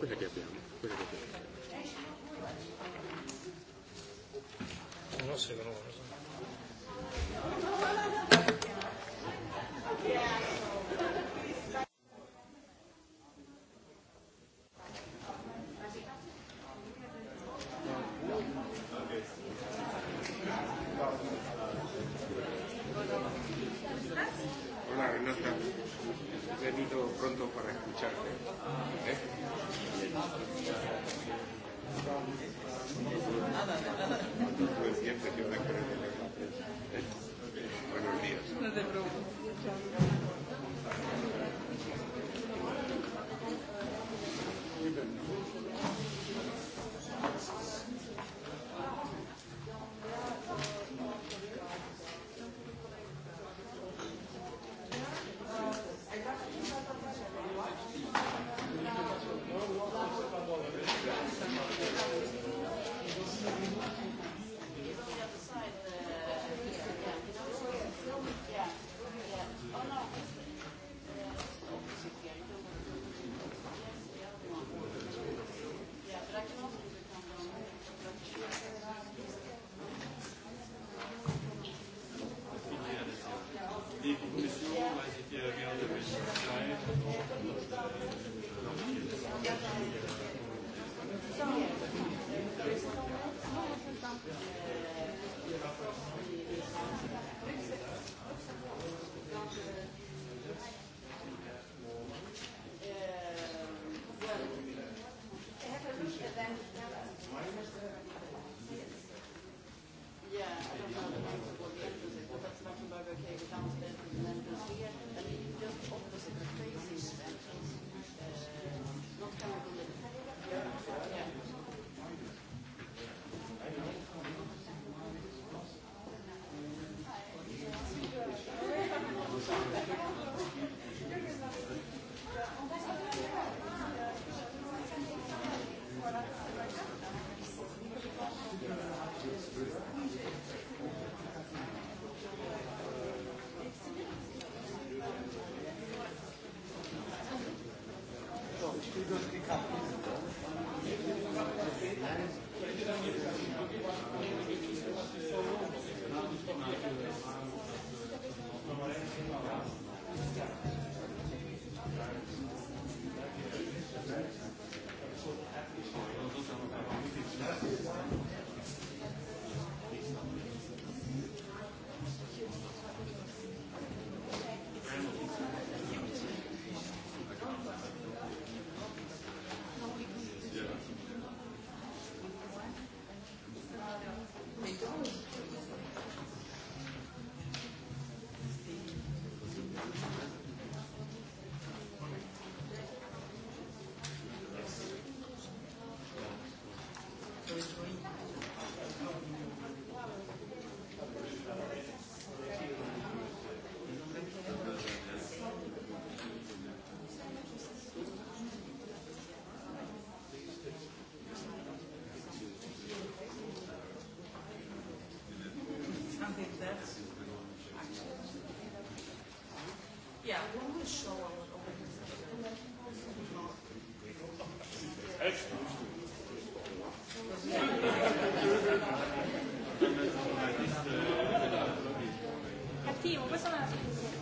kuidagi ei pea. think that's. Yeah, when we show up with open discussion. Cattivo, questo non è.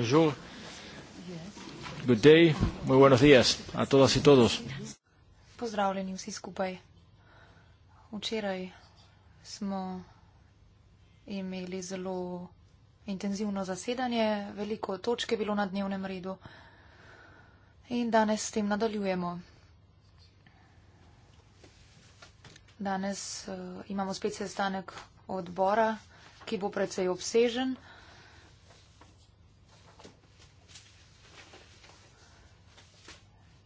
Bonjour. Good day. Muy buenos días a todas y todos. Pozdravljeni vsi skupaj. Včeraj smo imeli zelo intenzivno zasedanje, veliko točk je bilo na dnevnem redu in danes s tem nadaljujemo. Danes uh, imamo spet sestanek odbora, ki bo precej obsežen.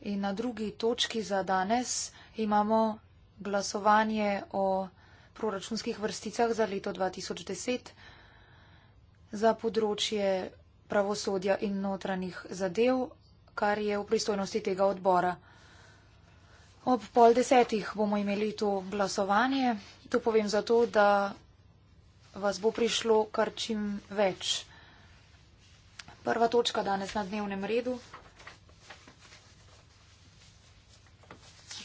In na drugi točki za danes imamo glasovanje o proračunskih vrsticah za leto 2010 za področje pravosodja in notranjih zadev, kar je v pristojnosti tega odbora. Ob pol desetih bomo imeli to glasovanje. To povem zato, da vas bo prišlo kar čim več. Prva točka danes na dnevnem redu.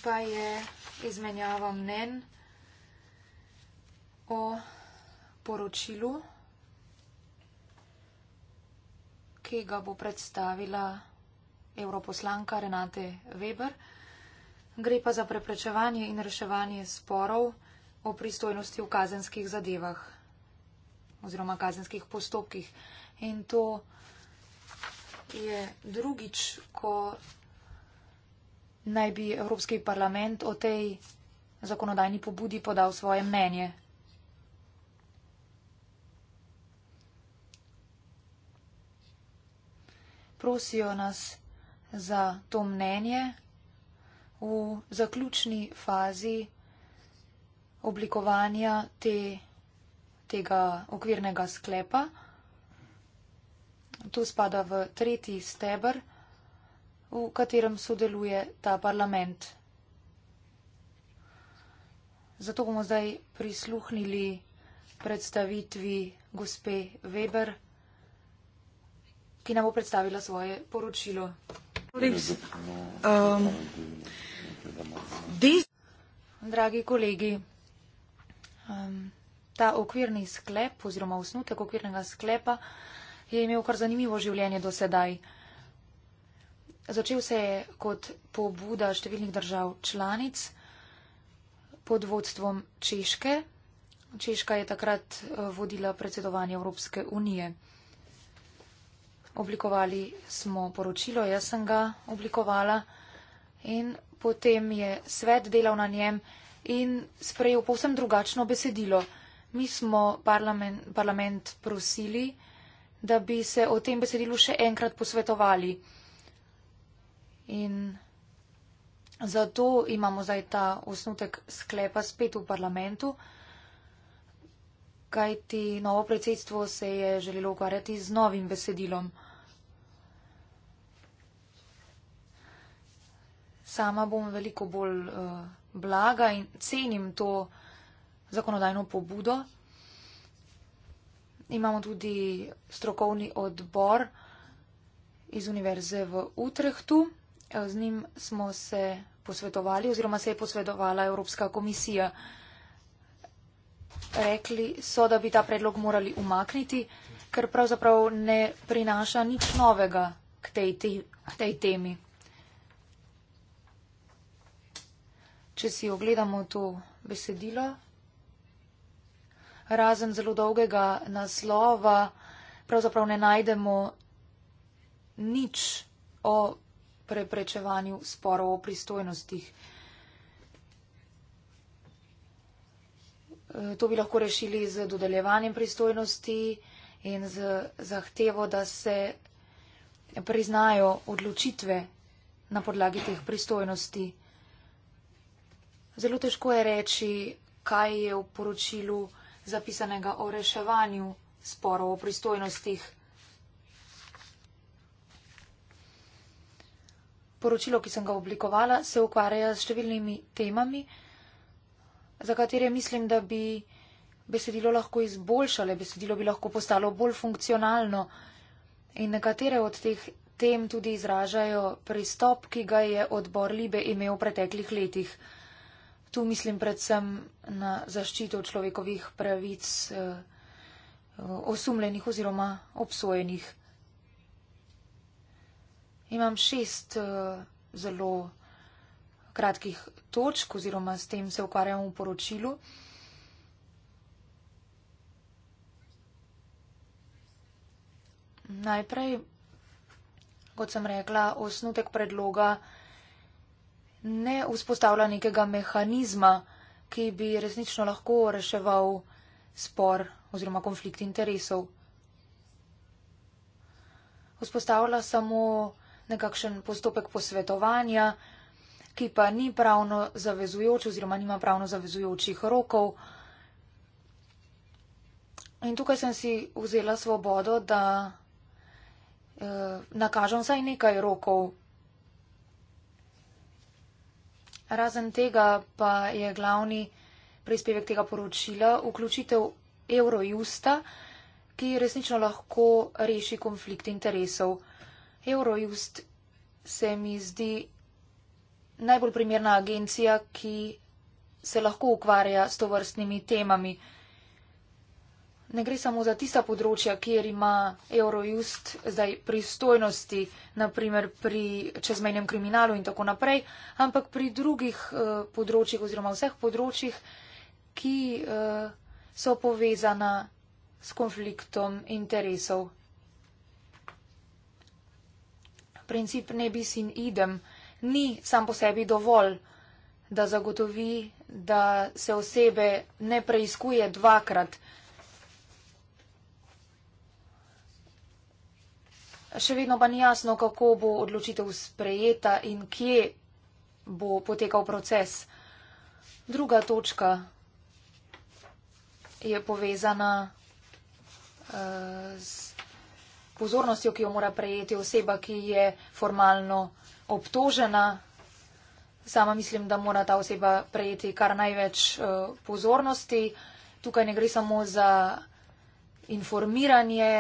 pa je izmenjava mnen o poročilu, ki ga bo predstavila europoslanka Renate Weber. Gre pa za preprečevanje in reševanje sporov o pristojnosti v kazenskih zadevah oziroma kazenskih postopkih. In to je drugič, ko naj bi Evropski parlament o tej zakonodajni pobudi podal svoje mnenje. Prosijo nas za to mnenje v zaključni fazi oblikovanja te, tega okvirnega sklepa. To spada v tretji stebr v katerem sodeluje ta parlament. Zato bomo zdaj prisluhnili predstavitvi gospe Weber, ki nam bo predstavila svoje poročilo. Um, des... Dragi kolegi, um, ta okvirni sklep oziroma osnutek okvirnega sklepa je imel kar zanimivo življenje do sedaj. Začel se je kot pobuda številnih držav članic pod vodstvom Češke. Češka je takrat eh, vodila predsedovanje Evropske unije. Oblikovali smo poročilo, jaz sem ga oblikovala in potem je svet delal na njem in sprejel povsem drugačno besedilo. Mi smo parlament, parlament prosili, da bi se o tem besedilu še enkrat posvetovali. In zato imamo zdaj ta osnutek sklepa spet v parlamentu, kajti novo predsedstvo se je želelo ukvarjati z novim besedilom. Sama bom veliko bolj uh, blaga in cenim to zakonodajno pobudo. Imamo tudi strokovni odbor iz univerze v Utrehtu. Z njim smo se posvetovali oziroma se je posvetovala Evropska komisija. Rekli so, da bi ta predlog morali umakniti, ker pravzaprav ne prinaša nič novega k tej, te, k tej temi. Če si ogledamo to besedilo, razen zelo dolgega naslova, pravzaprav ne najdemo nič o preprečevanju sporov o pristojnostih. E, to bi lahko rešili z dodeljevanjem pristojnosti in z zahtevo, da se priznajo odločitve na podlagi teh pristojnosti. Zelo težko je reči, kaj je v poročilu zapisanega o reševanju sporov o pristojnostih. poročilo, ki sem ga oblikovala, se ukvarja s številnimi temami, za katere mislim, da bi besedilo lahko izboljšale, besedilo bi lahko postalo bolj funkcionalno in nekatere od teh tem tudi izražajo pristop, ki ga je odbor Libe imel v preteklih letih. Tu mislim predvsem na zaščito človekovih pravic eh, osumljenih oziroma obsojenih imam šest uh, zelo kratkih točk oziroma s tem se ukvarjam v poročilu. Najprej, kot sem rekla, osnutek predloga ne vzpostavlja nekega mehanizma, ki bi resnično lahko reševal spor oziroma konflikt interesov. Vzpostavlja samo nekakšen postopek posvetovanja, ki pa ni pravno zavezujoč oziroma nima pravno zavezujočih rokov. In tukaj sem si vzela svobodo, da eh, nakažem vsaj nekaj rokov. Razen tega pa je glavni prispevek tega poročila vključitev Eurojusta, ki resnično lahko reši konflikt interesov. Eurojust se mi zdi najbolj primerna agencija, ki se lahko ukvarja s to vrstnimi temami. Ne gre samo za tista področja, kjer ima Eurojust zdaj pristojnosti, naprimer pri čezmejnem kriminalu in tako naprej, ampak pri drugih uh, področjih oziroma vseh področjih, ki uh, so povezana s konfliktom interesov. princip ne bi sin idem, ni sam po sebi dovolj, da zagotovi, da se osebe ne preizkuje dvakrat. Še vedno pa ni jasno, kako bo odločitev sprejeta in kje bo potekal proces. Druga točka je povezana uh, s pozornostjo, ki jo mora prejeti oseba, ki je formalno obtožena. Sama mislim, da mora ta oseba prejeti kar največ eh, pozornosti. Tukaj ne gre samo za informiranje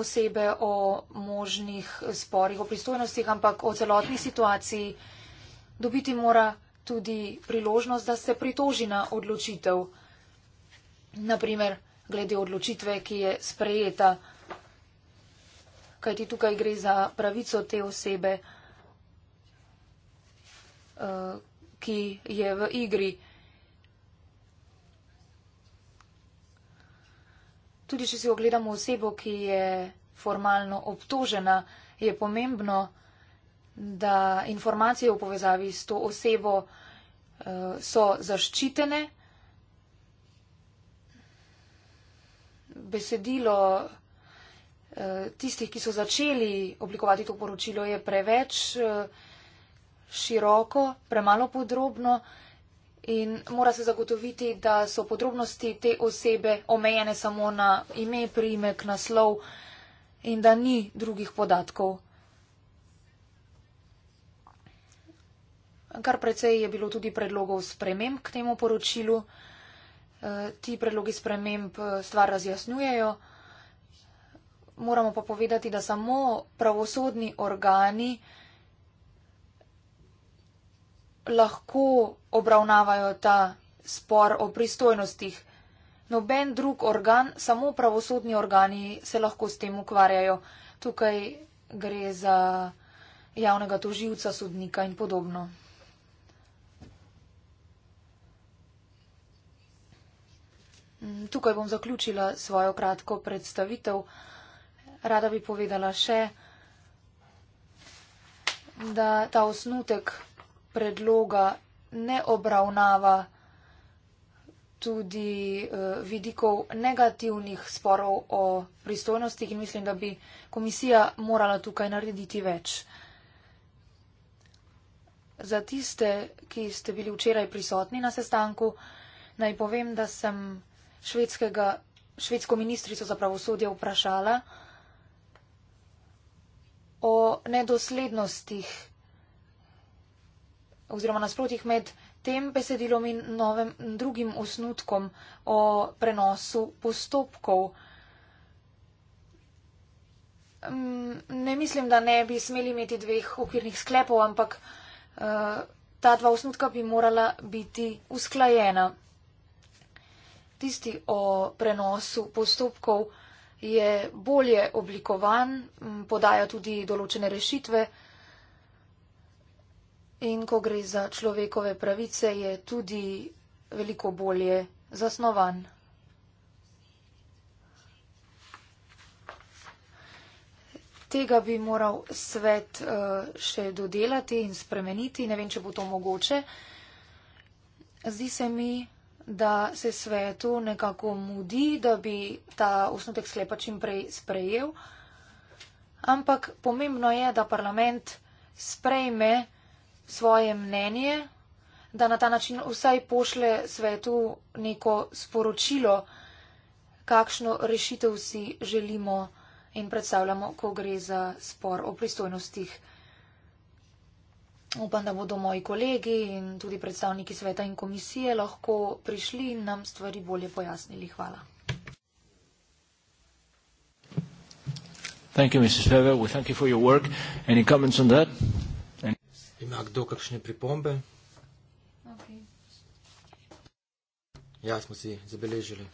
osebe o možnih sporih, o pristojnostih, ampak o celotni situaciji. Dobiti mora tudi priložnost, da se pritoži na odločitev. Naprimer, glede odločitve, ki je sprejeta kajti tukaj gre za pravico te osebe, eh, ki je v igri. Tudi, če si ogledamo osebo, ki je formalno obtožena, je pomembno, da informacije v povezavi s to osebo eh, so zaščitene. Besedilo Eh, tistih, ki so začeli oblikovati to poročilo, je preveč eh, široko, premalo podrobno in mora se zagotoviti, da so podrobnosti te osebe omejene samo na ime, primek, naslov in da ni drugih podatkov. Kar precej je bilo tudi predlogov sprememb k temu poročilu. Eh, ti predlogi sprememb stvar razjasnjujejo moramo pa povedati, da samo pravosodni organi lahko obravnavajo ta spor o pristojnostih. Noben drug organ, samo pravosodni organi se lahko s tem ukvarjajo. Tukaj gre za javnega toživca, sodnika in podobno. Tukaj bom zaključila svojo kratko predstavitev. Rada bi povedala še, da ta osnutek predloga ne obravnava tudi eh, vidikov negativnih sporov o pristojnostih in mislim, da bi komisija morala tukaj narediti več. Za tiste, ki ste bili včeraj prisotni na sestanku, naj povem, da sem švedsko ministrico za pravosodje vprašala, o nedoslednostih oziroma nasprotjih med tem besedilom in novem drugim osnutkom o prenosu postopkov. Mm, ne mislim, da ne bi smeli imeti dveh okvirnih sklepov, ampak eh, ta dva osnutka bi morala biti usklajena. Tisti o prenosu postopkov je bolje oblikovan, podaja tudi določene rešitve. In ko gre za človekove pravice, je tudi veliko bolje zasnovan. Tega bi moral svet eh, še dodelati in spremeniti. Ne vem, če bo to mogoče. Zdi se mi, da se svetu nekako mudi, da bi ta osnutek sklepa čim prej sprejel. Ampak pomembno je, da parlament sprejme svoje mnenje, da na ta način vsaj pošle svetu neko sporočilo, kakšno rešitev si želimo in predstavljamo, ko gre za spor o pristojnostih upam, da bodo moji kolegi in tudi predstavniki sveta in komisije lahko prišli in nam stvari bolje pojasnili. Hvala. Thank you, Mrs. Weber. We thank you for your work. Any comments on that? Any? Ima kdo kakšne pripombe? Okay. Ja, smo si zabeležili.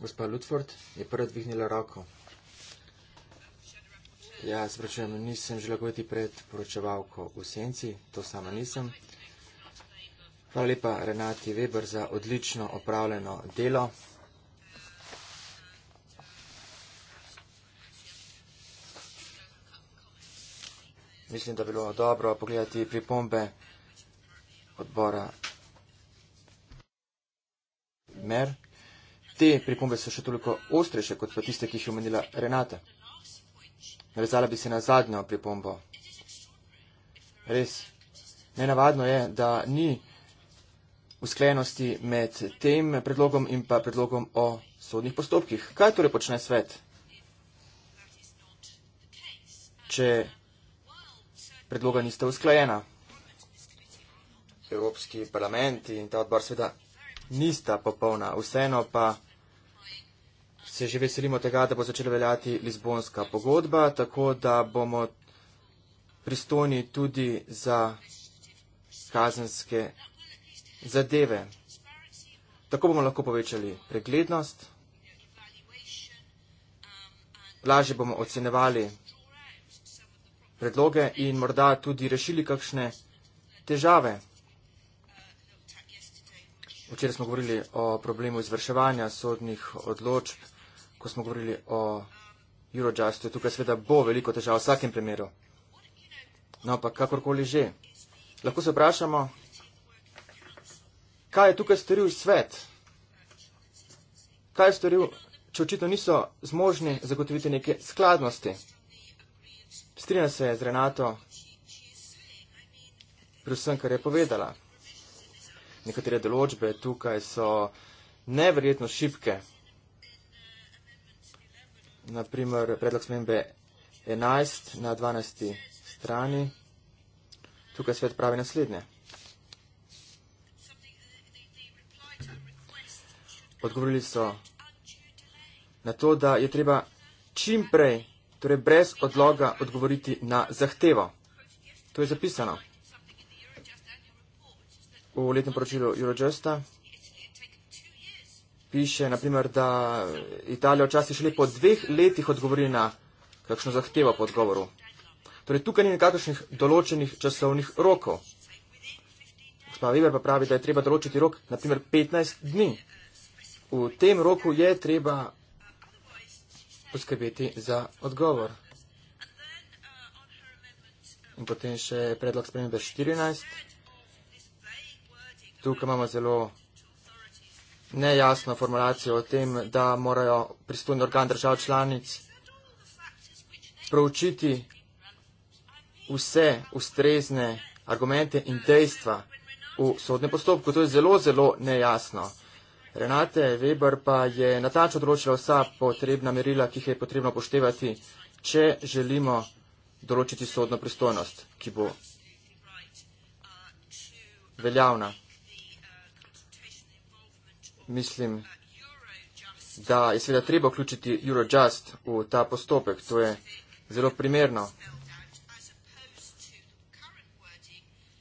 Gospa Lutford je prva dvignila roko. Ja, sprašujem, nisem želel govoriti pred poročevalko v senci, to sama nisem. Hvala lepa Renati Weber za odlično opravljeno delo. Mislim, da bilo dobro pogledati pripombe odbora MER. Te pripombe so še toliko ostrejše kot pa tiste, ki jih je omenila Renata. Navezala bi se na zadnjo pripombo. Res, nenavadno je, da ni usklenosti med tem predlogom in pa predlogom o sodnih postopkih. Kaj torej počne svet? Če predloga niste usklajena. Evropski parlament in ta odbor sveda nista popolna. Vseeno pa se že veselimo tega, da bo začela veljati Lizbonska pogodba, tako da bomo pristojni tudi za kazenske zadeve. Tako bomo lahko povečali preglednost, lažje bomo ocenevali predloge in morda tudi rešili kakšne težave. Včeraj smo govorili o problemu izvrševanja sodnih odločb ko smo govorili o Eurojustu, tukaj sveda bo veliko težav v vsakem primeru. No, pa kakorkoli že. Lahko se vprašamo, kaj je tukaj storil svet? Kaj je storil, če očitno niso zmožni zagotoviti neke skladnosti? Strinja se je z Renato pri vsem, kar je povedala. Nekatere določbe tukaj so neverjetno šipke naprimer predlog smembe 11 na 12 strani. Tukaj svet pravi naslednje. Odgovorili so na to, da je treba čim prej, torej brez odloga, odgovoriti na zahtevo. To je zapisano v letnem poročilu Eurojusta piše, naprimer, da Italija včasih šele po dveh letih odgovori na kakšno zahtevo po odgovoru. Torej, tukaj ni nekakšnih določenih časovnih rokov. Gospa Weber pa pravi, da je treba določiti rok, naprimer, 15 dni. V tem roku je treba poskrbeti za odgovor. In potem še predlog spremembe 14. Tukaj imamo zelo nejasno formulacijo o tem, da morajo pristojni organ držav članic proučiti vse ustrezne argumente in dejstva v sodnem postopku. To je zelo, zelo nejasno. Renate Weber pa je natačno določila vsa potrebna merila, ki jih je potrebno poštevati, če želimo določiti sodno pristojnost, ki bo veljavna mislim, da je seveda treba vključiti Eurojust v ta postopek. To je zelo primerno.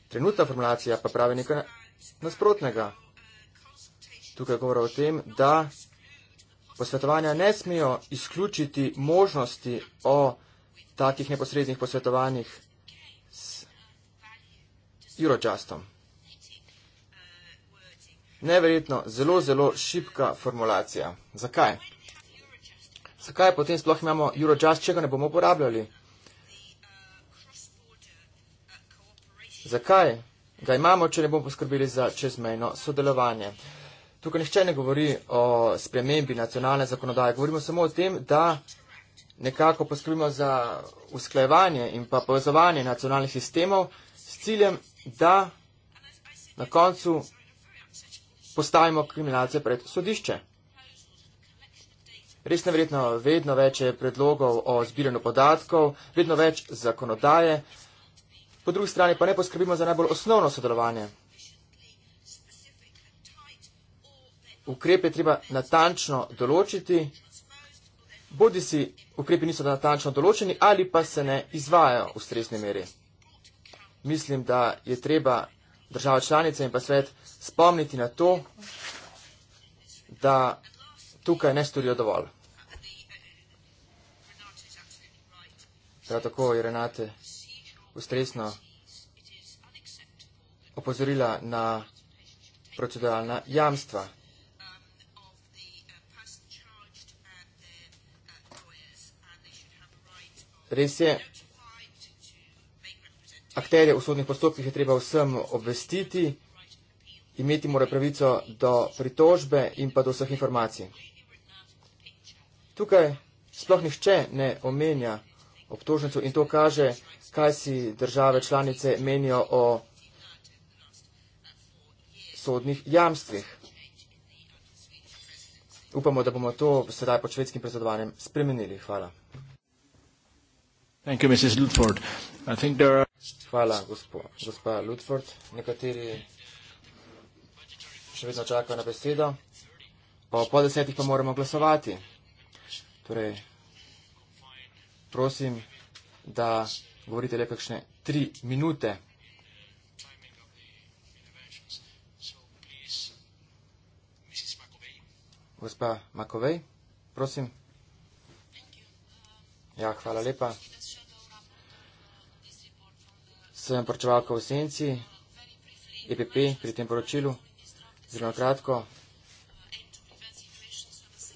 Trenutna formulacija pa pravi nekaj nasprotnega. Tukaj govora o tem, da posvetovanja ne smejo izključiti možnosti o takih neposrednih posvetovanjih s Eurojustom. Neverjetno, zelo, zelo šipka formulacija. Zakaj? Zakaj potem sploh imamo Eurojust, če ga ne bomo uporabljali? Zakaj ga imamo, če ne bomo poskrbeli za čezmejno sodelovanje? Tukaj nihče ne govori o spremembi nacionalne zakonodaje, govorimo samo o tem, da nekako poskrbimo za usklajevanje in pa povezovanje nacionalnih sistemov s ciljem, da na koncu postavimo kriminalce pred sodišče. Res nevredno, vedno več je predlogov o zbiranju podatkov, vedno več zakonodaje, po drugi strani pa ne poskrbimo za najbolj osnovno sodelovanje. Ukrepe treba natančno določiti, bodi si ukrepi niso natančno določeni ali pa se ne izvajajo v stresni meri. Mislim, da je treba država članica in pa svet spomniti na to, da tukaj ne storijo dovolj. Prav tako je Renate ustresno opozorila na proceduralna jamstva. Res je, akterje v sodnih postopkih je treba vsem obvestiti, imeti mora pravico do pritožbe in pa do vseh informacij. Tukaj sploh nihče ne omenja obtožnicu in to kaže, kaj si države članice menijo o sodnih jamstvih. Upamo, da bomo to sedaj pod švedskim predsedovanjem spremenili. Hvala. Thank you, Mrs. Ludford. I think there are... Hvala, gospo, gospa Ludford. Nekateri še vedno čakajo na besedo. O pol desetih pa moramo glasovati. Torej, prosim, da govorite le kakšne tri minute. Gospa Makovej, prosim. Ja, hvala lepa. Sem poročevalka v Senci, EPP pri tem poročilu. Zelo na kratko.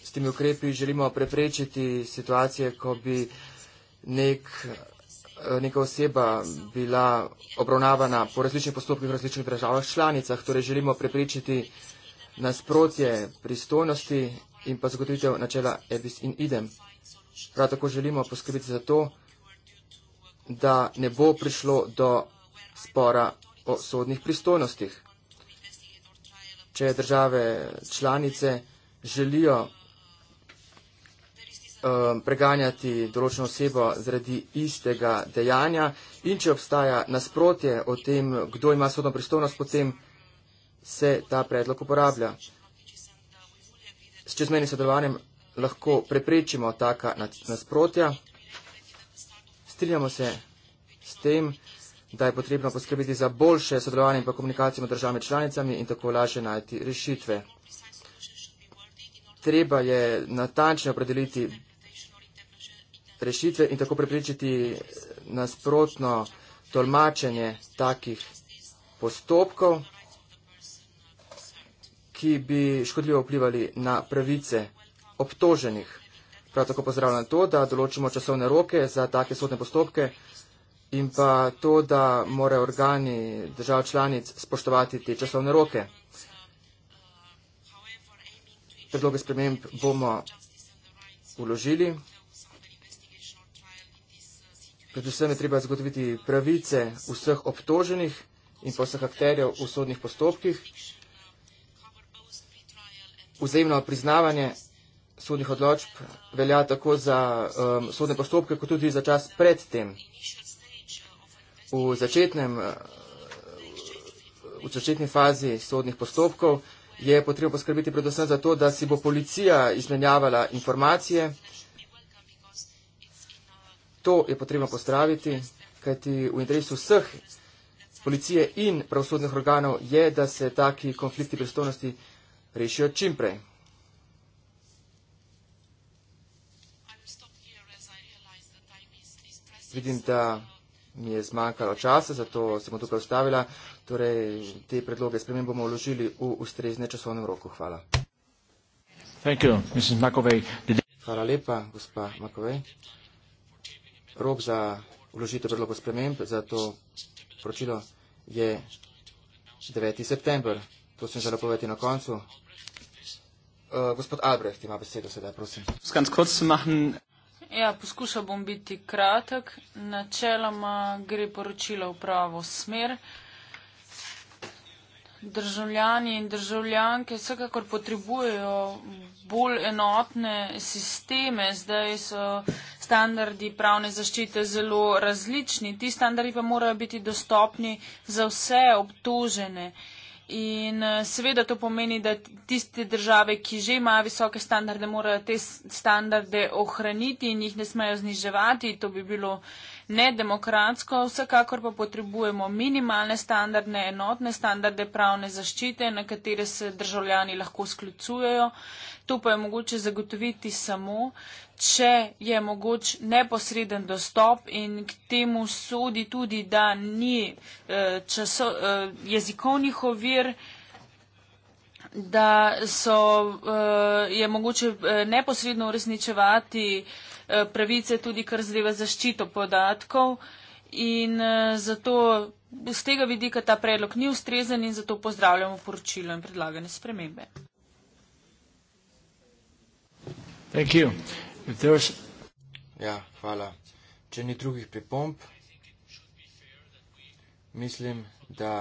S temi ukrepi želimo preprečiti situacije, ko bi nek, eh, neka oseba bila obravnavana po različnih postopkih v različnih državah članicah. Torej želimo preprečiti nasprotje pristojnosti in pa zagotovitev načela EBIS in IDEM. Prav tako želimo poskrbiti za to, da ne bo prišlo do spora o sodnih pristojnostih če države članice želijo um, preganjati določeno osebo zaradi istega dejanja in če obstaja nasprotje o tem, kdo ima sodno pristovnost, potem se ta predlog uporablja. S čezmenim sodelovanjem lahko preprečimo taka nasprotja. Strinjamo se s tem, da da je potrebno poskrbeti za boljše sodelovanje in pa komunikacijo med državami članicami in tako lažje najti rešitve. Treba je natančno opredeliti rešitve in tako prepričati nasprotno tolmačenje takih postopkov, ki bi škodljivo vplivali na pravice obtoženih. Prav tako pozdravljam to, da določimo časovne roke za take sodne postopke in pa to, da morajo organi držav članic spoštovati te časovne roke. Predloge sprememb bomo uložili. Predvsem je treba zagotoviti pravice vseh obtoženih in pa vseh akterjev v sodnih postopkih. Vzajemno priznavanje sodnih odločb velja tako za um, sodne postopke, kot tudi za čas pred tem v, začetnem, eh, v začetni fazi sodnih postopkov je potrebno poskrbeti predvsem za to, da si bo policija izmenjavala informacije. To je potrebno postraviti, kajti v interesu vseh policije in pravosodnih organov je, da se taki konflikti pristojnosti rešijo čimprej. Vidim, da mi je zmanjkalo časa, zato se bom tukaj ustavila. Torej, te predloge spremem bomo vložili v ustrezne časovne roku. Hvala. Hvala lepa, gospa Makovej. Rok za vložitev predlogov sprememb za to poročilo je 9. september. To sem želel povedati na koncu. Uh, gospod Albrecht ima besedo sedaj, prosim. Ganz kurz zu machen. Ja, poskušal bom biti kratek. Načeloma gre poročilo v pravo smer. Državljani in državljanke vsekakor potrebujejo bolj enotne sisteme. Zdaj so standardi pravne zaščite zelo različni. Ti standardi pa morajo biti dostopni za vse obtožene. Uh, In eh, seveda to pomeni, da tiste države, ki že imajo visoke standarde, morajo te standarde ohraniti in jih ne smejo zniževati. To bi bilo nedemokratsko. Vsekakor pa potrebujemo minimalne standarde, enotne standarde pravne zaščite, na katere se državljani lahko sklicujejo. To pa je mogoče zagotoviti samo, če je mogoč neposreden dostop in k temu sodi tudi, da ni eh, časo, eh, jezikovnih ovir, da so, eh, je mogoče neposredno uresničevati pravice tudi kar zadeva zaščito podatkov in zato z tega vidika ta predlog ni ustrezen in zato pozdravljamo poročilo in predlagane spremembe. Thank you. If there's ja, hvala. Če ni drugih pripomb, mislim, da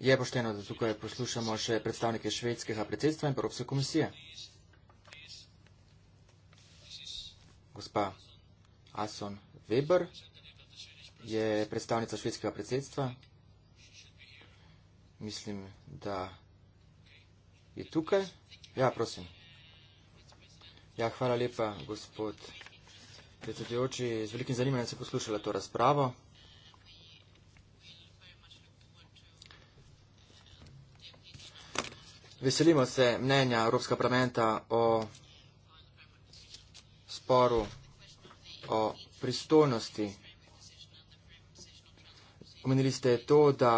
je pošteno, da tukaj poslušamo še predstavnike švedskega predsedstva in Evropske komisije. Gospa Ason Weber je predstavnica švedskega predsedstva. Mislim, da je tukaj. Ja, prosim. Ja, hvala lepa, gospod predsedujoči. Z velikim zanimanjem sem poslušala to razpravo. Veselimo se mnenja Evropskega parlamenta o sporu o pristojnosti. Omenili ste to, da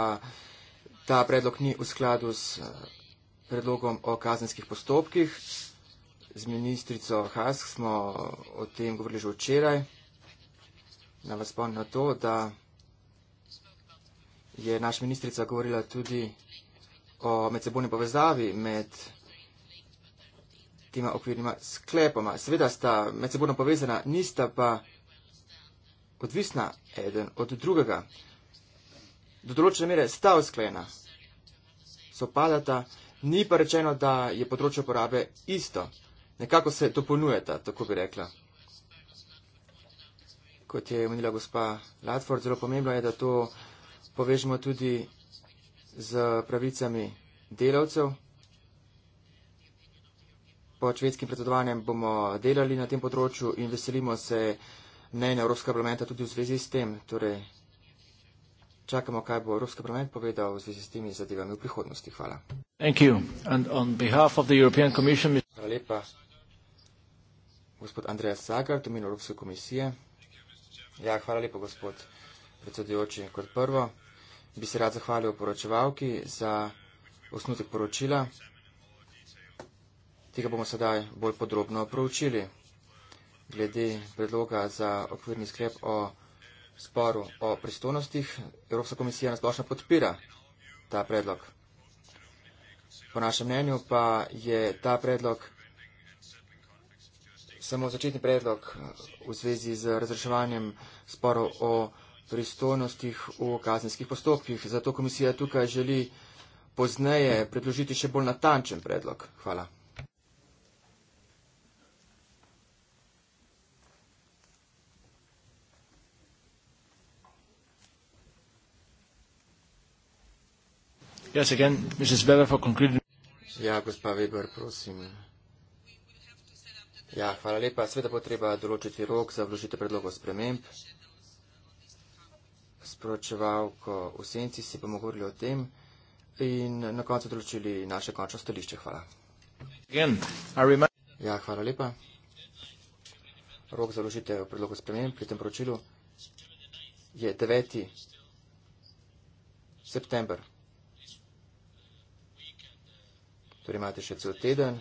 ta predlog ni v skladu s eh, predlogom o kazenskih postopkih z ministrico Hask smo o tem govorili že včeraj. Na vas spomnim na to, da je naš ministrica govorila tudi o medsebojni povezavi med tima okvirnima sklepoma. Seveda sta medsebojno povezana, nista pa odvisna eden od drugega. Do določene mere sta usklajena, so padata, ni pa rečeno, da je področje uporabe isto nekako se dopolnjujeta, tako bi rekla. Kot je omenila gospa Latford, zelo pomembno je, da to povežemo tudi z pravicami delavcev. Po švedskim predsedovanjem bomo delali na tem področju in veselimo se mnenja Evropskega parlamenta tudi v zvezi s tem. Torej, čakamo, kaj bo Evropski parlament povedal v zvezi s temi zadevami v prihodnosti. Hvala. Hvala lepa gospod Andreas Sagar, domin Evropske komisije. Ja, hvala lepo, gospod predsedujoči. Kot prvo bi se rad zahvalil poročevalki za osnutek poročila. Tega bomo sedaj bolj podrobno proučili glede predloga za okvirni sklep o sporu o pristojnostih. Evropska komisija nasplošno podpira ta predlog. Po našem mnenju pa je ta predlog samo začetni predlog eh, v zvezi z razreševanjem sporov o pristojnostih v kazenskih postopkih. Zato komisija tukaj želi pozneje predložiti še bolj natančen predlog. Hvala. Yes, again, Mrs. Weber for concluding. Ja, gospa Weber, prosim. Ja, hvala lepa. Sveda bo treba določiti rok za vložitev predlogov sprememb. Sporočevalko v senci si bomo govorili o tem in na koncu določili naše končno stališče. Hvala. Ja, hvala lepa. Rok za vložitev predlogov sprememb pri tem poročilu je 9. september. Torej imate še cel teden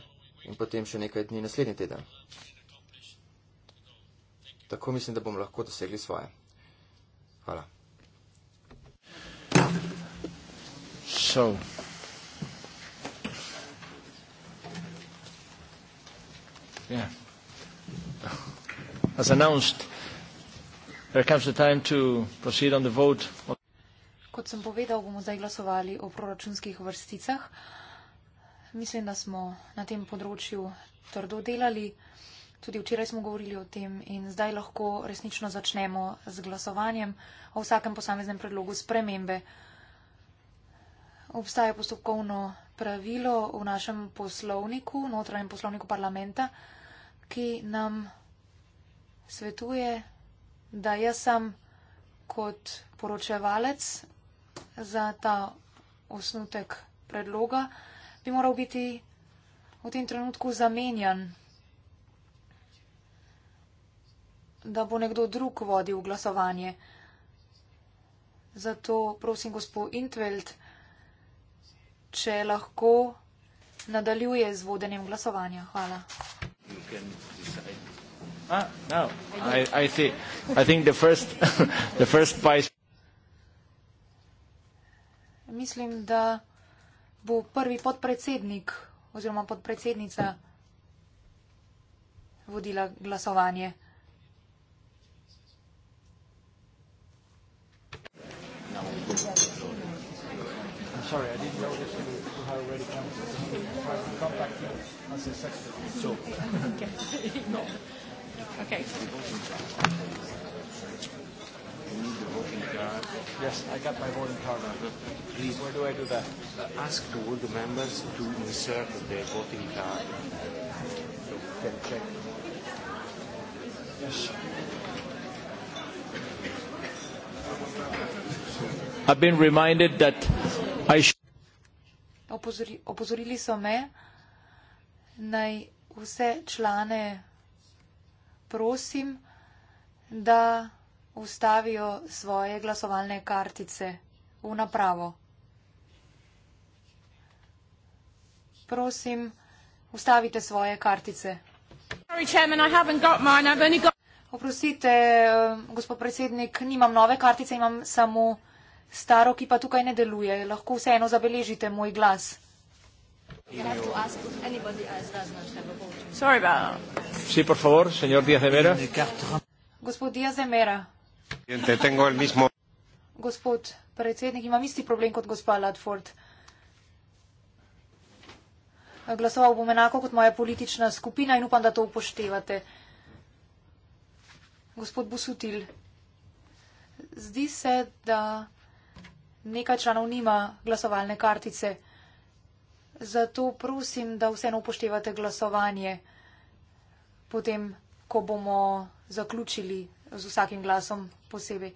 in potem še nekaj dni naslednji teden. Tako mislim, da bomo lahko dosegli svoje. Hvala. So. Yeah. As announced, there comes the time to proceed on the vote. Kot sem povedal, bomo zdaj glasovali o proračunskih vrsticah. Mislim, da smo na tem področju trdo delali. Tudi včeraj smo govorili o tem in zdaj lahko resnično začnemo z glasovanjem o vsakem posameznem predlogu spremembe. Obstaja postopkovno pravilo v našem poslovniku, notranjem poslovniku parlamenta, ki nam svetuje, da jaz sam kot poročevalec za ta osnutek predloga bi moral biti v tem trenutku zamenjan da bo nekdo drug vodil glasovanje. Zato prosim, gospod Intveld, če lahko nadaljuje z vodenjem glasovanja. Hvala. Ah, no. Mislim, da bo prvi podpredsednik oziroma podpredsednica vodila glasovanje. sorry, I didn't know that you, you had already come to the meeting. I'm trying to come back to you as a secretary. So, no. Okay. Card. Yes, I got my voting card. Please, where do I do that? Uh, ask all the members to insert their voting card. Okay, check. Yes. I've been reminded that Opozori, opozorili so me, naj vse člane prosim, da ustavijo svoje glasovalne kartice v napravo. Prosim, ustavite svoje kartice. Sorry, chairman, mine, got... Oprostite, eh, gospod predsednik, nimam nove kartice, imam samo. Staro, ki pa tukaj ne deluje, lahko vseeno zabeležite moj glas. Gospod Diaz de Mera. Gospod predsednik, imam isti problem kot gospa Ladford. Glasoval bom enako kot moja politična skupina in upam, da to upoštevate. Gospod Busutil, zdi se, da nekaj članov nima glasovalne kartice. Zato prosim, da vseeno upoštevate glasovanje, potem, ko bomo zaključili z vsakim glasom posebej.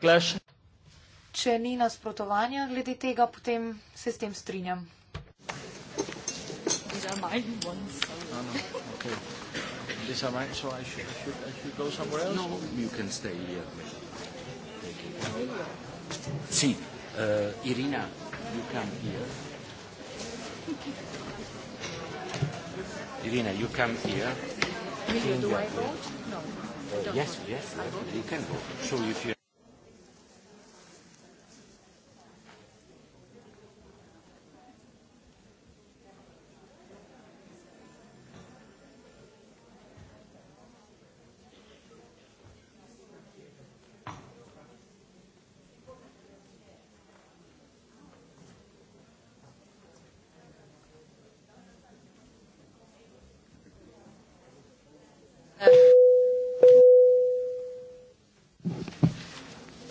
Glaš. Če ni nasprotovanja glede tega, potem se s tem strinjam. Yeah, Sì, uh, Irina, you come here. Irina, you come here. Do I vote? No. Uh, yes, yes, yes. You can vote. Show you if you.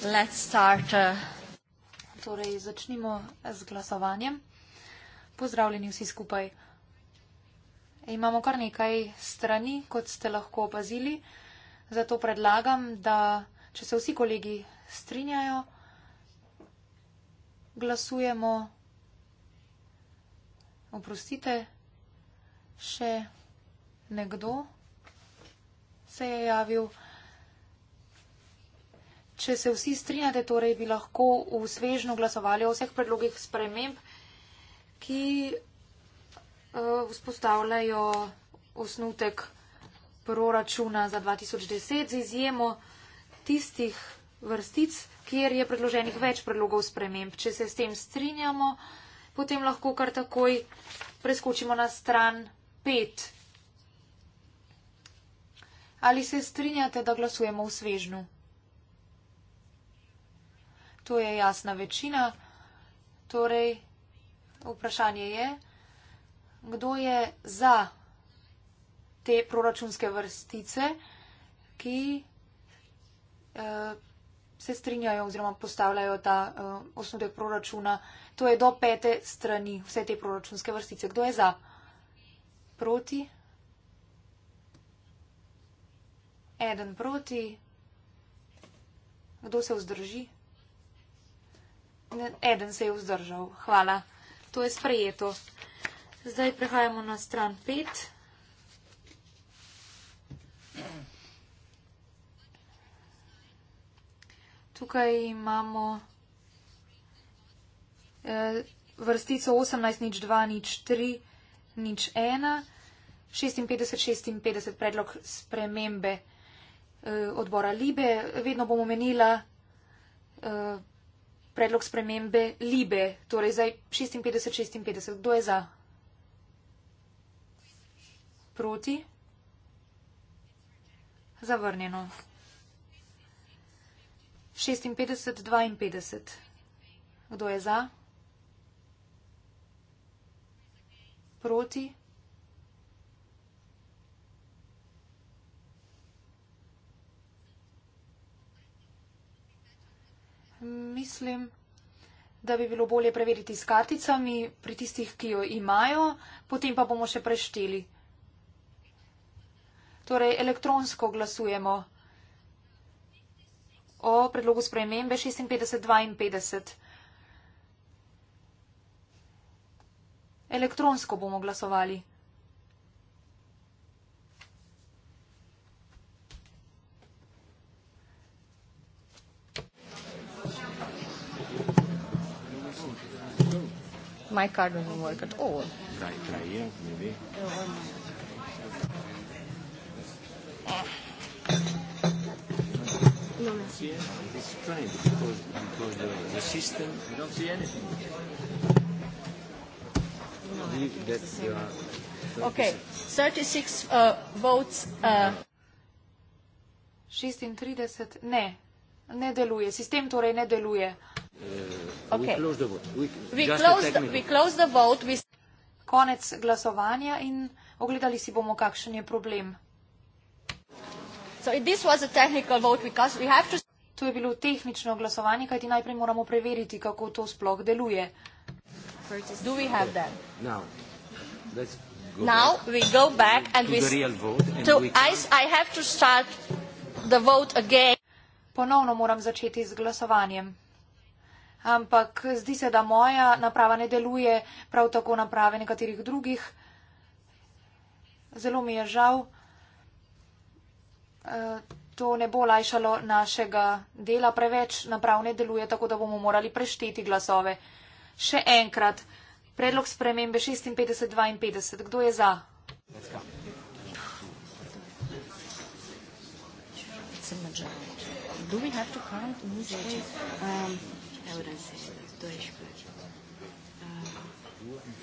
Let's start. Uh, torej, začnimo z glasovanjem. Pozdravljeni vsi skupaj. Imamo kar nekaj strani, kot ste lahko opazili, zato predlagam, da če se vsi kolegi strinjajo, glasujemo. Oprostite, še nekdo se je javil. Če se vsi strinjate, torej bi lahko v svežnu glasovali o vseh predlogih sprememb, ki eh, vzpostavljajo osnutek proračuna za 2010 z izjemo tistih vrstic, kjer je predloženih več predlogov sprememb. Če se s tem strinjamo, potem lahko kar takoj preskočimo na stran 5. Ali se strinjate, da glasujemo v svežnu? To je jasna večina. Torej, vprašanje je, kdo je za te proračunske vrstice, ki eh, se strinjajo oziroma postavljajo ta eh, osnutek proračuna. To je do pete strani vse te proračunske vrstice. Kdo je za? Proti? Eden proti? Kdo se vzdrži? eden se je vzdržal. Hvala. To je sprejeto. Zdaj prehajamo na stran 5. Tukaj imamo eh, vrstico 18, nič 2, nič 3, nič 1, 56, 56 predlog spremembe eh, odbora Libe. Vedno bom omenila. Eh, predlog spremembe Libe, torej zdaj 56-56. Kdo je za? Proti? Zavrnjeno. 56-52. Kdo je za? Proti? mislim, da bi bilo bolje preveriti s karticami pri tistih, ki jo imajo, potem pa bomo še prešteli. Torej, elektronsko glasujemo o predlogu spremembe 56-52. Elektronsko bomo glasovali. My card doesn't work at all. Try, try here, maybe. No, no. Yeah, it's strange because, because the, the system, you don't see anything. No, I think that's it's the same. Uh, Okay, 36 uh, votes. Uh. 36 ne, ne deluje, sistem torej ne deluje. Uh, Konec glasovanja in ogledali si bomo, kakšen je problem. To je bilo tehnično glasovanje, kajti najprej moramo preveriti, kako to sploh deluje. Now we go back and we to I I have to start the vote again. Ponovno moram začeti z glasovanjem ampak zdi se, da moja naprava ne deluje prav tako naprave nekaterih drugih. Zelo mi je žal. Eh, to ne bo lajšalo našega dela. Preveč naprav ne deluje, tako da bomo morali prešteti glasove. Še enkrat. Predlog spremembe 56-52. Kdo je za? Do we have to count? Um, euros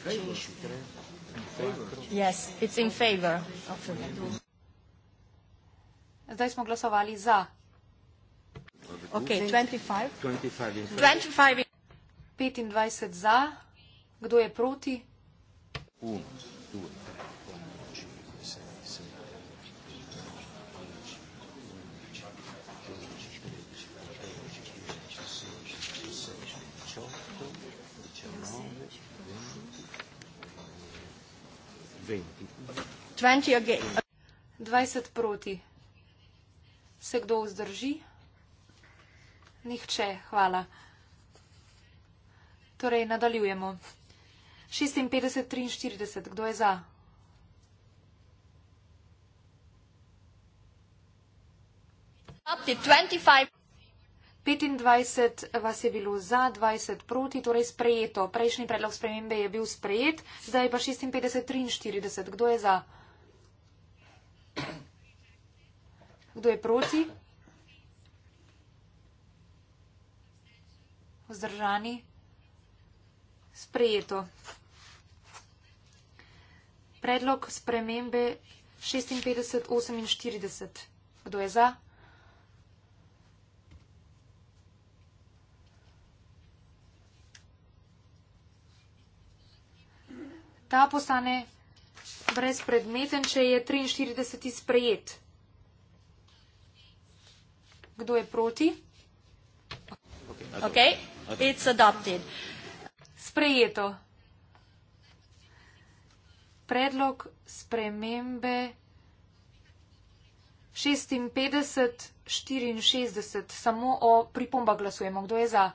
eh, in Deutsch. Yes, it's in favor of the Zdaj smo glasovali za. Ok, 25. 25 za. Kdo je proti? 1, 2. 20 proti. Se kdo vzdrži? Nihče, hvala. Torej, nadaljujemo. 56, 43, kdo je za? Up 25. 25 vas je bilo za, 20 proti, torej sprejeto. Prejšnji predlog spremembe je bil sprejet, zdaj pa 56, 43, kdo je za? Kdo je proti? Vzdržani? Sprejeto. Predlog spremembe 56.48. Kdo je za? Ta postane brezpredmeten, če je 43. sprejet. Kdo je proti? Ok, it's adopted. Sprejeto. Predlog spremembe 56-64, samo o pripomba glasujemo. Kdo je za?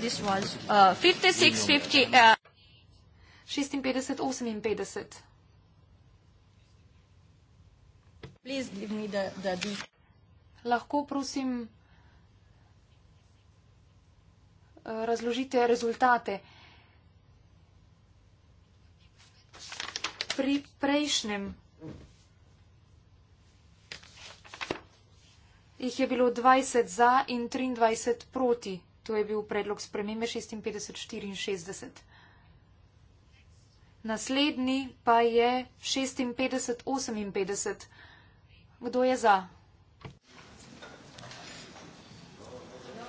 this was uh, 56, 50, uh, 56, 58. Please give me the, the deep. Lahko prosim razložite rezultate. Pri prejšnjem jih je bilo 20 za in 23 proti. To je bil predlog spremembe 5664. Naslednji pa je 5658. Kdo je za?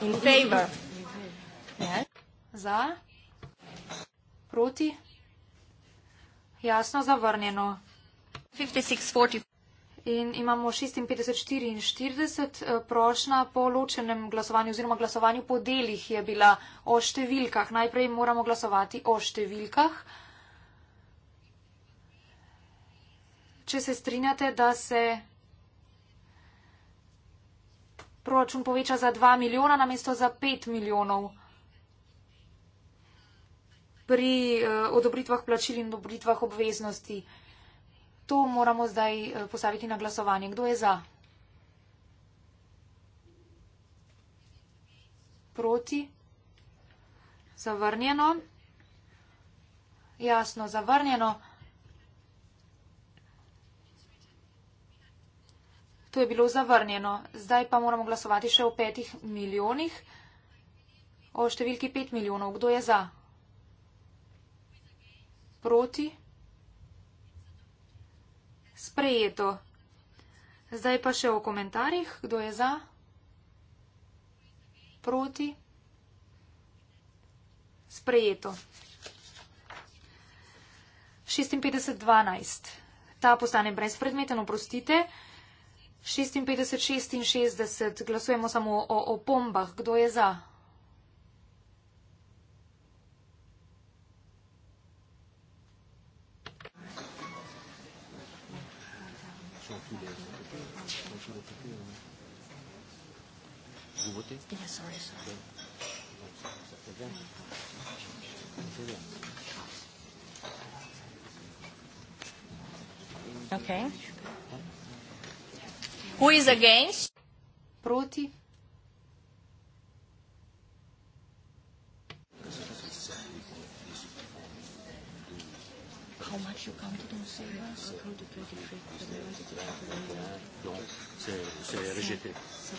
In favor. Za? Proti? Jasno, zavrnjeno. 5640. In imamo 56, 44 eh, prošnja po ločenem glasovanju oziroma glasovanju po delih je bila o številkah. Najprej moramo glasovati o številkah. Če se strinjate, da se proračun poveča za 2 milijona namesto za 5 milijonov pri eh, odobritvah plačil in odobritvah obveznosti. To moramo zdaj eh, postaviti na glasovanje. Kdo je za? Proti? Zavrnjeno? Jasno, zavrnjeno. To je bilo zavrnjeno. Zdaj pa moramo glasovati še o petih milijonih. O številki pet milijonov. Kdo je za? Proti? Sprejeto. Zdaj pa še v komentarjih, kdo je za, proti. Sprejeto. 56.12. Ta postane brezpredmeten, oprostite. 56.66. Glasujemo samo o opombah, kdo je za. Губите? Я слышу. Okay. Who is against? Против. how much you counted on savings?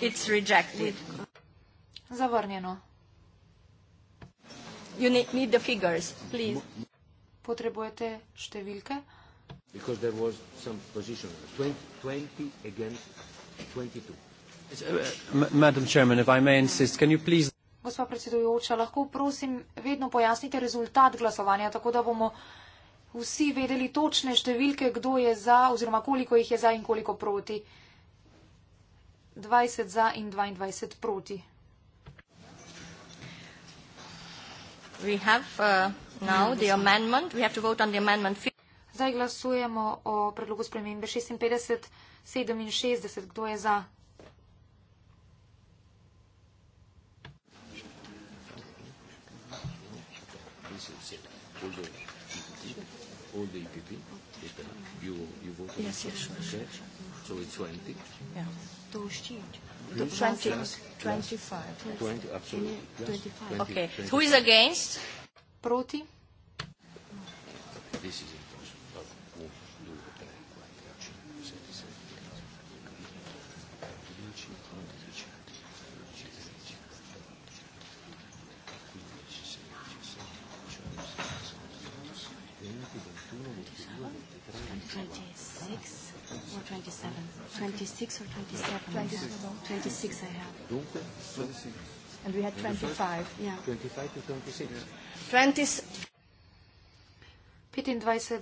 It's rejected. Zavrnjeno. You need, need the figures, please. Potrebujete številke? Because there was some position, 20, 20 against 22. Uh, Madam Chairman, if I may insist, can you please... Gospa predsedujoča, lahko prosim vedno pojasnite rezultat glasovanja, tako da bomo vsi vedeli točne številke, kdo je za oziroma koliko jih je za in koliko proti. 20 za in 22 proti. Uh, Zdaj glasujemo o predlogu spremembe 56, 67. Kdo je za? Hvala all the EPP, is that you, you vote on yes, yes, sure, okay. sure. So it's 20. Yeah. 20, 20, 25. 20, absolutely. Yes, 25. 20, okay. 20. Who is against? Proti. This is it. 26 or 27? 26 or 27? 26 I have. And we had 25. Yeah. 25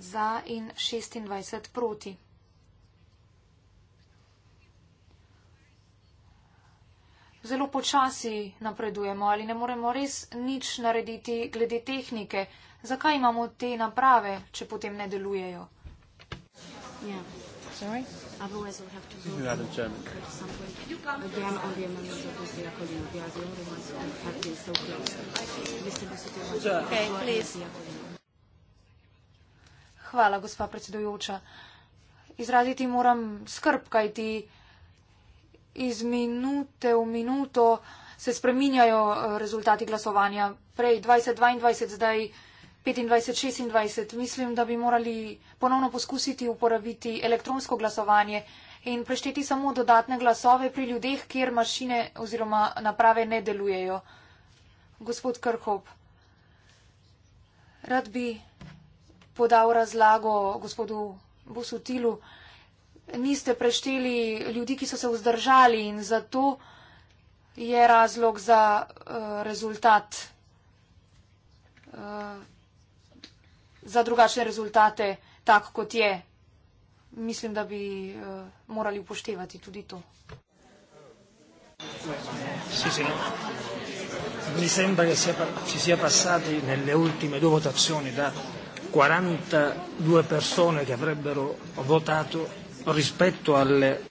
za in 26 proti. Zelo počasi napredujemo ali ne moremo res nič narediti glede tehnike. Zakaj imamo te naprave, če potem ne delujejo? Sorry? Otherwise, we'll have to vote you on, German. You again on the amendments of Mr. Iacolino. They are the only ones who have been so close. Mr. Busitio, okay, okay, please. Hvala, gospa predsedujoča. Izraziti moram skrb, kajti iz minute v minuto se spreminjajo eh, rezultati glasovanja. Prej 2022, zdaj 25-26, mislim, da bi morali ponovno poskusiti uporabiti elektronsko glasovanje in prešteti samo dodatne glasove pri ljudeh, kjer mašine oziroma naprave ne delujejo. Gospod Krhop, rad bi podal razlago gospodu Bosutilu. Niste prešteli ljudi, ki so se vzdržali in zato je razlog za uh, rezultat. Uh, za drugačne rezultate, tak kot je. Mislim, da bi uh, morali upoštevati tudi to. Sì, sì. No. Mi sembra che sia, ci sia passati nelle ultime due votazioni da 42 persone che avrebbero votato rispetto alle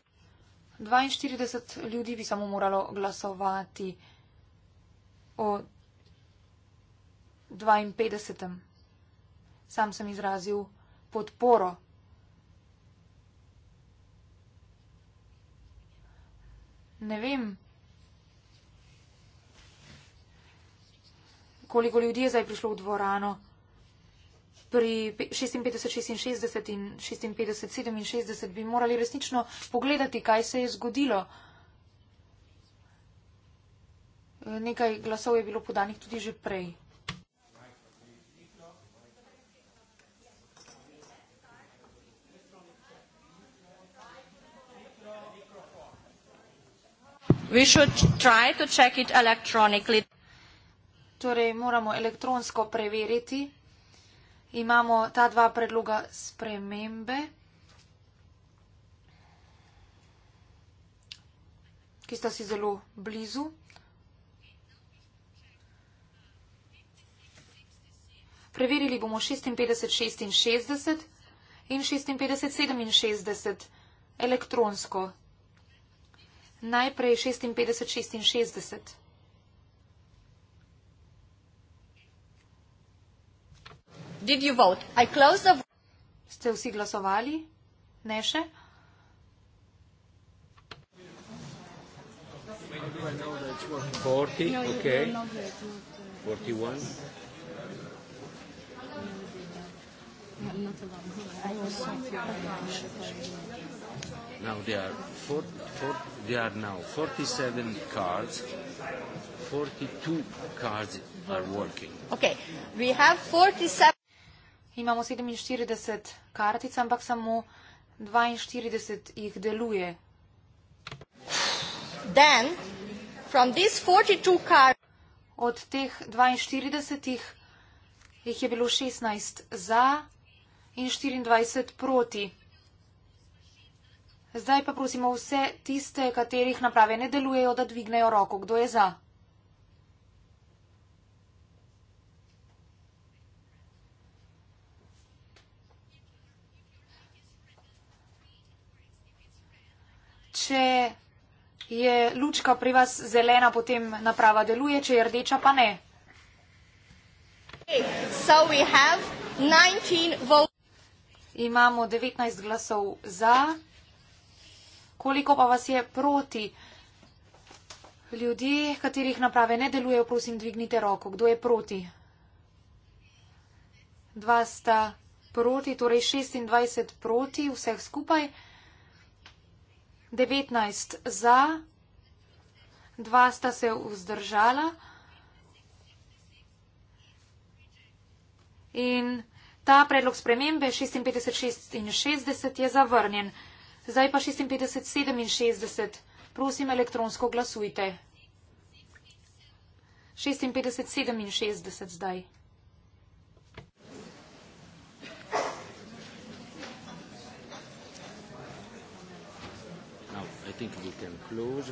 42 ljudi bi samo moralo glasovati o 52 sam sem izrazil podporo. Ne vem, koliko ljudi je zdaj prišlo v dvorano. Pri 56, 66 in 56, 67 bi morali resnično pogledati, kaj se je zgodilo. Nekaj glasov je bilo podanih tudi že prej. We should try to check it electronically. Torej, moramo elektronsko preveriti. Imamo ta dva predloga spremembe, ki sta si zelo blizu. Preverili bomo 56-66 in 56-67 elektronsko Najprej 56-66. Did you vote? I closed the Ste vsi glasovali? Ne še? Forty, no, okay. Uh, Forty-one now they are four, four, they are now 47 cards 42 cards are working okay we have 47 imamo 47 kartic ampak samo 42 jih deluje then from these 42 cards od teh 42 jih jih je bilo 16 za in 24 proti Zdaj pa prosimo vse tiste, katerih naprave ne delujejo, da dvignejo roko. Kdo je za? Če je lučka pri vas zelena, potem naprava deluje, če je rdeča, pa ne. Imamo 19 glasov za koliko pa vas je proti. Ljudje, katerih naprave ne delujejo, prosim, dvignite roko. Kdo je proti? Dva sta proti, torej 26 proti, vseh skupaj. 19 za, dva sta se vzdržala. In ta predlog spremembe 56 in 60 je zavrnjen. Zdaj pa 5667. Prosim, elektronsko glasujte. 5667 zdaj.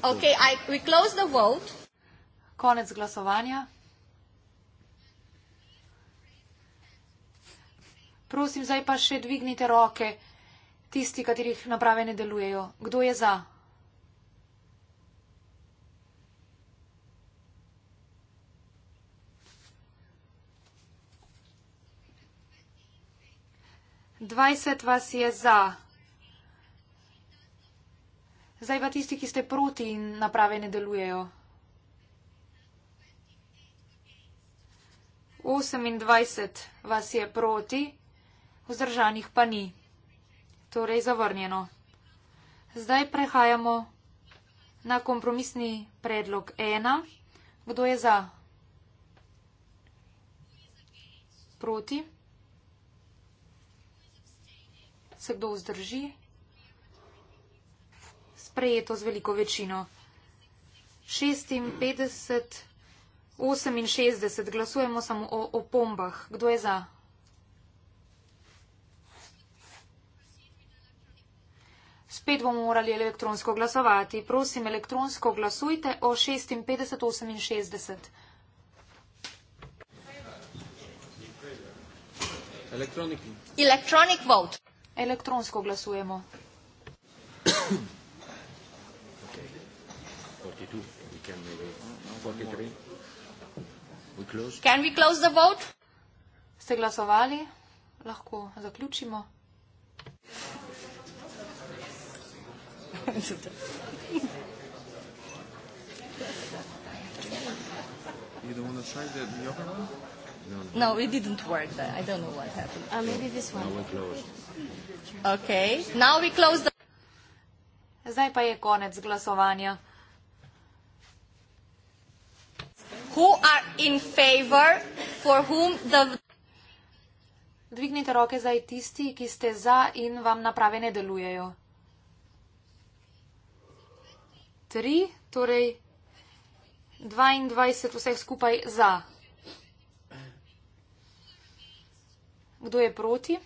Okay, I, we close the vote. Konec glasovanja. Prosim, zdaj pa še dvignite roke. Tisti, katerih naprave ne delujejo. Kdo je za? Dvajset vas je za. Zdaj pa tisti, ki ste proti in naprave ne delujejo. 28 vas je proti, vzdržanih pa ni torej zavrnjeno. Zdaj prehajamo na kompromisni predlog 1. Kdo je za? Proti? Se kdo vzdrži? Sprejeto z veliko večino. 56, 68 glasujemo samo o opombah. Kdo je za? Spet bomo morali elektronsko glasovati. Prosim, elektronsko glasujte o 56.68. Electronic vote. Elektronsko glasujemo. Uh, can we close the vote? Ste glasovali? Lahko zaključimo you don't want to try the yoga one? No, no. no, it didn't work. But I don't know what happened. Uh, maybe this one. Now close. Okay, now we close the... Zdaj pa je konec glasovanja. Who are in favor for whom the... Dvignite roke zdaj tisti, ki ste za in vam naprave ne delujejo. 3, torej 22 vseh skupaj za. Kdo je proti?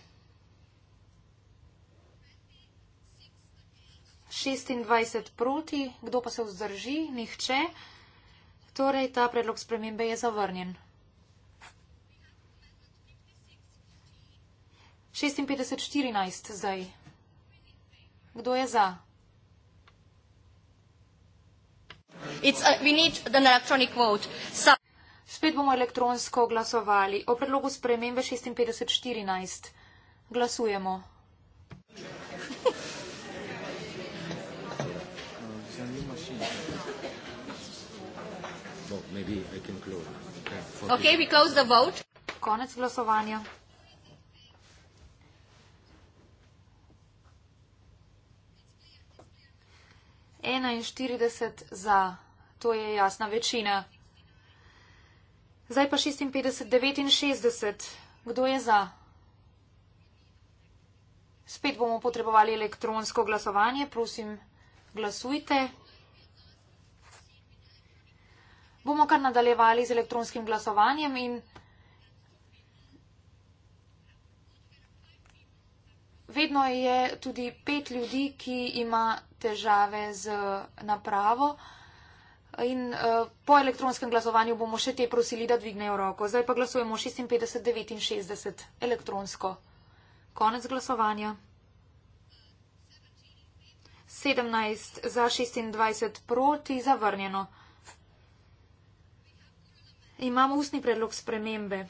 26 proti, kdo pa se vzdrži? Nihče. Torej, ta predlog spremembe je zavrnjen. 56-14 zdaj. Kdo je za? Spet bomo elektronsko glasovali. O predlogu spremembe 56.14. Glasujemo. Konec glasovanja. 41 za, to je jasna večina. Zdaj pa 56, 69, kdo je za? Spet bomo potrebovali elektronsko glasovanje, prosim, glasujte. Bomo kar nadaljevali z elektronskim glasovanjem in vedno je tudi pet ljudi, ki ima težave z napravo. In uh, po elektronskem glasovanju bomo še te prosili, da dvignejo roko. Zdaj pa glasujemo 56-69 elektronsko. Konec glasovanja. 17 za 26 proti zavrnjeno. Imamo ustni predlog spremembe.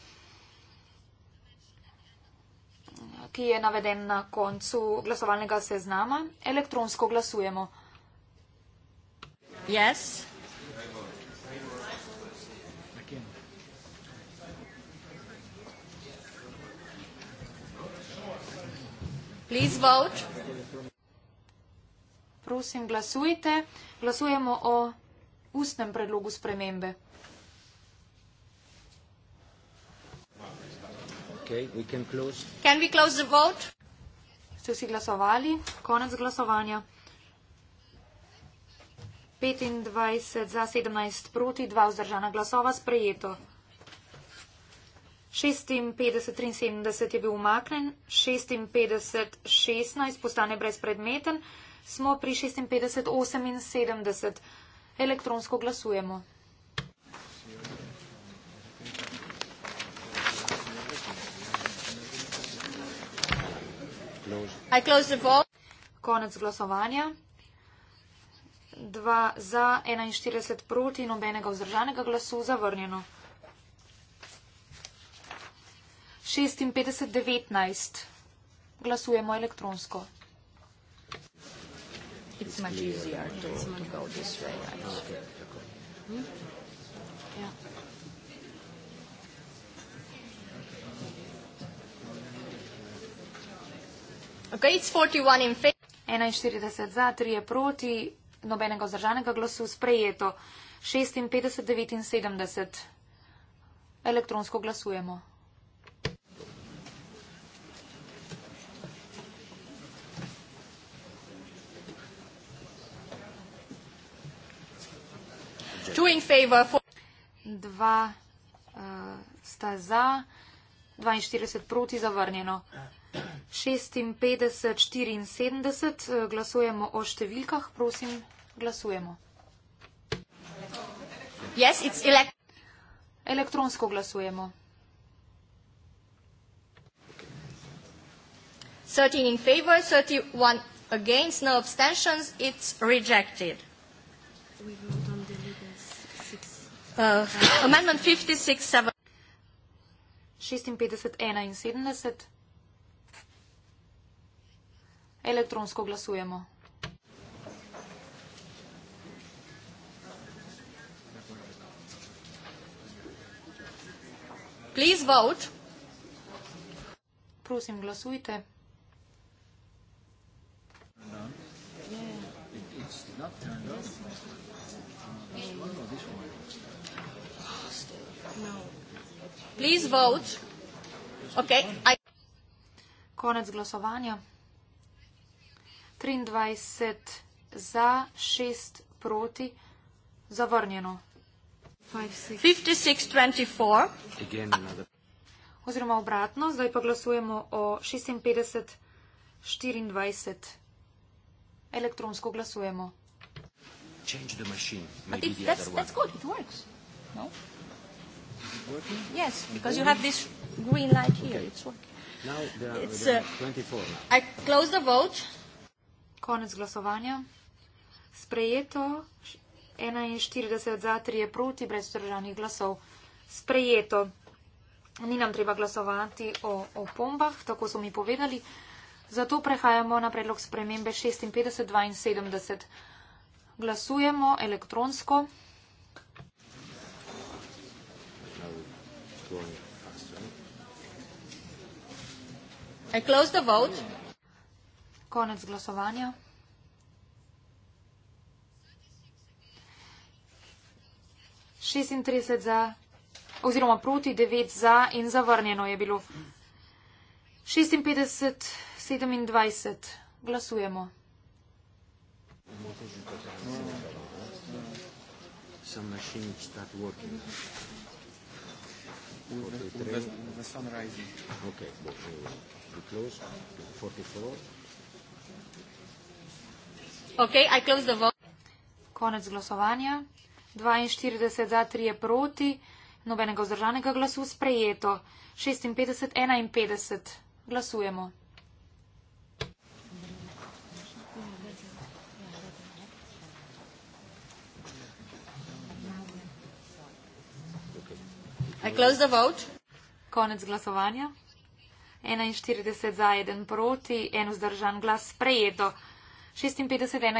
ki je naveden na koncu glasovalnega seznama, elektronsko glasujemo. Yes. Prosim, glasujte. Glasujemo o ustnem predlogu spremembe. Okay, we can close. Can we close the vote? Ste vsi glasovali? Konec glasovanja. 25 za 17 proti, 2 vzdržana glasova sprejeto. 56-73 je bil umaknen, 56-16 postane brezpredmeten, smo pri 56-78. Elektronsko glasujemo. Konec glasovanja. 2 za, 41 proti, nobenega vzdržanega glasu zavrnjeno. 56-19. Glasujemo elektronsko. It's much easier to go this way, right? Okay. Hmm? 41 za, 3 proti, nobenega vzdržanega glasu sprejeto. 56-79. Elektronsko glasujemo. Favor for... Dva uh, sta za, 42 proti zavrnjeno. Yeah. 56, 74. Glasujemo o številkah. Prosim, glasujemo. Yes, it's ele Elektronsko glasujemo. 13 in favor, 31 against, no abstentions, it's rejected. We vote on the legal six. Uh, amendment 56, 7. 56, 71 elektronsko glasujemo. Please vote. Prosim, glasujte. Prosim, glasujte. Konec glasovanja. 23 za, 6 proti, zavrnjeno. 56-24. Oziroma obratno, zdaj pa glasujemo o 56-24. Elektronsko glasujemo. Change the machine. Maybe it, the that's, other one. That's good. It works. No? Is it working? Yes, because you have this green light here. Okay. It's working. Now there are it's, uh, 24. Now. I close the vote. Konec glasovanja. Sprejeto. 41 za, 3 je proti, brez državnih glasov. Sprejeto. Ni nam treba glasovati o opombah, tako so mi povedali. Zato prehajamo na predlog spremembe 56-72. Glasujemo elektronsko. I close the vote. Konec glasovanja. Šestintrideset za oziroma proti devet za in zavrnjeno je bilo. Šestinpetdeset sedemindvajset glasujemo. The sun rising. Okay, but uh, we close 44. Okay, Konec glasovanja. 42 za, 3 proti, nobenega vzdržanega glasu sprejeto. 56, 51. Glasujemo. Konec glasovanja. 41 za, 1 proti, en vzdržan glas sprejeto. 56, 61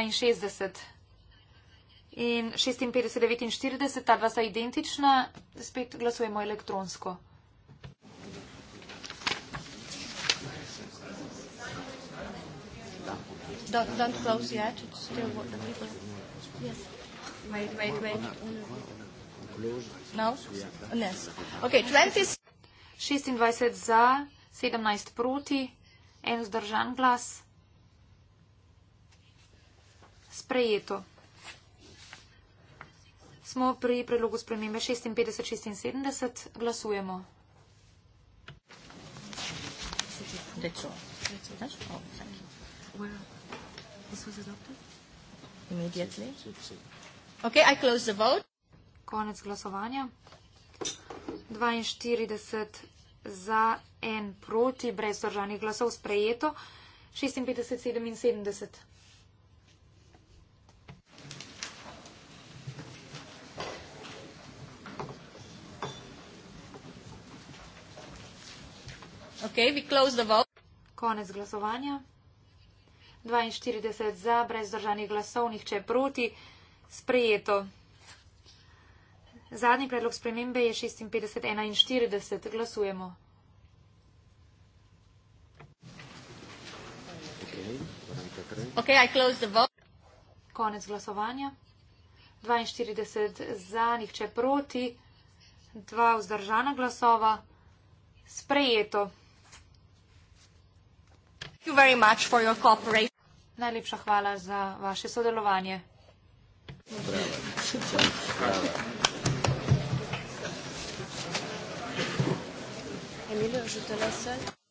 in 56, 49, ta dva sta identična, spet glasujemo elektronsko. Don't, don't close yet, it's still what the people. Yes. Wait, wait, wait. No? Yes. Okay, 20. 26 za, 17 proti, en vzdržan glas sprejeto. Smo pri predlogu spremembe 56-76. Glasujemo. Okay, Konec glasovanja. 42 za, 1 proti, brez držanih glasov, sprejeto. 56-77. Okay, Konec glasovanja. 42 za, brez držanih glasov, nihče proti. Sprejeto. Zadnji predlog spremembe je 56.41. Glasujemo. Okay, Konec glasovanja. 42 za, nihče proti, 2 vzdržana glasova. Sprejeto. Najlepša hvala za vaše sodelovanje. Emilio, je te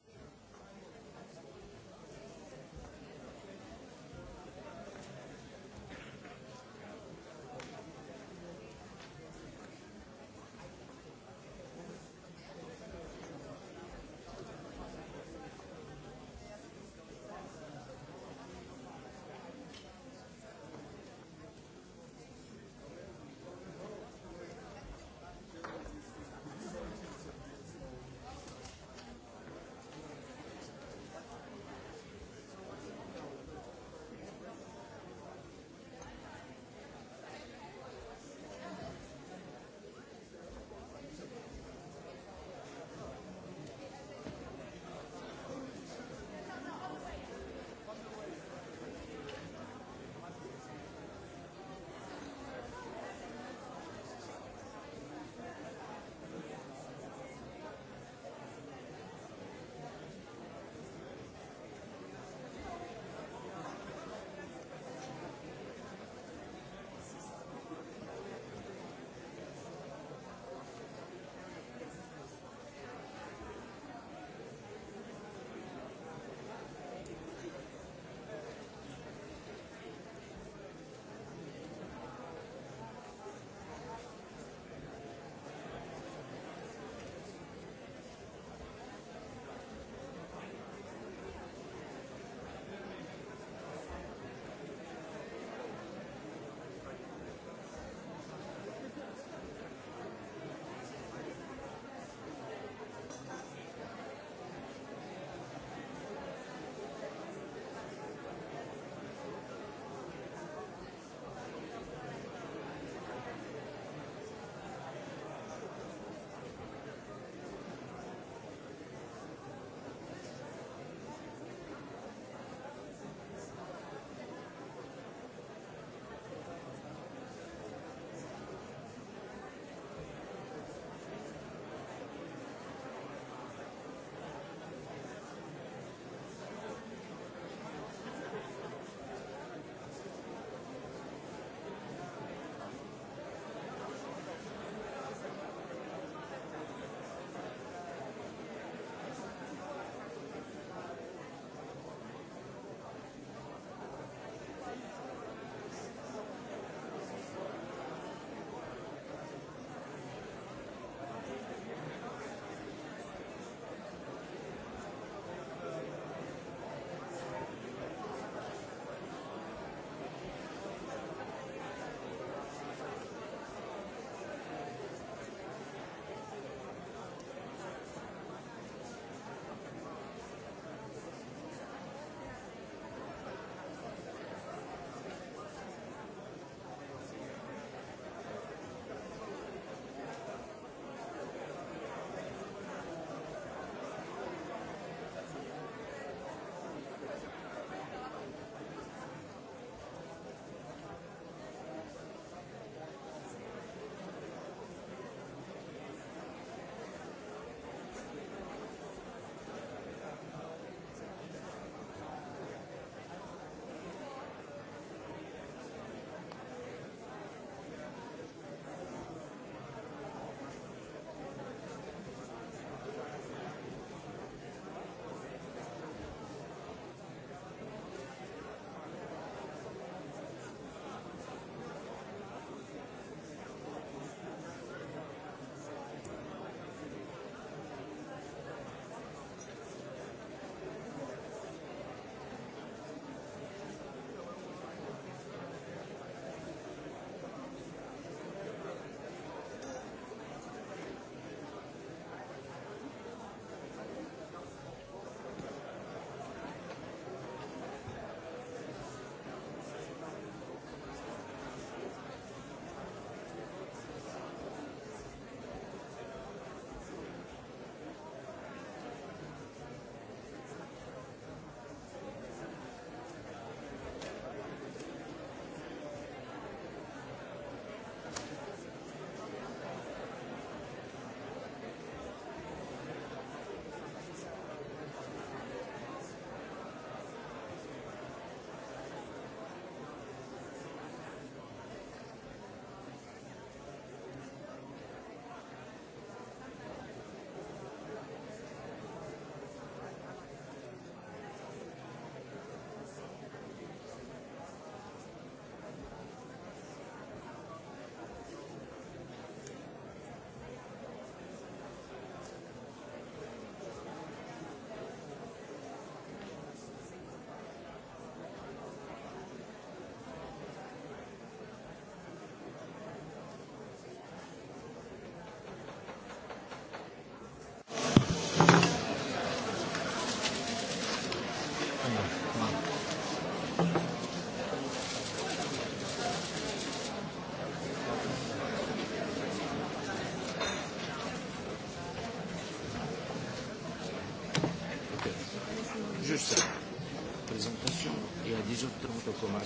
tako malo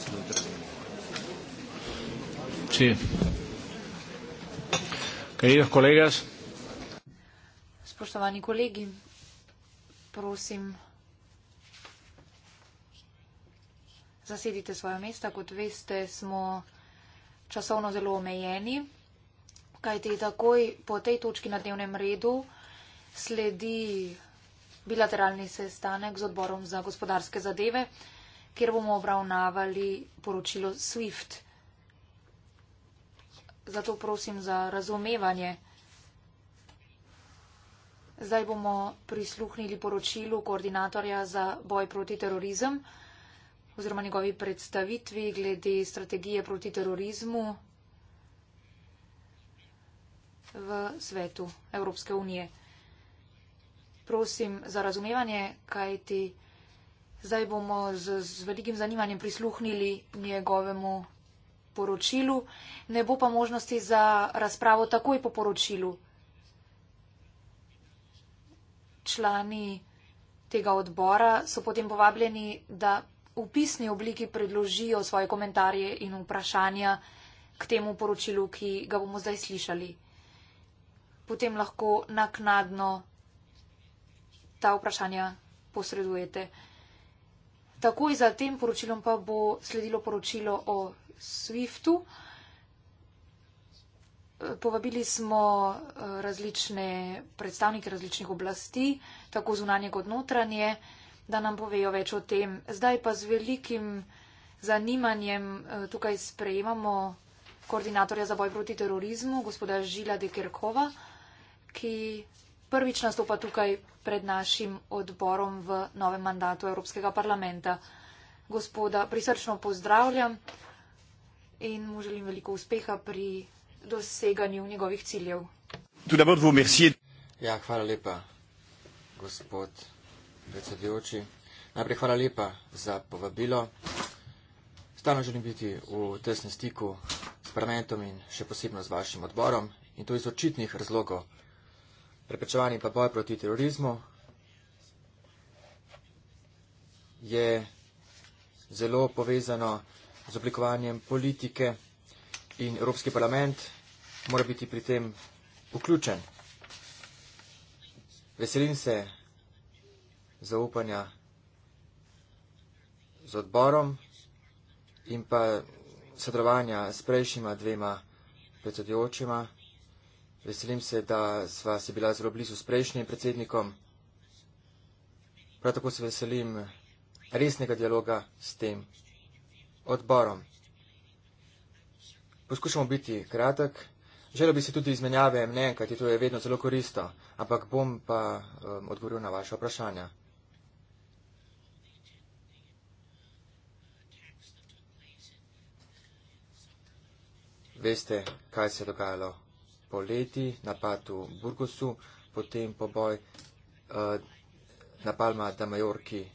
Sí. Queridos colegas. Spoštovani kolegi, prosim, zasedite svoje mesta. Kot veste, smo časovno zelo omejeni, kajti takoj po tej točki na dnevnem redu sledi bilateralni sestanek z odborom za gospodarske zadeve kjer bomo obravnavali poročilo SWIFT. Zato prosim za razumevanje. Zdaj bomo prisluhnili poročilu koordinatorja za boj proti terorizem oziroma njegovi predstavitvi glede strategije proti terorizmu v svetu Evropske unije. Prosim za razumevanje, kajti. Zdaj bomo z, z velikim zanimanjem prisluhnili njegovemu poročilu. Ne bo pa možnosti za razpravo takoj po poročilu. Člani tega odbora so potem povabljeni, da v pisni obliki predložijo svoje komentarje in vprašanja k temu poročilu, ki ga bomo zdaj slišali. Potem lahko naknadno ta vprašanja posredujete. Takoj za tem poročilom pa bo sledilo poročilo o SWIFT-u. Povabili smo eh, različne predstavnike različnih oblasti, tako zunanje kot notranje, da nam povejo več o tem. Zdaj pa z velikim zanimanjem eh, tukaj sprejemamo koordinatorja za boj proti terorizmu, gospoda Žila Dekerkova, ki prvič nastopa tukaj pred našim odborom v novem mandatu Evropskega parlamenta. Gospoda, prisrčno pozdravljam in mu želim veliko uspeha pri doseganju njegovih ciljev. Ja, hvala lepa, gospod predsedujoči. Najprej hvala lepa za povabilo. Stano želim biti v tesnem stiku s parlamentom in še posebno z vašim odborom in to iz očitnih razlogov, preprečevanje pa boj proti terorizmu je zelo povezano z oblikovanjem politike in Evropski parlament mora biti pri tem vključen. Veselim se zaupanja z odborom in pa sodelovanja s prejšnjima dvema predsedujočima. Veselim se, da sva se bila zelo blizu s prejšnjim predsednikom. Prav tako se veselim resnega dialoga s tem odborom. Poskušamo biti kratek. Želel bi se tudi izmenjave mnen, kajti to je vedno zelo koristo, ampak bom pa um, odgovoril na vaše vprašanja. Veste, kaj se je dogajalo poleti, napad v Burgosu, potem poboj eh, na Palma da Majorki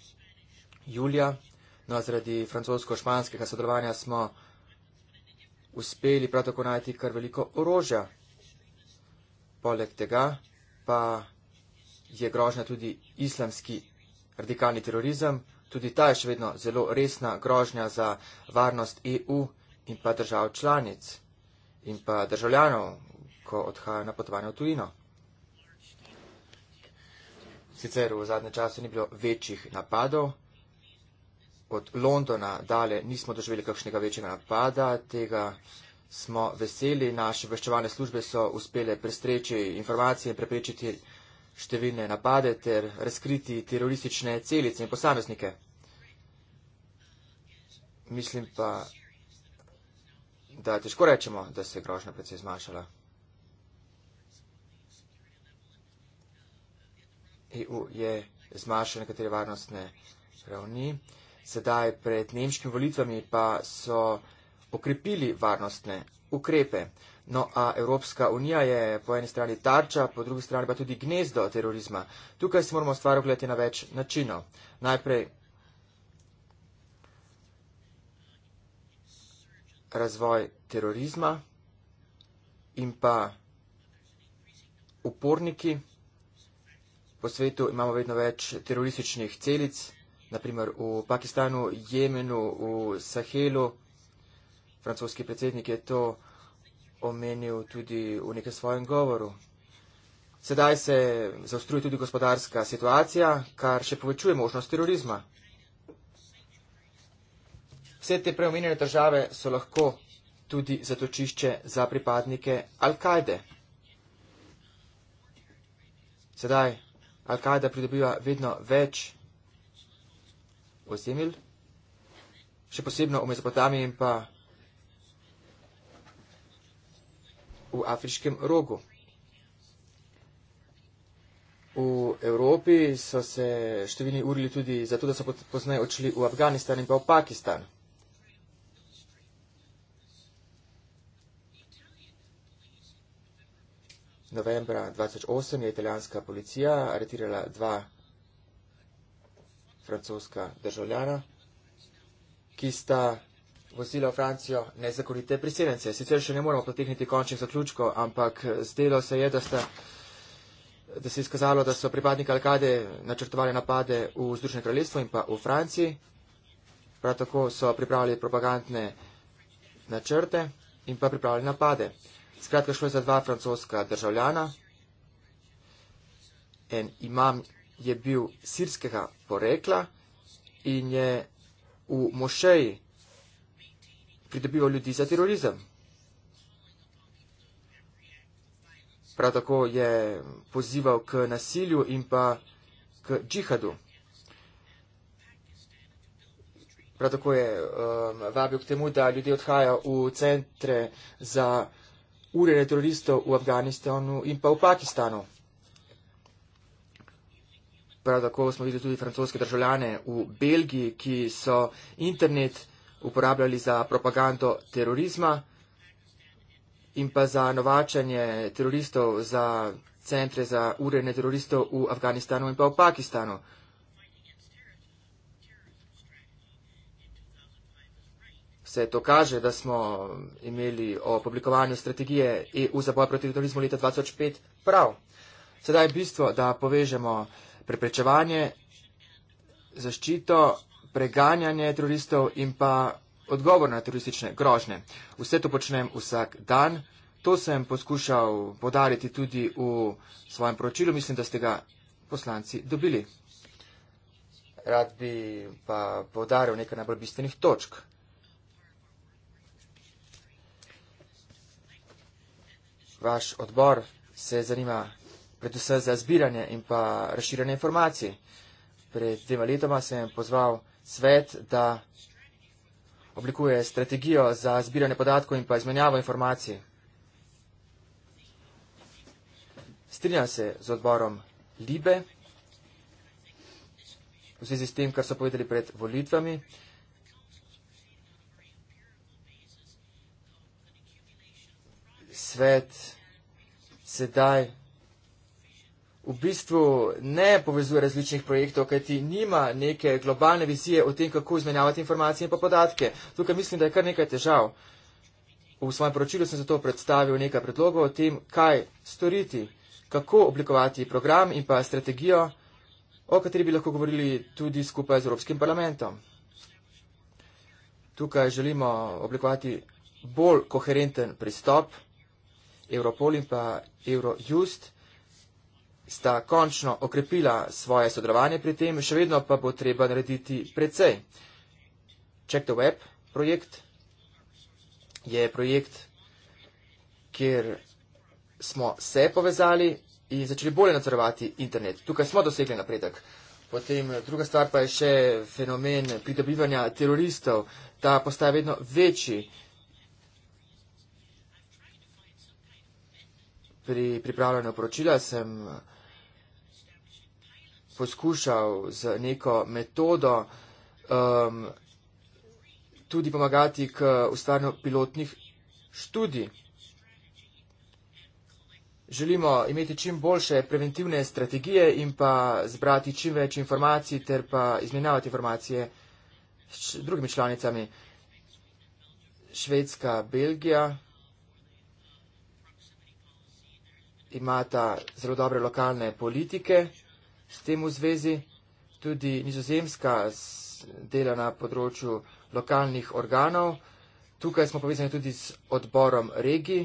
julija. No, zaradi francosko-španskega sodelovanja smo uspeli prav tako najti kar veliko orožja. Poleg tega pa je grožna tudi islamski radikalni terorizem. Tudi ta je še vedno zelo resna grožnja za varnost EU in pa držav članic in pa državljanov ko odhajajo na potovanje v tujino. Sicer v zadnje čase ni bilo večjih napadov, od Londona dale nismo doživeli kakšnega večjega napada, tega smo veseli, naše obveščevalne službe so uspele prestreči informacije in preprečiti številne napade ter razkriti teroristične celice in posameznike. Mislim pa, da težko rečemo, da se je grožnja precej zmanjšala. EU je zmanjšal nekatere varnostne ravni. Sedaj pred nemškimi volitvami pa so okrepili varnostne ukrepe. No, a Evropska unija je po eni strani tarča, po drugi strani pa tudi gnezdo terorizma. Tukaj se moramo stvar ogledati na več načinov. Najprej razvoj terorizma in pa uporniki po svetu imamo vedno več terorističnih celic, naprimer v Pakistanu, Jemenu, v Sahelu. Francoski predsednik je to omenil tudi v nekem svojem govoru. Sedaj se zaostruje tudi gospodarska situacija, kar še povečuje možnost terorizma. Vse te preomenjene države so lahko tudi zatočišče za pripadnike Al-Kaide. Sedaj Al-Qaeda pridobiva vedno več ozemelj, še posebno v Mezopotamiji in pa v afriškem rogu. V Evropi so se številni urili tudi zato, da so poznaj odšli v Afganistan in pa v Pakistan. novembra 2008 je italijanska policija aretirala dva francoska državljana, ki sta vozila v Francijo nezakonite priseljence. Sicer še ne moramo potekniti končnih zaključkov, ampak zdelo se je, da, sta, da se je izkazalo, da so pripadniki Alkade načrtovali napade v Združenem kraljestvu in pa v Franciji. Prav tako so pripravili propagandne načrte in pa pripravili napade. Skratka, šlo je za dva francoska državljana. En imam je bil sirskega porekla in je v mošeji pridobival ljudi za terorizem. Prav tako je pozival k nasilju in pa k džihadu. Prav tako je um, vabil k temu, da ljudje odhajajo v centre za urjenje teroristov v Afganistanu in pa v Pakistanu. Prav tako smo videli tudi francoske državljane v Belgiji, ki so internet uporabljali za propagando terorizma in pa za novačanje teroristov za centre za urjenje teroristov v Afganistanu in pa v Pakistanu. Vse to kaže, da smo imeli o publikovanju strategije EU za boj proti terorizmu leta 2005 prav. Sedaj je bistvo, da povežemo preprečevanje, zaščito, preganjanje teroristov in pa odgovor na teroristične grožne. Vse to počnem vsak dan. To sem poskušal podariti tudi v svojem poročilu. Mislim, da ste ga poslanci dobili. Rad bi pa podaril nekaj najbolj bistvenih točk. vaš odbor se zanima predvsem za zbiranje in pa razširanje informacij. Pred dvema letoma sem pozval svet, da oblikuje strategijo za zbiranje podatkov in pa izmenjavo informacij. Strinjam se z odborom Libe v zvezi s tem, kar so povedali pred volitvami. svet sedaj. V bistvu ne povezuje različnih projektov, kajti nima neke globalne vizije o tem, kako izmenjavati informacije in pa podatke. Tukaj mislim, da je kar nekaj težav. V svojem poročilu sem zato predstavil nekaj predlogov o tem, kaj storiti, kako oblikovati program in pa strategijo, o kateri bi lahko govorili tudi skupaj z Evropskim parlamentom. Tukaj želimo oblikovati bolj koherenten pristop. Europol in pa Eurojust sta končno okrepila svoje sodelovanje pri tem, še vedno pa bo treba narediti precej. Check the Web projekt je projekt, kjer smo se povezali in začeli bolje nadzorovati internet. Tukaj smo dosegli napredek. Potem eh, druga stvar pa je še fenomen pridobivanja teroristov. Ta postaja vedno večji. pri pripravljanju poročila sem eh, poskušal z neko metodo um, tudi pomagati k ustvarjanju pilotnih študij. Želimo imeti čim boljše preventivne strategije in pa zbrati čim več informacij ter pa izmenjavati informacije s drugimi članicami. Švedska, Belgija. imata zelo dobre lokalne politike s tem v zvezi. Tudi nizozemska dela na področju lokalnih organov. Tukaj smo povezani tudi z odborom regij.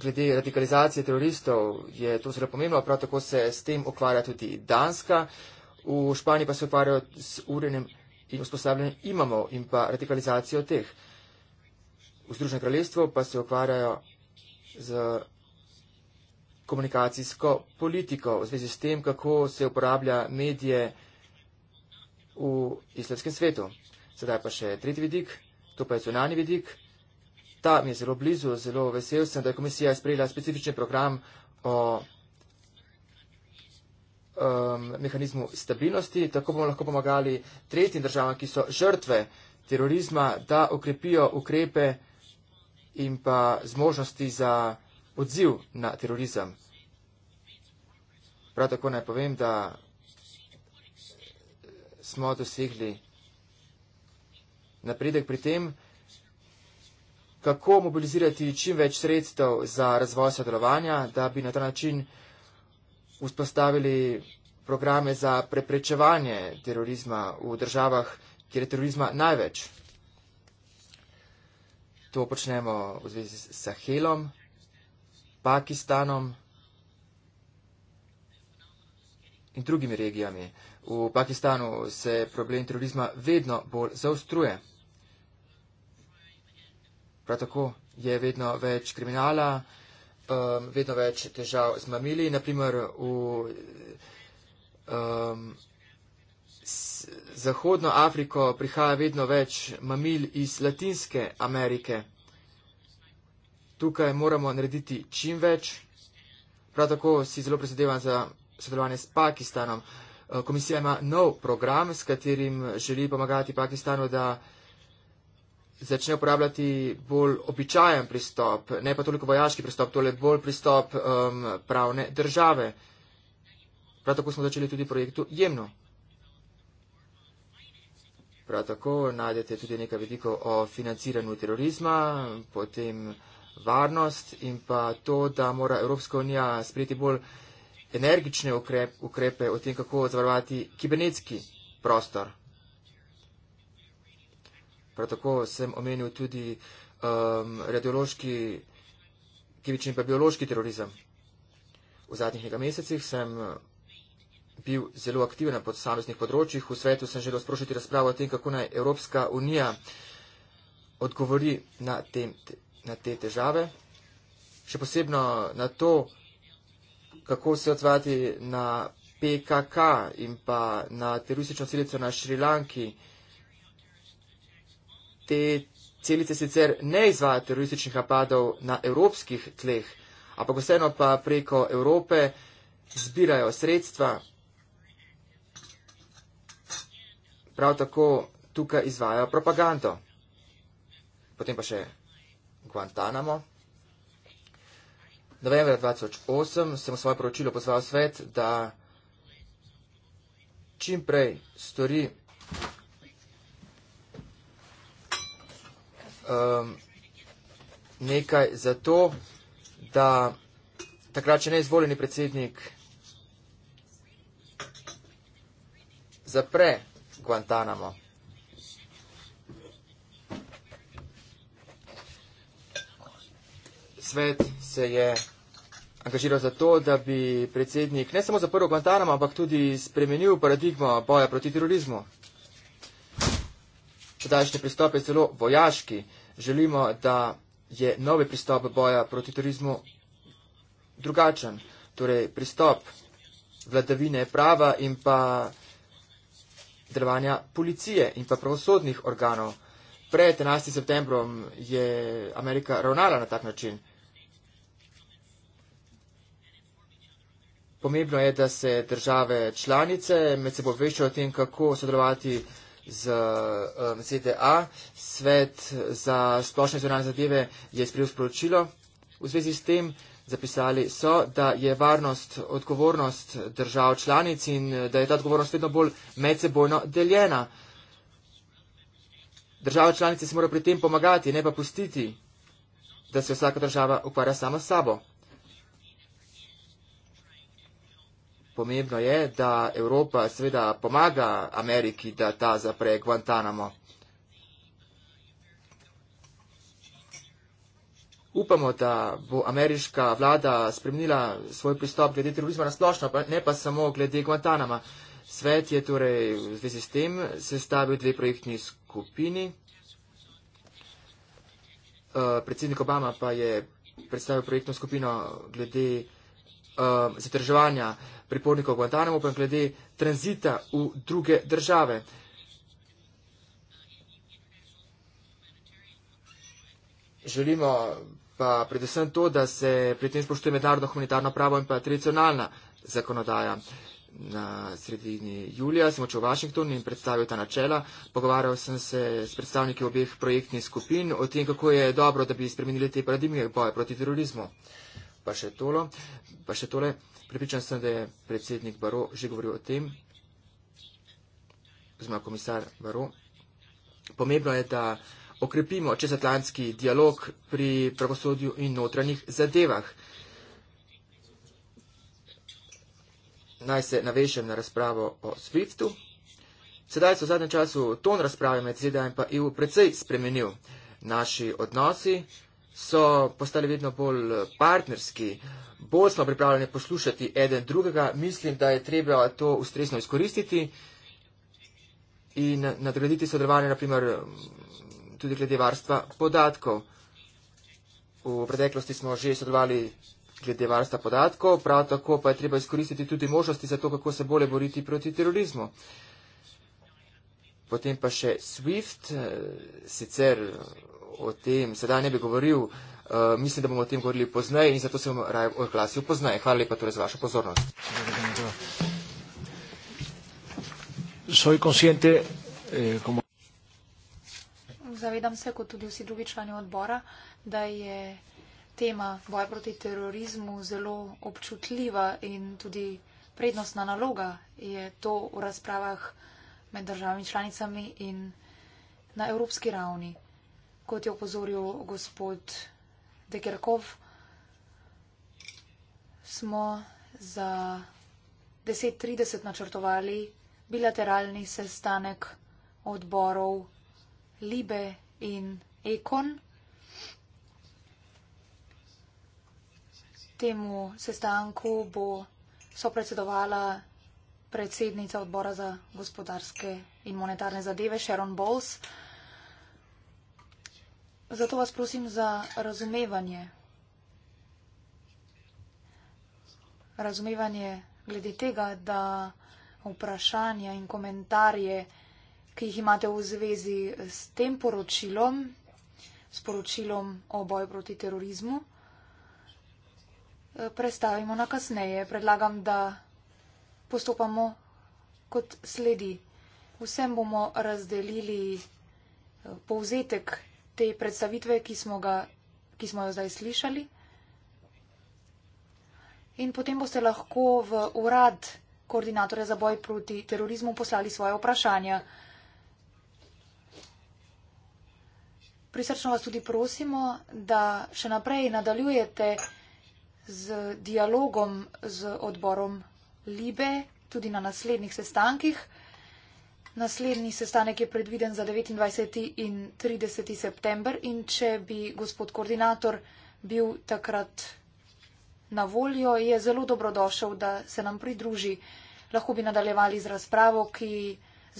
Glede radikalizacije teroristov je to zelo pomembno, prav tako se s tem ukvarja tudi Danska. V Španiji pa se ukvarjajo z urenjem in usposabljanjem imamov in pa radikalizacijo teh v Združenem kraljestvu pa se ukvarjajo z komunikacijsko politiko v zvezi s tem, kako se uporablja medije v islamskem svetu. Sedaj pa še tretji vidik, to pa je zunani vidik. Ta mi je zelo blizu, zelo vesel sem, da je komisija sprejela specifičen program o um, mehanizmu stabilnosti. Tako bomo lahko pomagali tretjim državam, ki so žrtve terorizma, da okrepijo ukrepe in pa zmožnosti za odziv na terorizem. Prav tako naj povem, da smo dosegli napredek pri tem, kako mobilizirati čim več sredstev za razvoj sodelovanja, da bi na ta način vzpostavili programe za preprečevanje terorizma v državah, kjer je terorizma največ to počnemo v zvezi s Sahelom, Pakistanom in drugimi regijami. V Pakistanu se problem terorizma vedno bolj zaostruje. Prav tako je vedno več kriminala, um, vedno več težav z mamili, naprimer v um, Zahodno Afriko prihaja vedno več mamil iz Latinske Amerike. Tukaj moramo narediti čim več. Prav tako si zelo prizadevam za sodelovanje s Pakistanom. Eh, komisija ima nov program, s katerim želi pomagati Pakistanu, da začne uporabljati bolj običajen pristop, ne pa toliko vojaški pristop, tole bolj pristop um, pravne države. Prav tako smo začeli tudi projektu Jemno. Prav tako najdete tudi nekaj vidikov o financiranju terorizma, potem varnost in pa to, da mora Evropska unija sprejeti bolj energične ukrep, ukrepe o tem, kako zavarovati kibernetski prostor. Prav tako sem omenil tudi um, radiološki, kemični in biološki terorizem. V zadnjih nekaj mesecih sem bil zelo aktiven na posameznih področjih. V svetu sem želel sprošiti razpravo o tem, kako naj Evropska unija odgovori na, tem, na te težave. Še posebno na to, kako se odzvati na PKK in pa na teroristično celico na Šrilanki. Te celice sicer ne izvajajo terorističnih napadov na evropskih tleh, ampak vseeno pa preko Evrope zbirajo sredstva prav tako tukaj izvajajo propagando. Potem pa še Guantanamo. Novembra 2008 sem v svoje poročilo pozval svet, da čim prej stori um, nekaj za to, da takrat še neizvoljeni predsednik zapre Guantánamo. Svet se je angažiral za to, da bi predsednik ne samo zaprl Guantánamo, ampak tudi spremenil paradigmo boja proti terorizmu. Tadašnji pristop je zelo vojaški. Želimo, da je novi pristop boja proti terorizmu drugačen. Torej, pristop vladavine prava in pa delovanja policije in pa pravosodnih organov. Pred 11. septembrom je Amerika ravnala na tak način. Pomembno je, da se države članice med seboj veščajo o tem, kako sodelovati z um, ZDA. Svet za splošne zunanje zadeve je sprejel sporočilo v zvezi s tem zapisali, so, da je varnost odgovornost držav članic in eh, da je ta odgovornost vedno bolj medsebojno deljena. Države članice se morajo pri tem pomagati, ne pa pustiti, da se vsaka država ukvarja sama s sabo. Pomembno je, da Evropa seveda pomaga Ameriki, da ta zapre Guantanamo. upamo, da bo ameriška vlada spremenila svoj pristop glede terorizma na splošno, pa ne pa samo glede Guantanama. Svet je torej v zvezi s tem sestavil dve projektni skupini. Uh, predsednik Obama pa je predstavil projektno skupino glede uh, zadrževanja pripornikov Guantanamo, pa glede tranzita v druge države. Želimo pa predvsem to, da se pri tem spoštuje mednarodno humanitarno pravo in pa tradicionalna zakonodaja. Na sredini julija sem očel v Washingtonu in predstavil ta načela. Pogovarjal sem se s predstavniki obeh projektnih skupin o tem, kako je dobro, da bi spremenili te paradigme boja proti terorizmu. Pa še, tolo, pa še tole, pripričan sem, da je predsednik Baro že govoril o tem, oziroma komisar Baro. Pomembno je, da okrepimo čezatlantski dialog pri pravosodju in notranjih zadevah. Naj se navešem na razpravo o SWIFT-u. Sedaj so v zadnjem času ton razprave med ZDA in pa EU precej spremenil. Naši odnosi so postali vedno bolj partnerski, bolj smo pripravljeni poslušati eden drugega. Mislim, da je treba to ustrezno izkoristiti in nadgraditi sodelovanje, naprimer tudi glede varstva podatkov. V preteklosti smo že sodelovali glede varstva podatkov, prav tako pa je treba izkoristiti tudi možnosti za to, kako se bolje boriti proti terorizmu. Potem pa še SWIFT, eh, sicer o tem sedaj ne bi govoril, eh, mislim, da bomo o tem govorili pozneje in zato se bom raje oglasil pozneje. Hvala lepa torej za vašo pozornost. Soy consciente, eh, como zavedam se, kot tudi vsi drugi člani odbora, da je tema boja proti terorizmu zelo občutljiva in tudi prednostna naloga je to v razpravah med državami članicami in na evropski ravni. Kot je opozoril gospod Dekerkov, smo za 10.30 načrtovali bilateralni sestanek odborov Libe in Ekon. Temu sestanku bo sopredsedovala predsednica odbora za gospodarske in monetarne zadeve Sharon Bowles. Zato vas prosim za razumevanje. Razumevanje glede tega, da vprašanja in komentarje ki jih imate v zvezi s tem poročilom, s poročilom o boju proti terorizmu, e, prestavimo na kasneje. Predlagam, da postopamo kot sledi. Vsem bomo razdelili e, povzetek te predstavitve, ki smo, ga, ki smo jo zdaj slišali. In potem boste lahko v urad koordinatorja za boj proti terorizmu poslali svoje vprašanja. Prisrčno vas tudi prosimo, da še naprej nadaljujete z dialogom z odborom Libe, tudi na naslednjih sestankih. Naslednji sestanek je predviden za 29. in 30. september in če bi gospod koordinator bil takrat na voljo, je zelo dobrodošel, da se nam pridruži. Lahko bi nadaljevali z razpravo, ki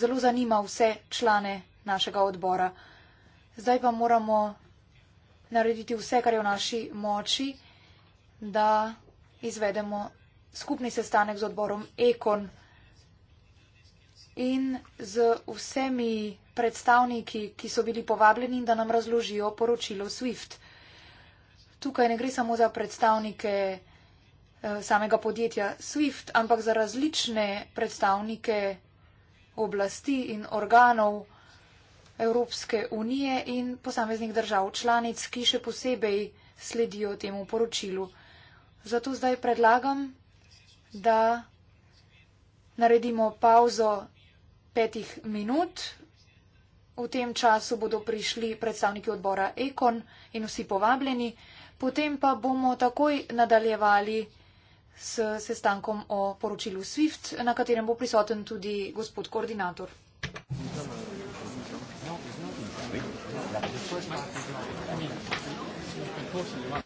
zelo zanima vse člane našega odbora. Zdaj pa moramo narediti vse, kar je v naši moči, da izvedemo skupni sestanek z odborom Ekon in z vsemi predstavniki, ki so bili povabljeni, da nam razložijo poročilo SWIFT. Tukaj ne gre samo za predstavnike eh, samega podjetja SWIFT, ampak za različne predstavnike oblasti in organov, Evropske unije in posameznih držav članic, ki še posebej sledijo temu poročilu. Zato zdaj predlagam, da naredimo pauzo petih minut. V tem času bodo prišli predstavniki odbora Ekon in vsi povabljeni, potem pa bomo takoj nadaljevali s sestankom o poročilu SWIFT, na katerem bo prisoten tudi gospod koordinator. first part is like, I mean, unfortunately,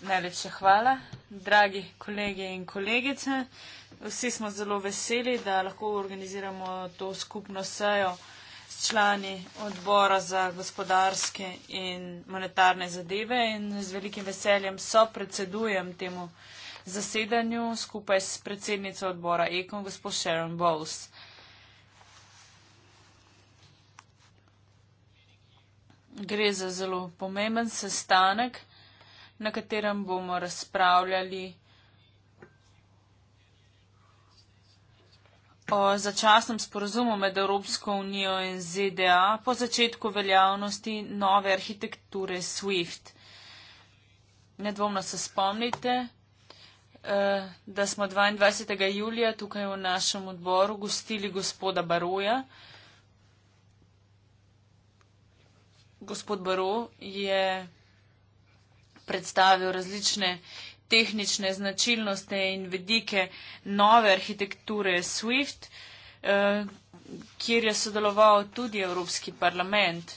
Najlepša hvala. Dragi kolege in kolegice, vsi smo zelo veseli, da lahko organiziramo to skupno sejo s člani odbora za gospodarske in monetarne zadeve in z velikim veseljem so predsedujem temu zasedanju skupaj s predsednico odbora Ekom, gospod Sharon Bowles. gre za zelo pomemben sestanek, na katerem bomo razpravljali o začasnem sporozumu med Evropsko unijo in ZDA po začetku veljavnosti nove arhitekture SWIFT. Nedvomno se spomnite, eh, da smo 22. julija tukaj v našem odboru gostili gospoda Baroja gospod Baro je predstavil različne tehnične značilnosti in vedike nove arhitekture SWIFT, eh, kjer je sodeloval tudi Evropski parlament.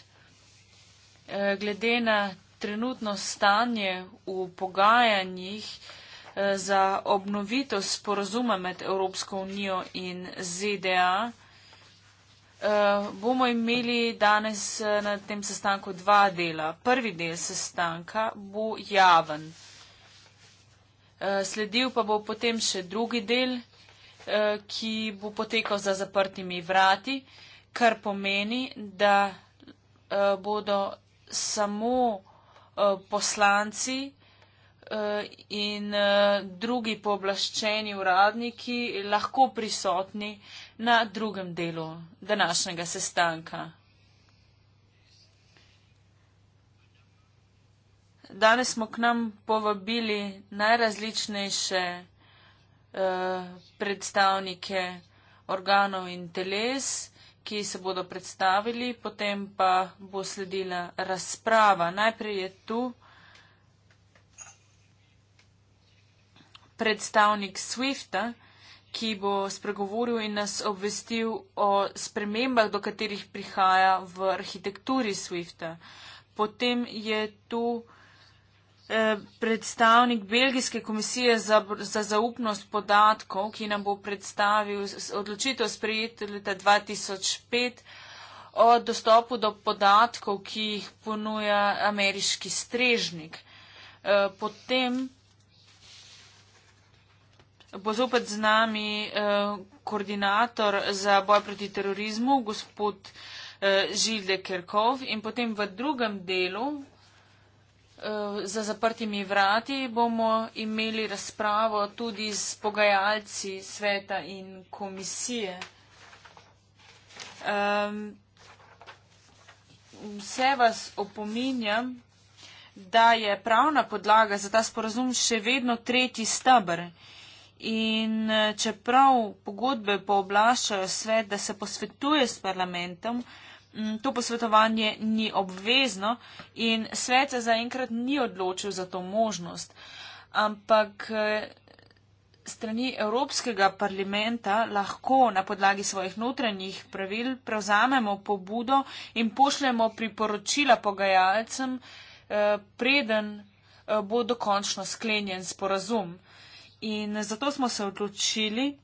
Eh, glede na trenutno stanje v pogajanjih eh, za obnovitev sporozuma med Evropsko unijo in ZDA, Eh, bomo imeli danes eh, na tem sestanku dva dela. Prvi del sestanka bo javen. Eh, sledil pa bo potem še drugi del, ki bo potekal za zaprtimi vrati, kar pomeni, da bodo samo poslanci in drugi pooblaščeni uradniki lahko prisotni na drugem delu današnjega sestanka. Danes smo k nam povabili najrazličnejše eh, predstavnike organov in teles, ki se bodo predstavili, potem pa bo sledila razprava. Najprej je tu predstavnik Swifta, ki bo spregovoril in nas obvestil o spremembah, do katerih prihaja v arhitekturi Swifta. Potem je tu eh, predstavnik Belgijske komisije za, za zaupnost podatkov, ki nam bo predstavil odločitev sprejet leta 2005 o dostopu do podatkov, ki jih ponuja ameriški strežnik. Eh, potem bo zopet z nami eh, koordinator za boj proti terorizmu, gospod eh, Žilde Kerkov. In potem v drugem delu eh, za zaprtimi vrati bomo imeli razpravo tudi s pogajalci sveta in komisije. Um, vse vas opominjam, da je pravna podlaga za ta sporazum še vedno tretji stabr. In eh, čeprav pogodbe pooblašajo svet, da se posvetuje s parlamentom, mm, to posvetovanje ni obvezno in svet se zaenkrat ni odločil za to možnost. Ampak eh, strani Evropskega parlamenta lahko na podlagi svojih notranjih pravil prevzamemo pobudo in pošljemo priporočila pogajalcem, eh, preden bo dokončno sklenjen sporazum. In zato smo se odločili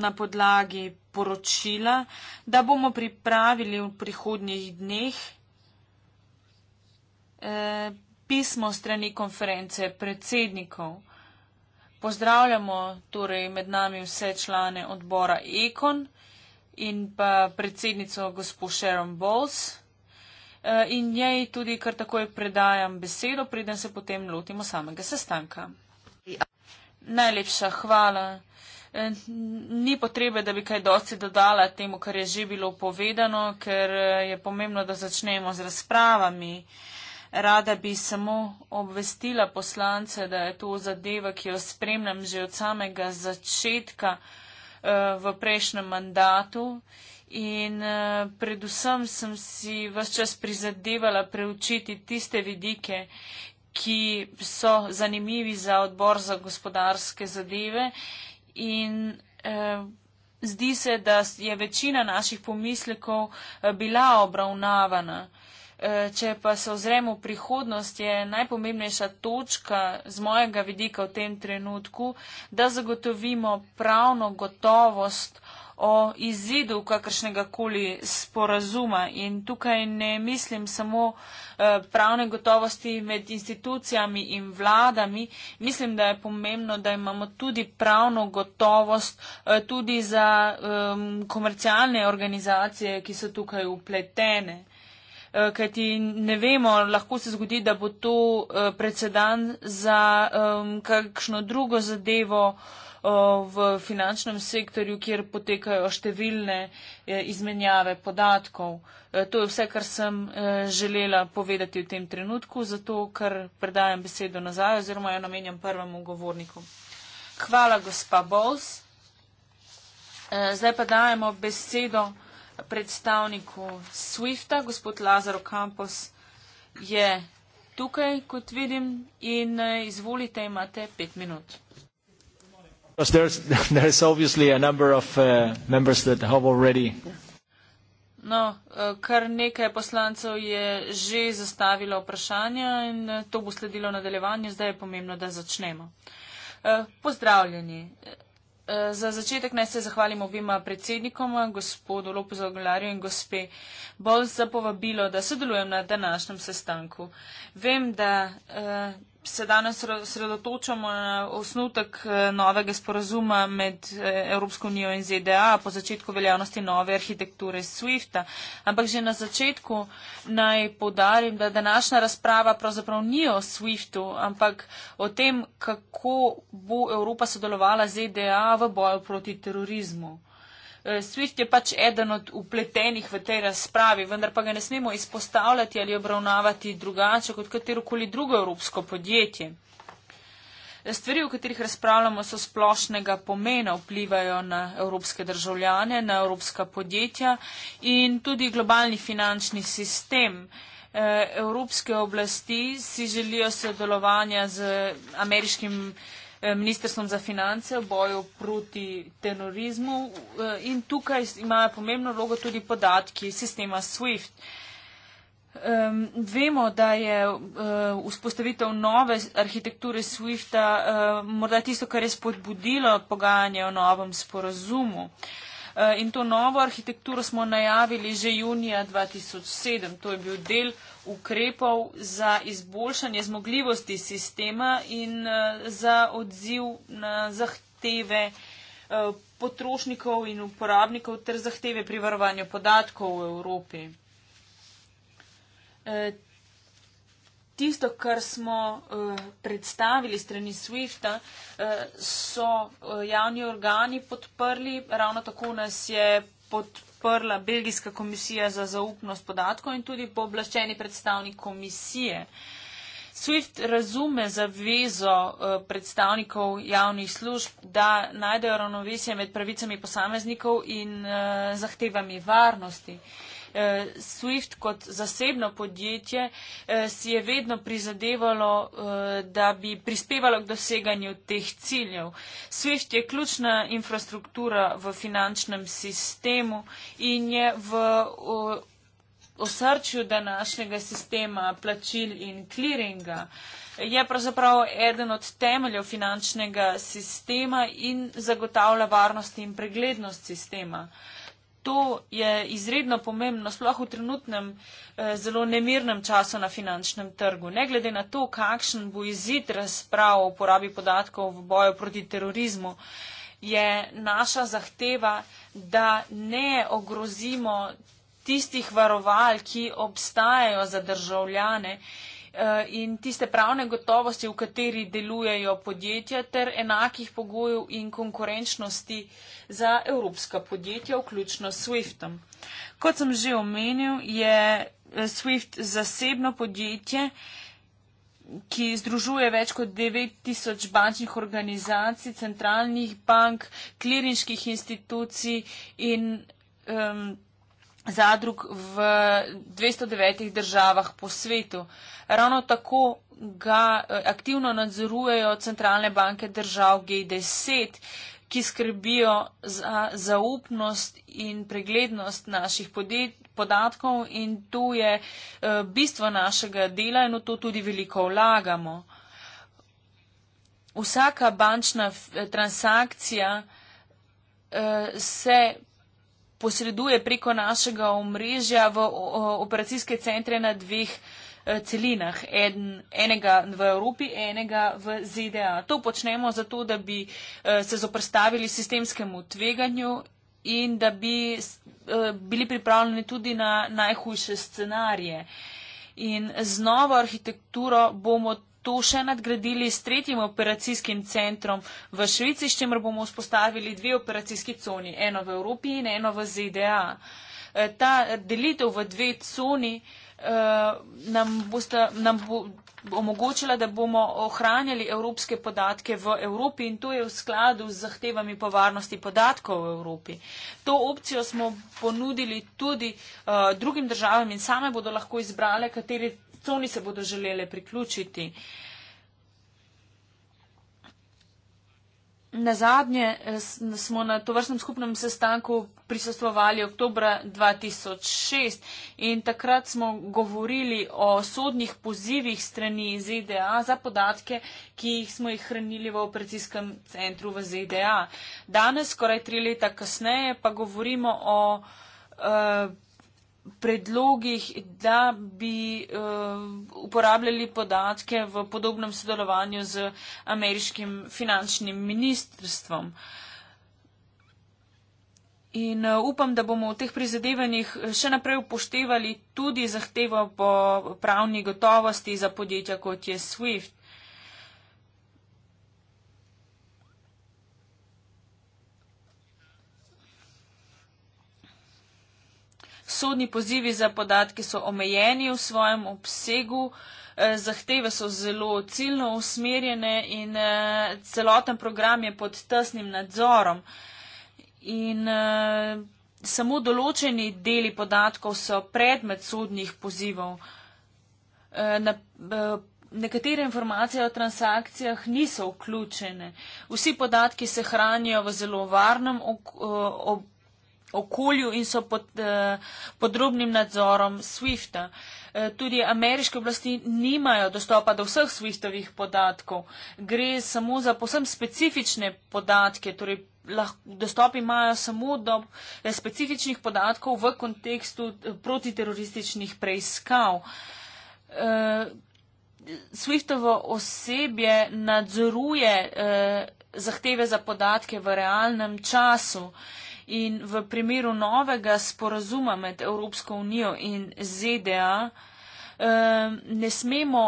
na podlagi poročila, da bomo pripravili v prihodnjih dneh eh, pismo strani konference predsednikov. Pozdravljamo torej med nami vse člane odbora Ekon in pa predsednico gospo Sharon Bowles. Eh, in njej tudi kar takoj predajam besedo, preden se potem lotimo samega sestanka. Najlepša hvala. Eh, ni potrebe, da bi kaj dosti dodala temu, kar je že bilo povedano, ker eh, je pomembno, da začnemo z razpravami. Rada bi samo obvestila poslance, da je to zadeva, ki jo spremljam že od samega začetka v prejšnjem mandatu In uh, predvsem sem si vse čas prizadevala preučiti tiste vidike, ki so zanimivi za odbor za gospodarske zadeve. In uh, zdi se, da je večina naših pomislekov uh, bila obravnavana. Če pa se ozremo v prihodnost, je najpomembnejša točka z mojega vidika v tem trenutku, da zagotovimo pravno gotovost o izidu kakršnega koli sporazuma. In tukaj ne mislim samo eh, pravne gotovosti med institucijami in vladami. Mislim, da je pomembno, da imamo tudi pravno gotovost eh, tudi za komercialne organizacije, ki so tukaj upletene. Eh, Kaj ti ne vemo, lahko se zgodi, da bo to predsedan za kakšno drugo zadevo v finančnem sektorju, kjer potekajo številne e, izmenjave podatkov. E, to je vse, kar sem e, želela povedati v tem trenutku, zato ker predajam besedo nazaj oziroma jo namenjam prvemu govorniku. Hvala, gospa Bowles. Zdaj pa dajemo besedo predstavniku SWIFT-a. Gospod Lazaro Campos je tukaj, kot vidim, in izvolite, imate pet minut. Because there's there is obviously a number of uh, members that have already. No, uh, kar nekaj poslancev je že zastavilo vprašanja in uh, to bo sledilo nadaljevanju, zdaj je pomembno, da začnemo. Uh, pozdravljeni. Za začetek naj se zahvalim obima predsednikoma, gospodu Lopezu Aguilarju in gospe Bolz za povabilo, da sodelujem na današnjem sestanku. Vem, da se danes sredotočamo na osnutek eh, novega sporazuma med eh, Evropsko unijo in ZDA po začetku veljavnosti nove arhitekture SWIFT-a. Ampak že na začetku naj podarim, da današnja razprava pravzaprav ni o SWIFT-u, ampak o tem, kako bo Evropa sodelovala ZDA v boju proti terorizmu. Eh, Swift je pač eden od upletenih v tej razpravi, vendar pa ga ne smemo izpostavljati ali obravnavati drugače kot katerokoli drugo evropsko podjetje. Stvari, o katerih razpravljamo, so splošnega pomena, vplivajo na evropske državljane, na evropska podjetja in tudi globalni finančni sistem. Eh, evropske oblasti si želijo sodelovanja z ameriškim Eh, ministrstvom za finance v boju proti terorizmu eh, in tukaj imajo pomembno vlogo tudi podatki sistema SWIFT. Vemo, da je eh, vzpostavitev nove arhitekture SWIFT-a morda tisto, kar je spodbudilo pogajanje o novem sporazumu. In to novo arhitekturo smo najavili že junija 2007. To je bil del ukrepov za izboljšanje zmogljivosti sistema in eh, za odziv na zahteve eh, potrošnikov in uporabnikov ter zahteve pri varovanju podatkov v Evropi. Eh, tisto, kar smo uh, predstavili strani SWIFT-a, uh, so uh, javni organi podprli. Ravno tako nas je podprla Belgijska komisija za zaupnost podatkov in tudi pooblaščeni predstavnik komisije. SWIFT razume zavezo uh, predstavnikov javnih služb, da najdejo ravnovesje med pravicami posameznikov in uh, zahtevami varnosti. Uh, Eh, SWIFT kot zasebno podjetje eh, si je vedno prizadevalo, eh, da bi prispevalo k doseganju teh ciljev. SWIFT je ključna infrastruktura v finančnem sistemu in je v osrčju današnjega sistema plačil in kliringa. Je pravzaprav eden od temeljev finančnega sistema in zagotavlja varnost in preglednost sistema. Uh, To je izredno pomembno, sploh v trenutnem eh, zelo nemirnem času na finančnem trgu. Ne glede na to, kakšen bo izid razprav o uporabi podatkov v boju proti terorizmu, je naša zahteva, da ne ogrozimo tistih varoval, ki obstajajo za državljane Eh, in tiste pravne gotovosti, v kateri delujejo podjetja, ter enakih pogojev in konkurenčnosti za evropska podjetja, vključno s SWIFT-om. Kot sem že omenil, je eh, SWIFT zasebno podjetje, ki združuje več kot 9000 bančnih organizacij, centralnih bank, klirinških institucij in. Um, zadrug v 209 državah po svetu. Ravno tako ga eh, aktivno nadzorujejo centralne banke držav G10, ki skrbijo za zaupnost in preglednost naših podatkov in to je eh, bistvo našega dela in v to tudi veliko vlagamo. Vsaka bančna eh, transakcija se posreduje preko našega omrežja v operacijske centre na dveh eh, celinah, en, enega v Evropi, enega v ZDA. To počnemo zato, da bi eh, se zoprstavili sistemskemu tveganju in da bi eh, bili pripravljeni tudi na najhujše scenarije. In z novo arhitekturo bomo to še nadgradili s tretjim operacijskim centrom v Švici, s čimer bomo vzpostavili dve operacijski coni, eno v Evropi in eno v ZDA. E, ta delitev v dve coni e, nam, boste, nam bo omogočila, da bomo ohranjali evropske podatke v Evropi in to je v skladu z zahtevami po varnosti podatkov v Evropi. To opcijo smo ponudili tudi uh, drugim državam in same bodo lahko izbrale, kateri coni se bodo želele priključiti. Na zadnje eh, smo na to vrstnem skupnem sestanku prisostovali oktober 2006 in takrat smo govorili o sodnih pozivih strani ZDA za podatke, ki smo jih hranili v operacijskem centru v ZDA. Danes, skoraj tri leta kasneje, pa govorimo o uh, predlogih, da bi uh, uporabljali podatke v podobnem sodelovanju z ameriškim finančnim ministrstvom. In uh, upam, da bomo v teh prizadevanjih še naprej upoštevali tudi zahtevo po pravni gotovosti za podjetja kot je SWIFT. Sodni pozivi za podatke so omejeni v svojem obsegu, eh, zahteve so zelo ciljno usmerjene in eh, celoten program je pod tesnim nadzorom. In eh, samo določeni deli podatkov so predmet sodnih pozivov. Nekatere informacije o transakcijah niso vključene. Vsi podatki se hranijo v zelo varnem okolju okolju in so pod eh, podrobnim nadzorom SWIFT-a. Eh, tudi ameriške oblasti nimajo dostopa do vseh SWIFT-ovih podatkov. Gre samo za posebno specifične podatke, torej dostop imajo samo do eh, specifičnih podatkov v kontekstu eh, protiterorističnih preiskav. Eh, SWIFT-ovo osebje nadzoruje eh, zahteve za podatke v realnem času. Eh, In v primeru novega sporazuma med Evropsko unijo in ZDA ne smemo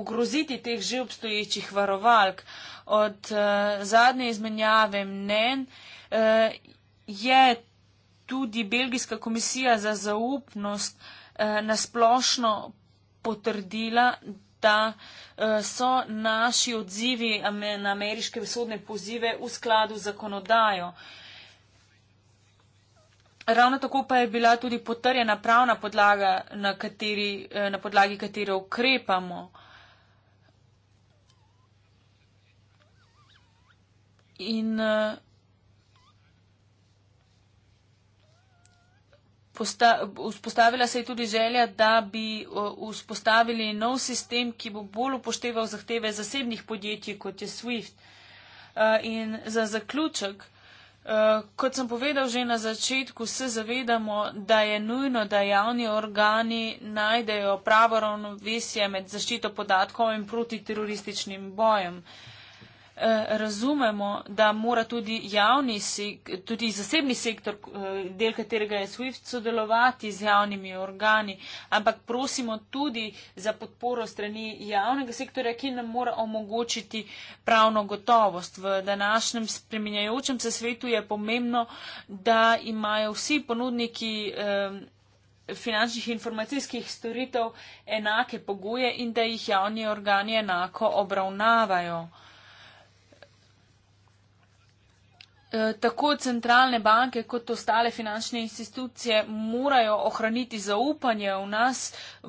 ogroziti teh že obstoječih varovalk. Od eh, zadnje izmenjave mnen eh, je tudi Belgijska komisija za zaupnost eh, nasplošno potrdila, da so naši odzivi na ameriške sodne pozive v skladu z zakonodajo. Ravno tako pa je bila tudi potrjena pravna podlaga, na, kateri, eh, na podlagi katere ukrepamo. In eh, vzpostavila se je tudi želja, da bi eh, vzpostavili nov sistem, ki bo bolj upošteval zahteve zasebnih podjetij, kot je SWIFT. In za zaključek. Eh, kot sem povedal že na začetku, se zavedamo, da je nujno, da javni organi najdejo pravo ravnovesje med zaščito podatkov in protiterorističnim bojem. Uh, Eh, razumemo, da mora tudi javni, tudi zasebni sektor, eh, del katerega je SWIFT, sodelovati z javnimi organi, ampak prosimo tudi za podporo strani javnega sektorja, ki nam mora omogočiti pravno gotovost. V današnjem spreminjajočem se svetu je pomembno, da imajo vsi ponudniki eh, finančnih informacijskih storitev enake pogoje in da jih javni organi enako obravnavajo. Eh, tako centralne banke kot ostale finančne institucije morajo ohraniti zaupanje v nas,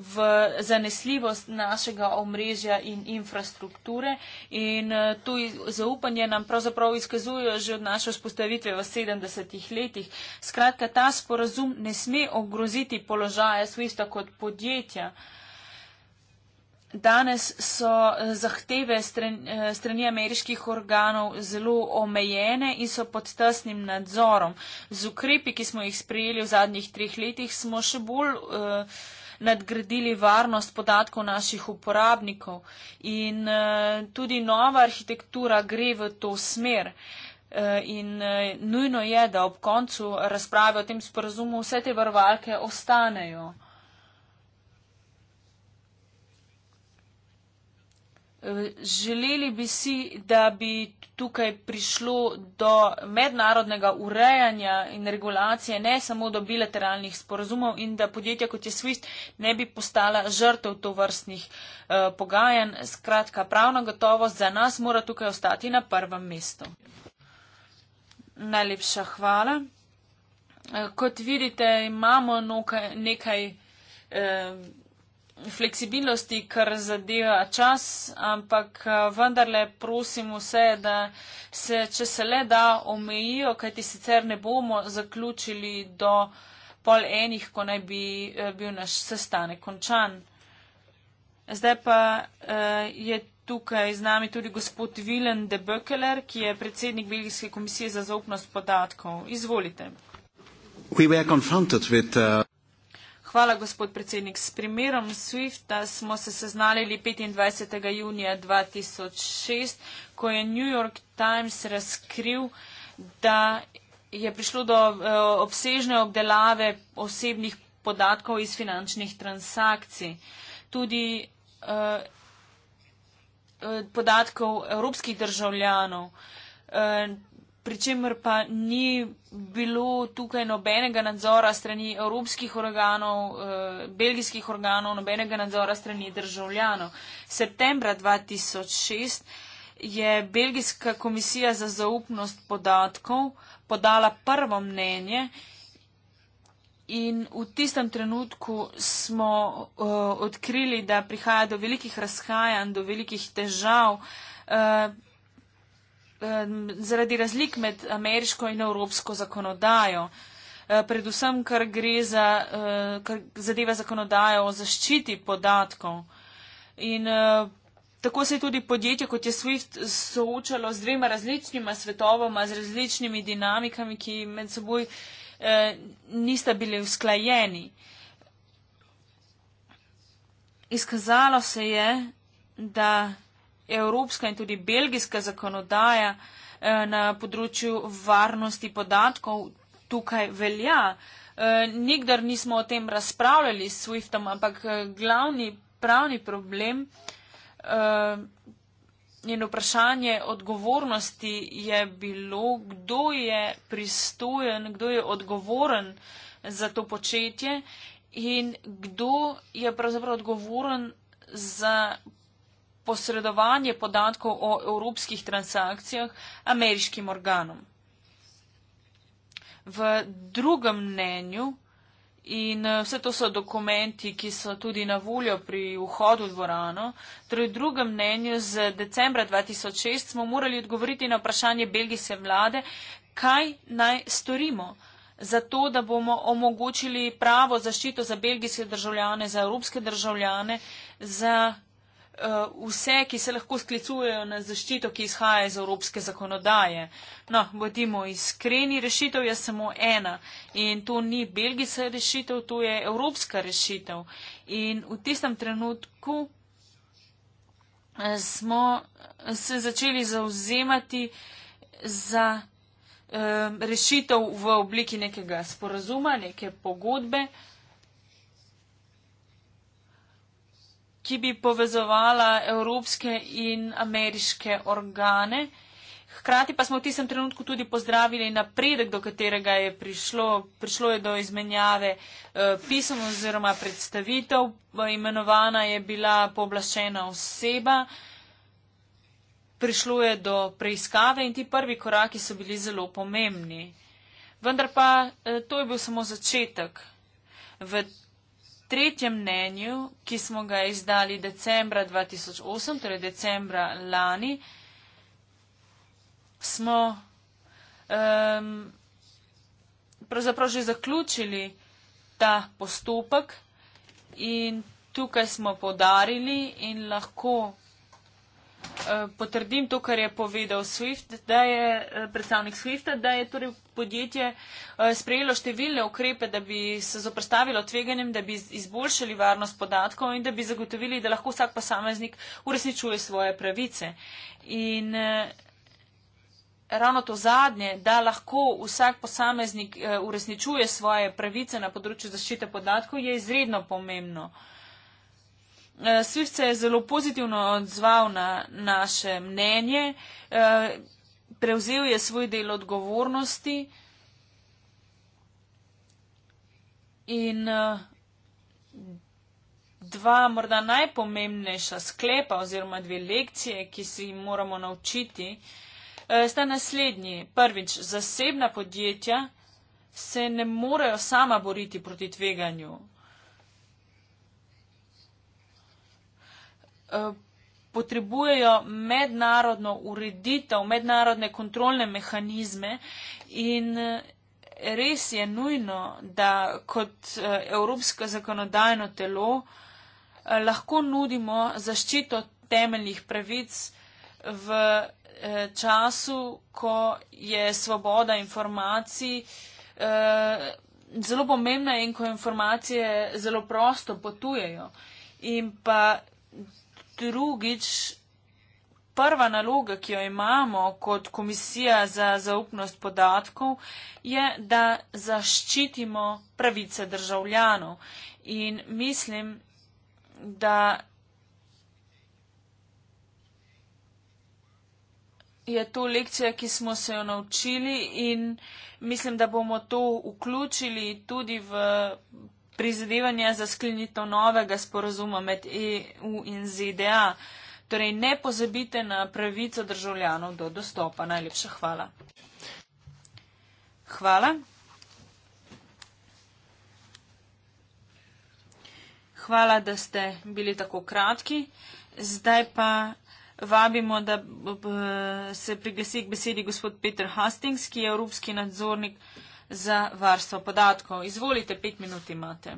v zanesljivost našega omrežja in infrastrukture. In eh, to zaupanje nam pravzaprav izkazujejo že od naše vzpostavitve v 70-ih letih. Skratka, ta sporazum ne sme ogroziti položaja Swifta kot podjetja. Uh, Danes so eh, zahteve eh, strani ameriških organov zelo omejene in so pod tesnim nadzorom. Z ukrepi, ki smo jih sprejeli v zadnjih treh letih, smo še bolj eh, nadgradili varnost podatkov naših uporabnikov in tudi nova arhitektura gre v to smer. In nujno je, da ob koncu razprave o tem sporazumu vse te varvalke ostanejo. Želeli bi si, da bi tukaj prišlo do mednarodnega urejanja in regulacije, ne samo do bilateralnih sporazumov in da podjetja kot je Swift ne bi postala žrtev to vrstnih eh, pogajanj. Skratka, pravna gotovost za nas mora tukaj ostati na prvem mestu. Najlepša hvala. Eh, kot vidite, imamo nokaj, nekaj. Eh, fleksibilnosti, kar zadeva čas, ampak eh, vendarle prosim vse, da se, če se le da, omejijo, kajti sicer ne bomo zaključili do pol enih, ko naj bi eh, bil naš sestanek končan. Zdaj pa uh, je tukaj z nami tudi gospod Willem de Bökeler, ki je predsednik Belgijske komisije za zaupnost podatkov. Izvolite. We were confronted with uh... Hvala, gospod predsednik. S primerom SWIFT-a smo se seznalili 25. junija 2006, ko je New York Times razkril, da je prišlo do eh, obsežne obdelave osebnih podatkov iz finančnih transakcij. Tudi eh, eh, podatkov evropskih državljanov pri čemer pa ni bilo tukaj nobenega nadzora strani evropskih organov, eh, belgijskih organov, nobenega nadzora strani državljanov. Septembra 2006 je Belgijska komisija za zaupnost podatkov podala prvo mnenje in v tistem trenutku smo eh, odkrili, da prihaja do velikih razhajanj, do velikih težav. Eh, zaradi razlik med ameriško in evropsko zakonodajo. Eh, predvsem, kar gre za, eh, kar zadeva zakonodajo o zaščiti podatkov. In eh, tako se je tudi podjetje, kot je SWIFT, soočalo z dvema različnima svetovoma, z različnimi dinamikami, ki med seboj nista bili usklajeni. Izkazalo se je, da evropska in tudi belgijska zakonodaja eh, na področju varnosti podatkov tukaj velja. Eh, nikdar nismo o tem razpravljali s SWIFT-om, ampak eh, glavni pravni problem in vprašanje odgovornosti je bilo, kdo je pristojen, kdo je odgovoren za to početje in kdo je pravzaprav odgovoren za posredovanje podatkov o evropskih transakcijah ameriškim organom. V drugem mnenju in eh, vse to so dokumenti, ki so tudi na voljo pri vhodu v dvorano, torej v drugem mnenju z decembra 2006 smo morali odgovoriti na vprašanje belgijske vlade, kaj naj storimo za to, da bomo omogočili pravo zaščito za belgijske državljane, za evropske državljane, za Eh, vse, ki se lahko sklicujejo na zaščito, ki izhaja iz evropske zakonodaje. No, bodimo iskreni, rešitev je samo ena in to ni belgijska rešitev, to je evropska rešitev. In v tistem trenutku eh, smo se začeli zauzemati za eh, rešitev v obliki nekega sporazuma, neke pogodbe. ki bi povezovala evropske in ameriške organe. Hkrati pa smo v tistem trenutku tudi pozdravili napredek, do katerega je prišlo. Prišlo je do izmenjave eh, pisem oziroma predstavitev. Imenovana je bila pooblašena oseba. Prišlo je do preiskave in ti prvi koraki so bili zelo pomembni. Vendar pa eh, to je bil samo začetek. V tretjem mnenju, ki smo ga izdali decembra 2008, torej decembra lani, smo um, pravzaprav že zaključili ta postopek in tukaj smo podarili in lahko Eh, potrdim to, kar je povedal Swift, da je eh, predstavnik Swifta, da je torej podjetje eh, sprejelo številne ukrepe, da bi se zoprstavilo tveganjem, da bi izboljšali varnost podatkov in da bi zagotovili, da lahko vsak posameznik uresničuje svoje pravice. In ravno to zadnje, da lahko vsak posameznik uresničuje svoje pravice na področju zaščite podatkov, je izredno pomembno. Eh, Swift se je zelo pozitivno odzval na naše mnenje, eh, prevzel je svoj del odgovornosti in eh, dva morda najpomembnejša sklepa oziroma dve lekcije, ki si jih moramo naučiti, sta naslednji. Prvič, zasebna podjetja se ne morejo sama boriti proti tveganju. Eh, potrebujejo mednarodno ureditev, mednarodne kontrolne mehanizme in eh, res je nujno, da kot eh, Evropsko zakonodajno telo lahko nudimo zaščito temeljnih pravic v času, ko je svoboda informacij zelo pomembna in ko informacije zelo prosto potujejo in pa drugič, prva naloga, ki jo imamo kot komisija za zaupnost podatkov, je, da zaščitimo pravice državljanov. In mislim, da. Je to lekcija, ki smo se jo naučili in mislim, da bomo to vključili tudi v prizadevanja za sklenitev novega sporazuma med EU in ZDA. Torej, ne pozabite na pravico državljanov do dostopa. Najlepša hvala. Hvala. Hvala, da ste bili tako kratki. Zdaj pa vabimo, da se priglasi k besedi gospod Peter Hastings, ki je evropski nadzornik za varstvo podatkov. Izvolite, pet minut imate.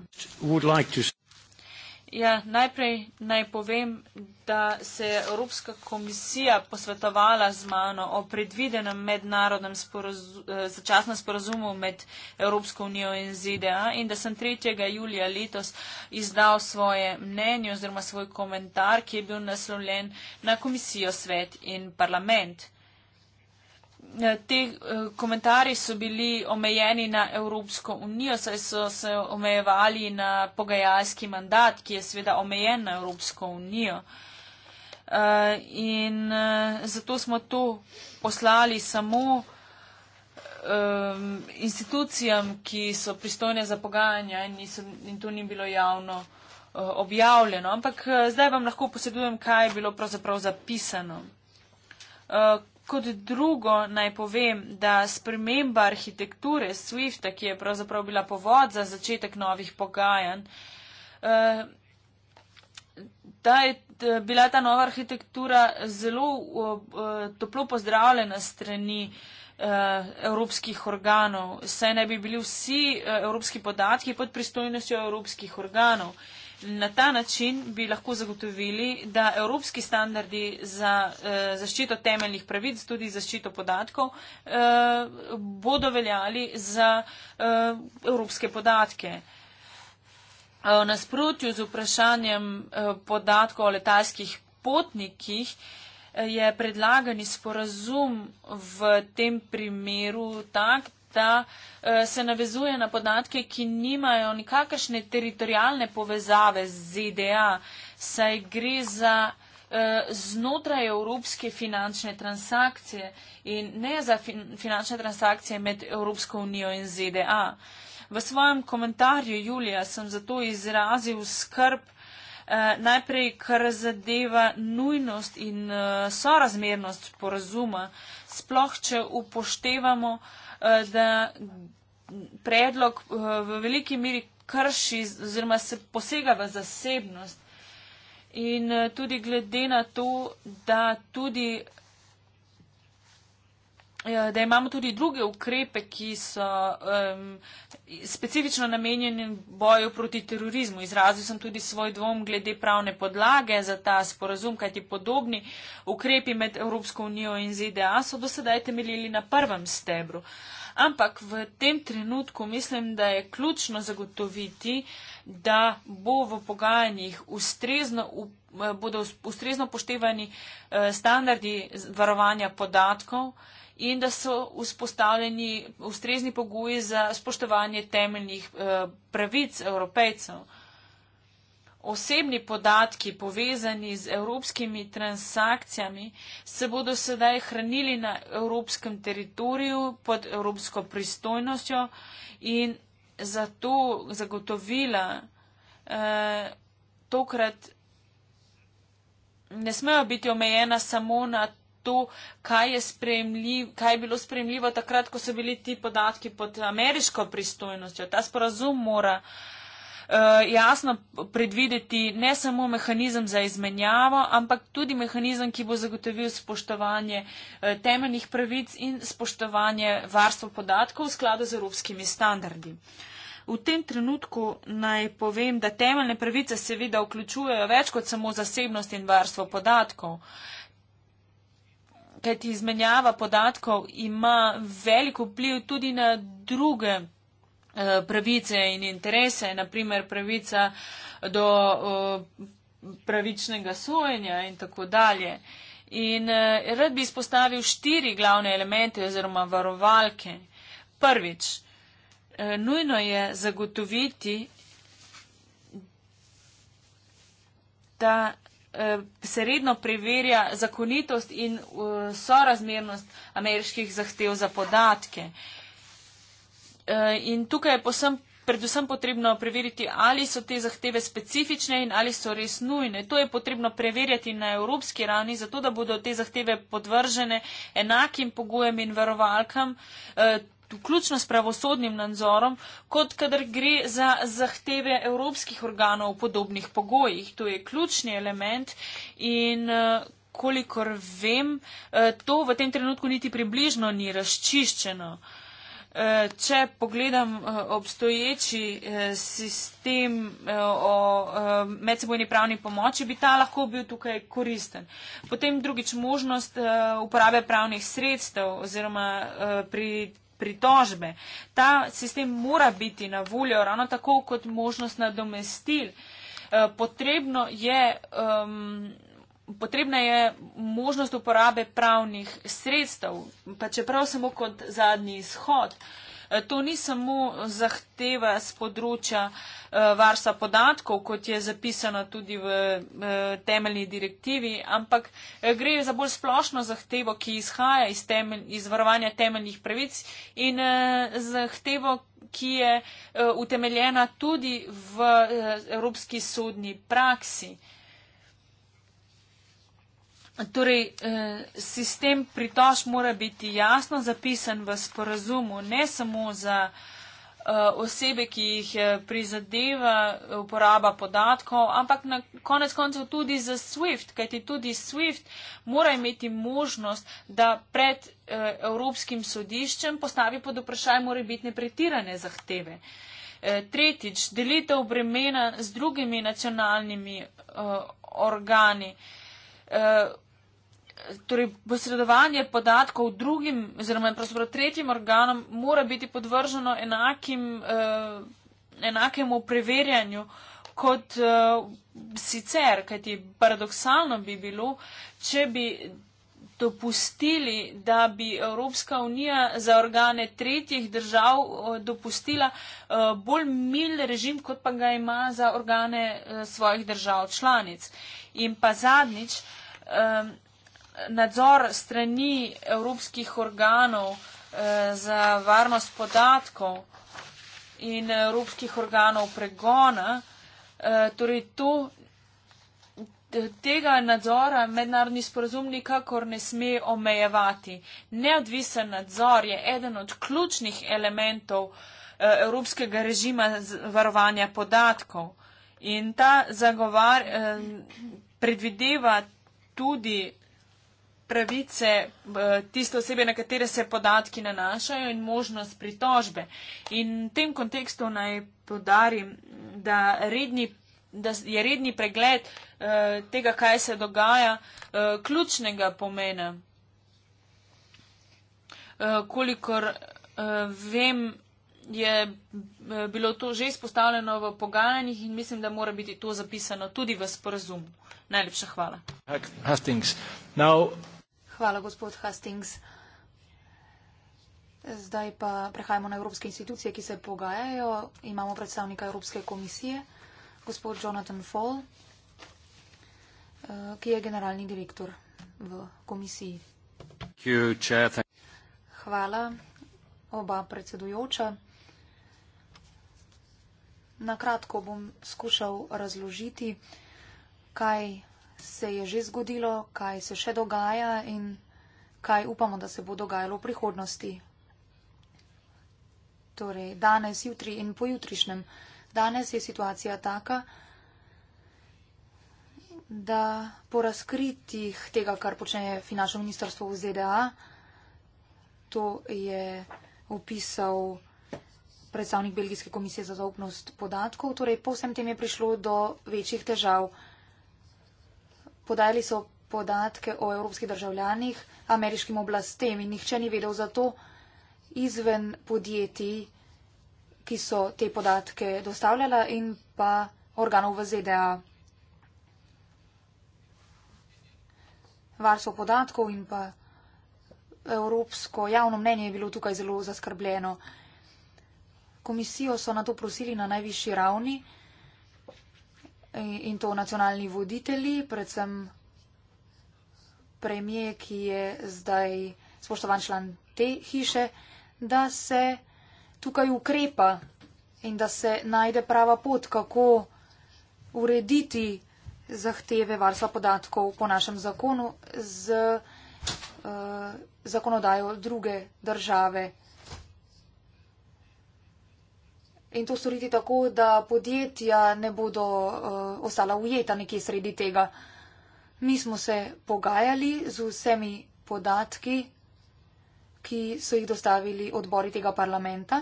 Ja, najprej naj povem, da se je Evropska komisija posvetovala z mano o predvidenem mednarodnem sporozum, eh, začasnem sporozumu med Evropsko unijo in ZDA in da sem 3. julija letos izdal svoje mnenje oziroma svoj komentar, ki je bil naslovljen na komisijo svet in parlament. Eh, te eh, komentarji so bili omejeni na Evropsko unijo, saj so se omejevali na pogajalski mandat, ki je sveda omejen na Evropsko unijo. Eh, in zato smo to poslali samo institucijam, ki so pristojne za pogajanja in, niso, in to ni bilo javno objavljeno. Ampak zdaj vam lahko posedujem, kaj je bilo pravzaprav zapisano. Kot drugo naj povem, da sprememba arhitekture SWIFT-a, ki je pravzaprav bila povod za začetek novih pogajanj, da eh, je bila ta nova arhitektura zelo eh, toplo pozdravljena strani eh, evropskih organov, saj naj bi bili vsi evropski podatki pod pristojnostjo evropskih organov. Na ta način bi lahko zagotovili, da evropski standardi za eh, zaščito temeljnih pravic, tudi zaščito podatkov, eh, bodo veljali za eh, evropske podatke. Eh, nasprotju z vprašanjem eh, podatkov o letalskih potnikih eh, je predlagani sporazum v tem primeru tak, ta eh, se navezuje na podatke, ki nimajo nikakršne teritorijalne povezave z ZDA, saj gre za eh, znotraj evropske finančne transakcije in ne za finančne transakcije med Evropsko unijo in ZDA. V svojem komentarju Julija sem zato izrazil skrb eh, najprej, kar zadeva nujnost in sorazmernost porazuma, sploh če upoštevamo, Eh, da predlog eh, v veliki miri krši oziroma se posega v zasebnost. In eh, tudi glede na to, da tudi Ja, da imamo tudi druge ukrepe, ki so um, specifično namenjeni boju proti terorizmu. Izrazil sem tudi svoj dvom glede pravne podlage za ta sporazum, kajti podobni ukrepi med Evropsko unijo in ZDA so do sedaj temeljili na prvem stebru. Ampak v tem trenutku mislim, da je ključno zagotoviti, da bo v pogajanjih ustrezno upravljati bodo ustrezno poštevani eh, standardi varovanja podatkov in da so vzpostavljeni ustrezni pogoji za spoštovanje temeljnih eh, pravic evropejcev. Osebni podatki povezani z evropskimi transakcijami se bodo sedaj hranili na evropskem teritoriju pod evropsko pristojnostjo in zato zagotovila eh, tokrat ne smejo biti omejena samo na to, kaj je, kaj je bilo spremljivo takrat, ko so bili ti podatki pod ameriško pristojnostjo. Ta sporazum mora eh, jasno predvideti ne samo mehanizem za izmenjavo, ampak tudi mehanizem, ki bo zagotovil spoštovanje eh, temeljnih pravic in spoštovanje varstva podatkov v skladu z evropskimi standardi. V tem trenutku naj povem, da temeljne pravice seveda vključujejo več kot samo zasebnost in varstvo podatkov kajti izmenjava podatkov ima veliko vpliv tudi na druge eh, pravice in interese, naprimer pravica do eh, pravičnega sojenja in tako dalje. In eh, rad bi izpostavil štiri glavne elemente oziroma varovalke. Prvič, nujno je zagotoviti, da eh, se redno preverja zakonitost in eh, sorazmernost ameriških zahtev za podatke. Eh, in tukaj je posem, predvsem potrebno preveriti, ali so te zahteve specifične in ali so res nujne. To je potrebno preverjati na evropski ravni, zato da bodo te zahteve podvržene enakim pogojem in varovalkam. Eh, vključno s pravosodnim nadzorom, kot kadar gre za zahteve evropskih organov v podobnih pogojih. To je ključni element in eh, kolikor vem, eh, to v tem trenutku niti približno ni razčiščeno. Eh, če pogledam obstoječi sistem o medsebojni pravni pomoči, bi ta lahko bil tukaj koristen. Potem drugič možnost uporabe pravnih sredstev oziroma pri pritožbe. Ta sistem mora biti na voljo, ravno tako kot možnost nadomestil. Eh, potrebno je, um, potrebna je možnost uporabe pravnih sredstev, pa čeprav samo kot zadnji izhod. Uh, Eh, to ni samo zahteva z področja eh, varstva podatkov, kot je zapisano tudi v eh, temeljni direktivi, ampak gre za bolj splošno zahtevo, ki izhaja iz, temelj, iz varovanja temeljnih pravic in zahtevo, ki je utemeljena tudi v evropski sodni praksi. Torej, eh, sistem pritož mora biti jasno zapisan v sporazumu, ne samo za eh, osebe, ki jih eh, prizadeva uporaba podatkov, ampak na konec koncev tudi za SWIFT, kajti tudi SWIFT mora imeti možnost, da pred Evropskim sodiščem postavi pod vprašaj mora biti nepretirane zahteve. Tretjič, delitev bremena z drugimi nacionalnimi organi torej posredovanje podatkov drugim, oziroma pravzaprav tretjim organom, mora biti podvrženo enakim, uh, enakemu preverjanju kot uh, sicer, kajti paradoksalno bi bilo, če bi dopustili, da bi Evropska unija za organe tretjih držav eh, dopustila bolj mil režim, kot pa ga ima za organe svojih držav članic. In pa zadnjič, nadzor strani evropskih organov eh, za varnost podatkov in evropskih organov pregona. Eh, torej, to, tega nadzora mednarodni sporozum nikakor ne sme omejevati. Neodvisen nadzor je eden od ključnih elementov eh, evropskega režima varovanja podatkov in ta zagovar predvideva tudi pravice eh, tiste osebe, na katere se podatki nanašajo in možnost pritožbe. In v tem kontekstu naj podarim, da, redni, da je redni pregled eh, tega, kaj se dogaja, eh, ključnega pomena. Kolikor vem, je bilo to že izpostavljeno v pogajanjih in mislim, da mora biti to zapisano tudi v sporazumu. Najlepša hvala. Now, Hvala, gospod Hastings. Zdaj pa prehajamo na evropske institucije, ki se pogajajo. Imamo predstavnika Evropske komisije, gospod Jonathan Fall, eh, ki je generalni direktor v komisiji. Hvala, oba predsedujoča. Na kratko bom skušal razložiti, kaj se je že zgodilo, kaj se še dogaja in kaj upamo, da se bo dogajalo v prihodnosti. Torej, danes, jutri in pojutrišnjem. Danes je situacija taka, da po razkritjih tega, kar počne finančno ministrstvo v ZDA, to je opisal predstavnik Belgijske komisije za zaupnost podatkov, torej po vsem tem je prišlo do večjih težav podali so podatke o evropskih državljanih ameriškim oblastem in nihče ni vedel za to izven podjetij, ki so te podatke dostavljala in pa organov v ZDA. Varstvo podatkov in pa evropsko javno mnenje je bilo tukaj zelo zaskrbljeno. Komisijo so na to prosili na najvišji ravni in to nacionalni voditelji, predvsem premije, ki je zdaj spoštovan član te hiše, da se tukaj ukrepa in da se najde prava pot, kako urediti zahteve varstva podatkov po našem zakonu z uh, zakonodajo druge države in to storiti tako, da podjetja ne bodo uh, ostala ujeta nekje sredi tega. Mi smo se pogajali z vsemi podatki, ki so jih dostavili odbori tega parlamenta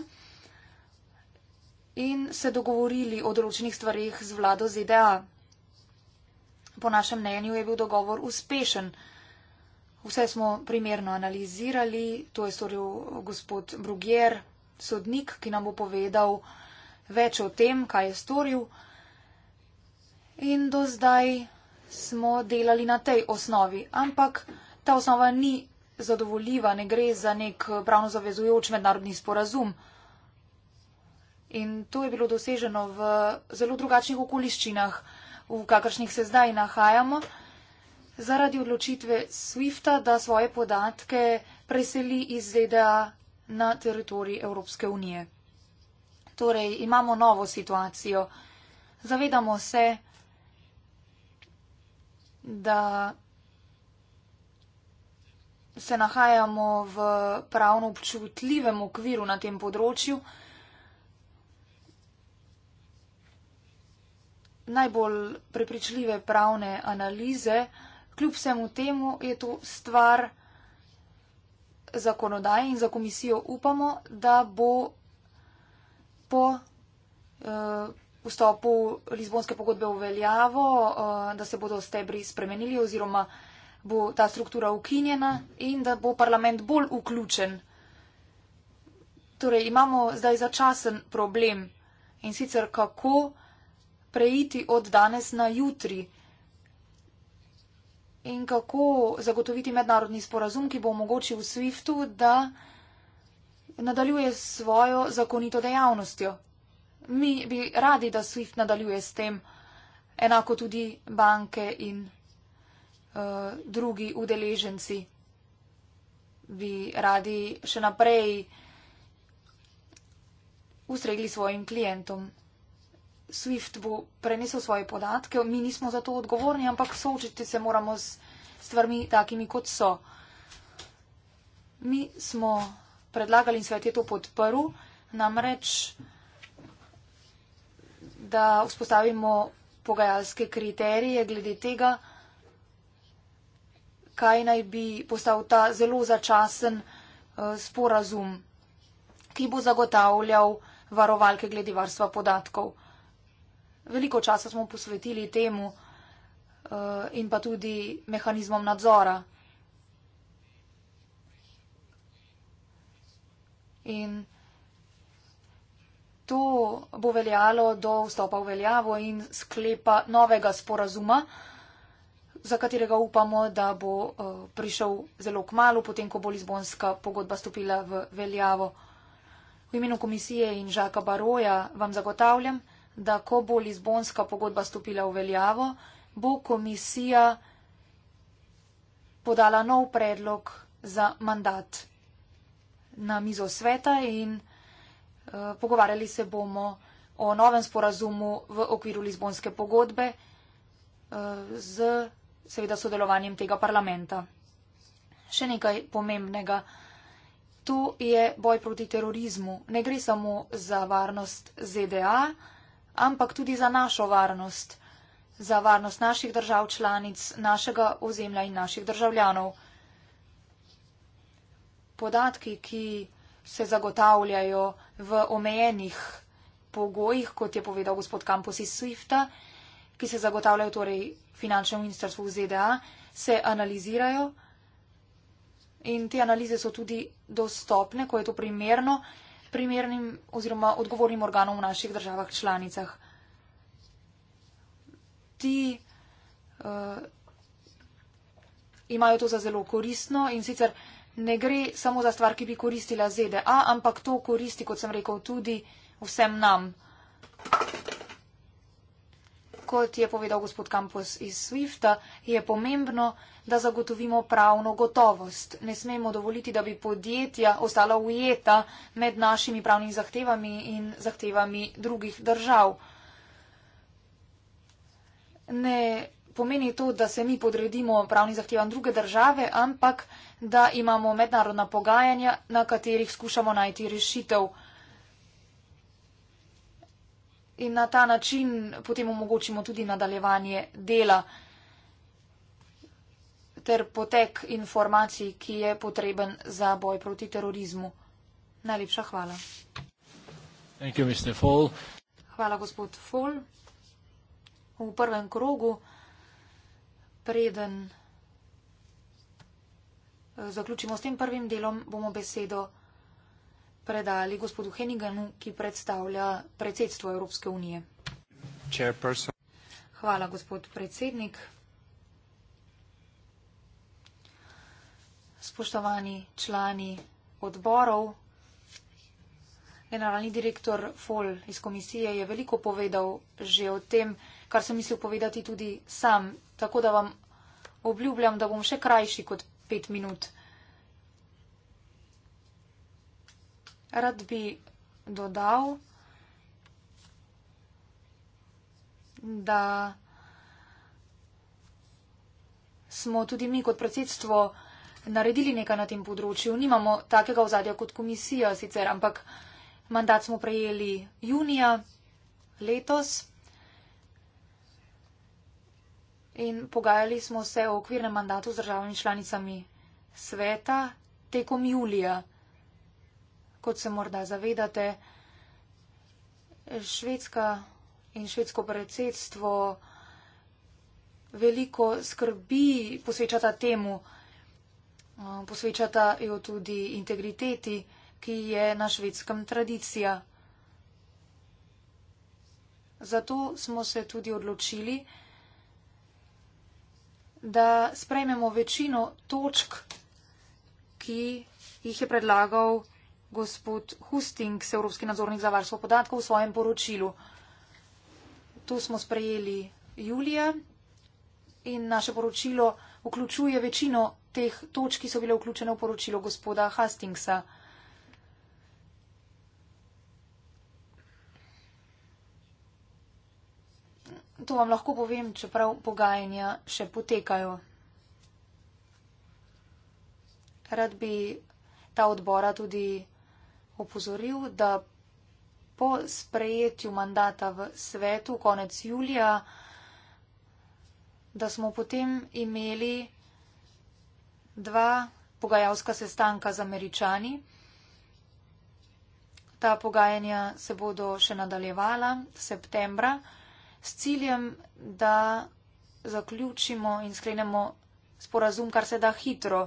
in se dogovorili o določenih stvarih z vlado ZDA. Po našem mnenju je bil dogovor uspešen. Vse smo primerno analizirali, to je storil gospod Brugger sodnik, ki nam bo povedal več o tem, kaj je storil. In do zdaj smo delali na tej osnovi, ampak ta osnova ni zadovoljiva, ne gre za nek pravno zavezujoč mednarodni sporazum. In to je bilo doseženo v zelo drugačnih okoliščinah, v kakršnih se zdaj nahajamo, zaradi odločitve SWIFT-a, da svoje podatke preseli iz ZDA na teritorij Evropske unije. Torej, imamo novo situacijo. Zavedamo se, da se nahajamo v pravno občutljivem okviru na tem področju. Najbolj prepričljive pravne analize, kljub vsemu temu, je to stvar, zakonodaje in za komisijo upamo, da bo po uh, vstopu Lizbonske pogodbe v veljavo, uh, da se bodo stebri spremenili oziroma bo ta struktura ukinjena in da bo parlament bolj vključen. Torej imamo zdaj začasen problem in sicer kako preiti od danes na jutri in kako zagotoviti mednarodni sporazum, ki bo omogočil SWIFT-u, da nadaljuje s svojo zakonito dejavnostjo. Mi bi radi, da SWIFT nadaljuje s tem, enako tudi banke in uh, drugi udeleženci bi radi še naprej ustregli svojim klientom. Swift bo prenesel svoje podatke, mi nismo za to odgovorni, ampak soočiti se moramo s stvarmi takimi, kot so. Mi smo predlagali in svet je to podprl, namreč, da vzpostavimo pogajalske kriterije glede tega, kaj naj bi postal ta zelo začasen uh, sporazum, ki bo zagotavljal varovalke glede varstva podatkov veliko časa smo posvetili temu eh, in pa tudi mehanizmom nadzora. In to bo veljalo do vstopa v veljavo in sklepa novega sporazuma, za katerega upamo, da bo eh, prišel zelo k malu, potem, ko bo Lizbonska pogodba stopila v veljavo. V imenu komisije in Žaka Baroja vam zagotavljam, da ko bo Lizbonska pogodba stopila v veljavo, bo komisija podala nov predlog za mandat na mizo sveta in eh, pogovarjali se bomo o novem sporazumu v okviru Lizbonske pogodbe eh, z seveda sodelovanjem tega parlamenta. Še nekaj pomembnega. To je boj proti terorizmu. Ne gre samo za varnost ZDA, ampak tudi za našo varnost, za varnost naših držav članic, našega ozemlja in naših državljanov. Podatki, ki se zagotavljajo v omejenih pogojih, kot je povedal gospod Kampus iz Swifta, ki se zagotavljajo torej finančnemu ministrstvu v ZDA, se analizirajo in te analize so tudi dostopne, ko je to primerno primernim oziroma odgovornim organom v naših državah članicah. Ti uh, imajo to za zelo koristno in sicer ne gre samo za stvar, ki bi koristila ZDA, ampak to koristi, kot sem rekel, tudi vsem nam kot je povedal gospod Kampus iz Swifta, je pomembno, da zagotovimo pravno gotovost. Ne smemo dovoliti, da bi podjetja ostala ujeta med našimi pravnimi zahtevami in zahtevami drugih držav. Ne pomeni to, da se mi podredimo pravnim zahtevam druge države, ampak da imamo mednarodna pogajanja, na katerih skušamo najti rešitev in na ta način potem omogočimo tudi nadaljevanje dela ter potek informacij, ki je potreben za boj proti terorizmu. Najlepša hvala. You, hvala, gospod Fall. V prvem krogu, preden eh, zaključimo s tem prvim delom, bomo besedo predali gospodu Henniganu, ki predstavlja predsedstvo Evropske unije. Chairperson. Hvala, gospod predsednik. Spoštovani člani odborov, generalni direktor FOL iz komisije je veliko povedal že o tem, kar sem mislil povedati tudi sam, tako da vam obljubljam, da bom še krajši kot pet minut. rad bi dodal, da smo tudi mi kot predsedstvo naredili nekaj na tem področju. Nimamo takega ozadja kot komisija sicer, ampak mandat smo prejeli junija letos in pogajali smo se o okvirnem mandatu z državami članicami sveta tekom julija. Kot se morda zavedate, švedska in švedsko predsedstvo veliko skrbi posvečata temu, uh, posvečata jo tudi integriteti, ki je na švedskem tradicija. Zato smo se tudi odločili, da sprejmemo večino točk, ki jih je predlagal gospod Hustings, Evropski nadzornik za varstvo podatkov, v svojem poročilu. To smo sprejeli julija in naše poročilo vključuje večino teh točk, ki so bile vključene v poročilo gospoda Hustingsa. To vam lahko povem, čeprav pogajanja še potekajo. Rad bi ta odbora tudi opozoril, da po sprejetju mandata v svetu konec julija, da smo potem imeli dva pogajalska sestanka z američani. Ta pogajanja se bodo še nadaljevala septembra s ciljem, da zaključimo in sklenemo sporazum, kar se da hitro.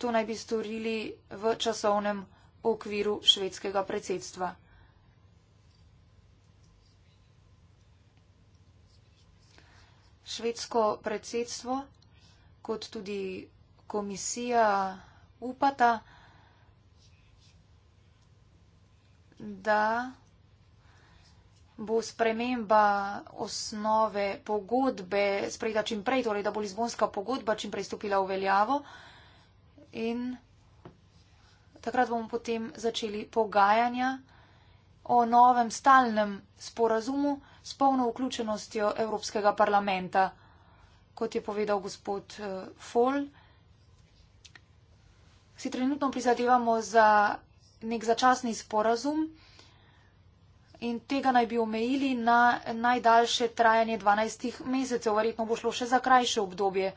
To naj bi storili v časovnem okviru švedskega predsedstva. Švedsko predsedstvo kot tudi komisija upata, da bo sprememba osnove pogodbe sprejeta čim prej, torej da bo Lizbonska pogodba čim prej stopila v veljavo in takrat bomo potem začeli pogajanja o novem stalnem sporazumu s polno vključenostjo Evropskega parlamenta, kot je povedal gospod eh, Fol. Si trenutno prizadevamo za nek začasni sporazum in tega naj bi omejili na najdaljše trajanje 12 mesecev, verjetno bo šlo še za krajše obdobje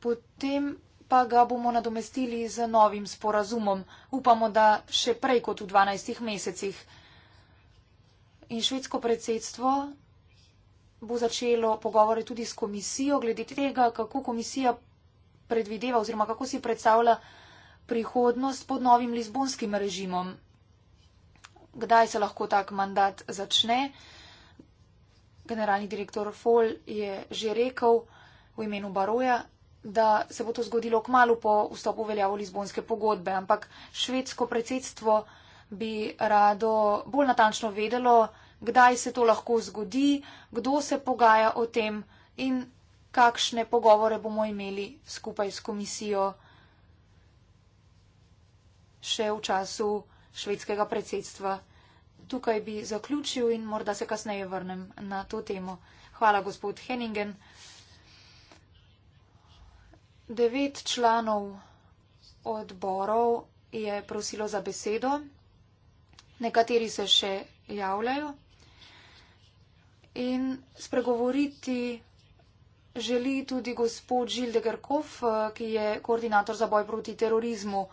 potem pa ga bomo nadomestili z novim sporazumom. Upamo, da še prej kot v 12 mesecih. In švedsko predsedstvo bo začelo pogovore tudi s komisijo glede tega, kako komisija predvideva oziroma kako si predstavlja prihodnost pod novim lizbonskim režimom. Kdaj se lahko tak mandat začne? Generalni direktor Fol je že rekel v imenu Baroja, da se bo to zgodilo kmalo po vstopu veljavo Lizbonske pogodbe, ampak švedsko predsedstvo bi rado bolj natančno vedelo, kdaj se to lahko zgodi, kdo se pogaja o tem in kakšne pogovore bomo imeli skupaj s komisijo še v času švedskega predsedstva. Tukaj bi zaključil in morda se kasneje vrnem na to temo. Hvala, gospod Henningen. Devet članov odborov je prosilo za besedo. Nekateri se še javljajo. In spregovoriti želi tudi gospod Žil Degerkov, ki je koordinator za boj proti terorizmu.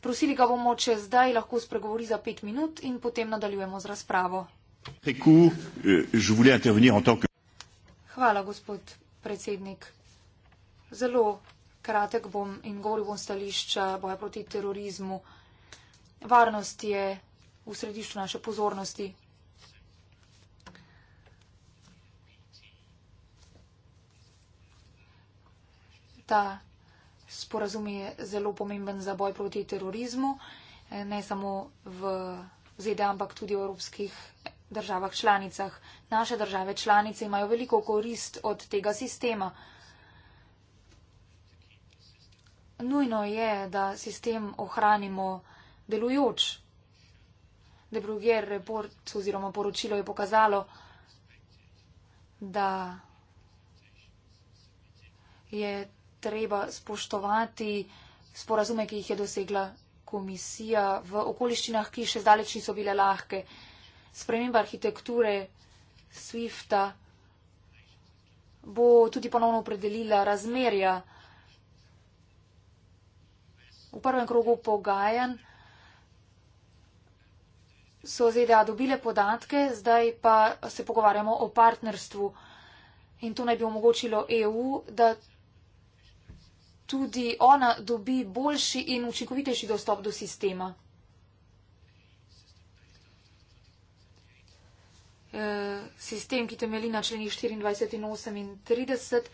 Prosili ga bomo, če zdaj lahko spregovori za pet minut in potem nadaljujemo z razpravo. Euh, Hvala, gospod predsednik zelo kratek bom in govoril bom stališča eh, boja proti terorizmu. Varnost je v središču naše pozornosti. Ta sporazum je zelo pomemben za boj proti terorizmu, eh, ne samo v ZDA, ampak tudi v evropskih državah članicah. Naše države članice imajo veliko korist od tega sistema. Nujno je, da sistem ohranimo delujoč. De Bruger report oziroma poročilo je pokazalo, da je treba spoštovati sporazume, ki jih je dosegla komisija v okoliščinah, ki še zdaleč niso bile lahke. Sprememba arhitekture Swifta bo tudi ponovno opredelila razmerja v prvem krogu pogajanj so ZDA dobile podatke, zdaj pa se pogovarjamo o partnerstvu. In to naj bi omogočilo EU, da tudi ona dobi boljši in učinkovitejši dostop do sistema. E, sistem, ki temelji na členih 24 in 38,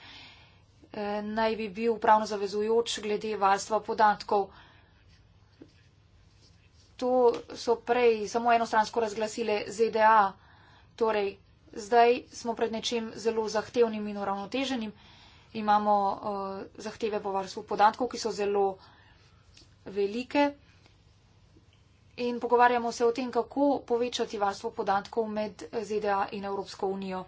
naj bi bil pravno zavezujoč glede varstva podatkov. To so prej samo enostransko razglasile ZDA. Torej, zdaj smo pred nečem zelo zahtevnim in uravnoteženim. Imamo uh, zahteve po varstvu podatkov, ki so zelo velike. In pogovarjamo se o tem, kako povečati varstvo podatkov med ZDA in Evropsko unijo. Uh,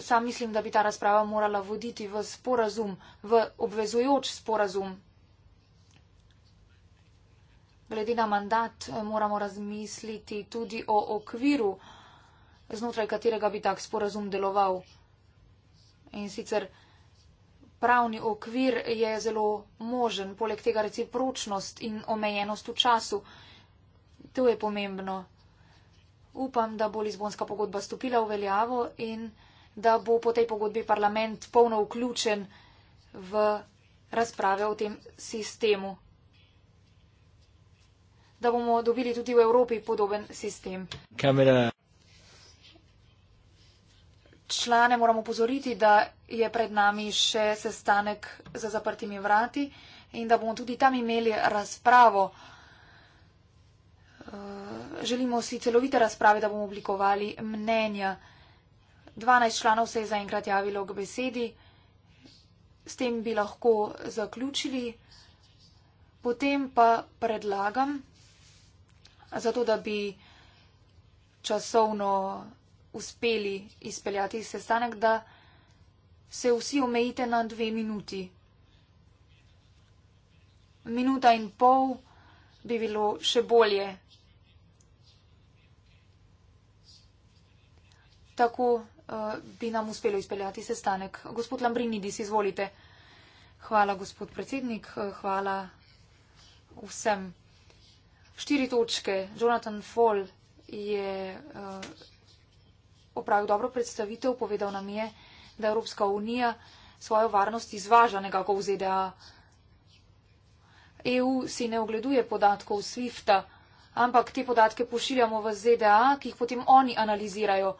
sam mislim, da bi ta razprava morala voditi v sporazum, v obvezujoč sporazum. Glede na mandat eh, moramo razmisliti tudi o okviru, znotraj katerega bi tak sporazum deloval. In sicer pravni okvir je zelo možen, poleg tega recipročnost in omejenost v času. To je pomembno. Upam, da bo Lizbonska pogodba stopila v veljavo in da bo po tej pogodbi parlament polno vključen v razprave o tem sistemu. Da bomo dobili tudi v Evropi podoben sistem. Kamera. Člane moramo pozoriti, da je pred nami še sestanek za zaprtimi vrati in da bomo tudi tam imeli razpravo. Eh, želimo si celovite razprave, da bomo oblikovali mnenja. 12 članov se je zaenkrat javilo k besedi. S tem bi lahko zaključili. Potem pa predlagam, zato da bi časovno uspeli izpeljati sestanek, da se vsi omejite na dve minuti. Minuta in pol bi bilo še bolje. Tako Eh, bi nam uspelo izpeljati sestanek. Gospod Lambrinidis, izvolite. Hvala, gospod predsednik, eh, hvala vsem. Štiri točke. Jonathan Fall je eh, opravil dobro predstavitev, povedal nam je, da Evropska unija svojo varnost izvaža nekako v ZDA. EU si ne ogleduje podatkov SWIFT-a, ampak te podatke pošiljamo v ZDA, ki jih potem oni analizirajo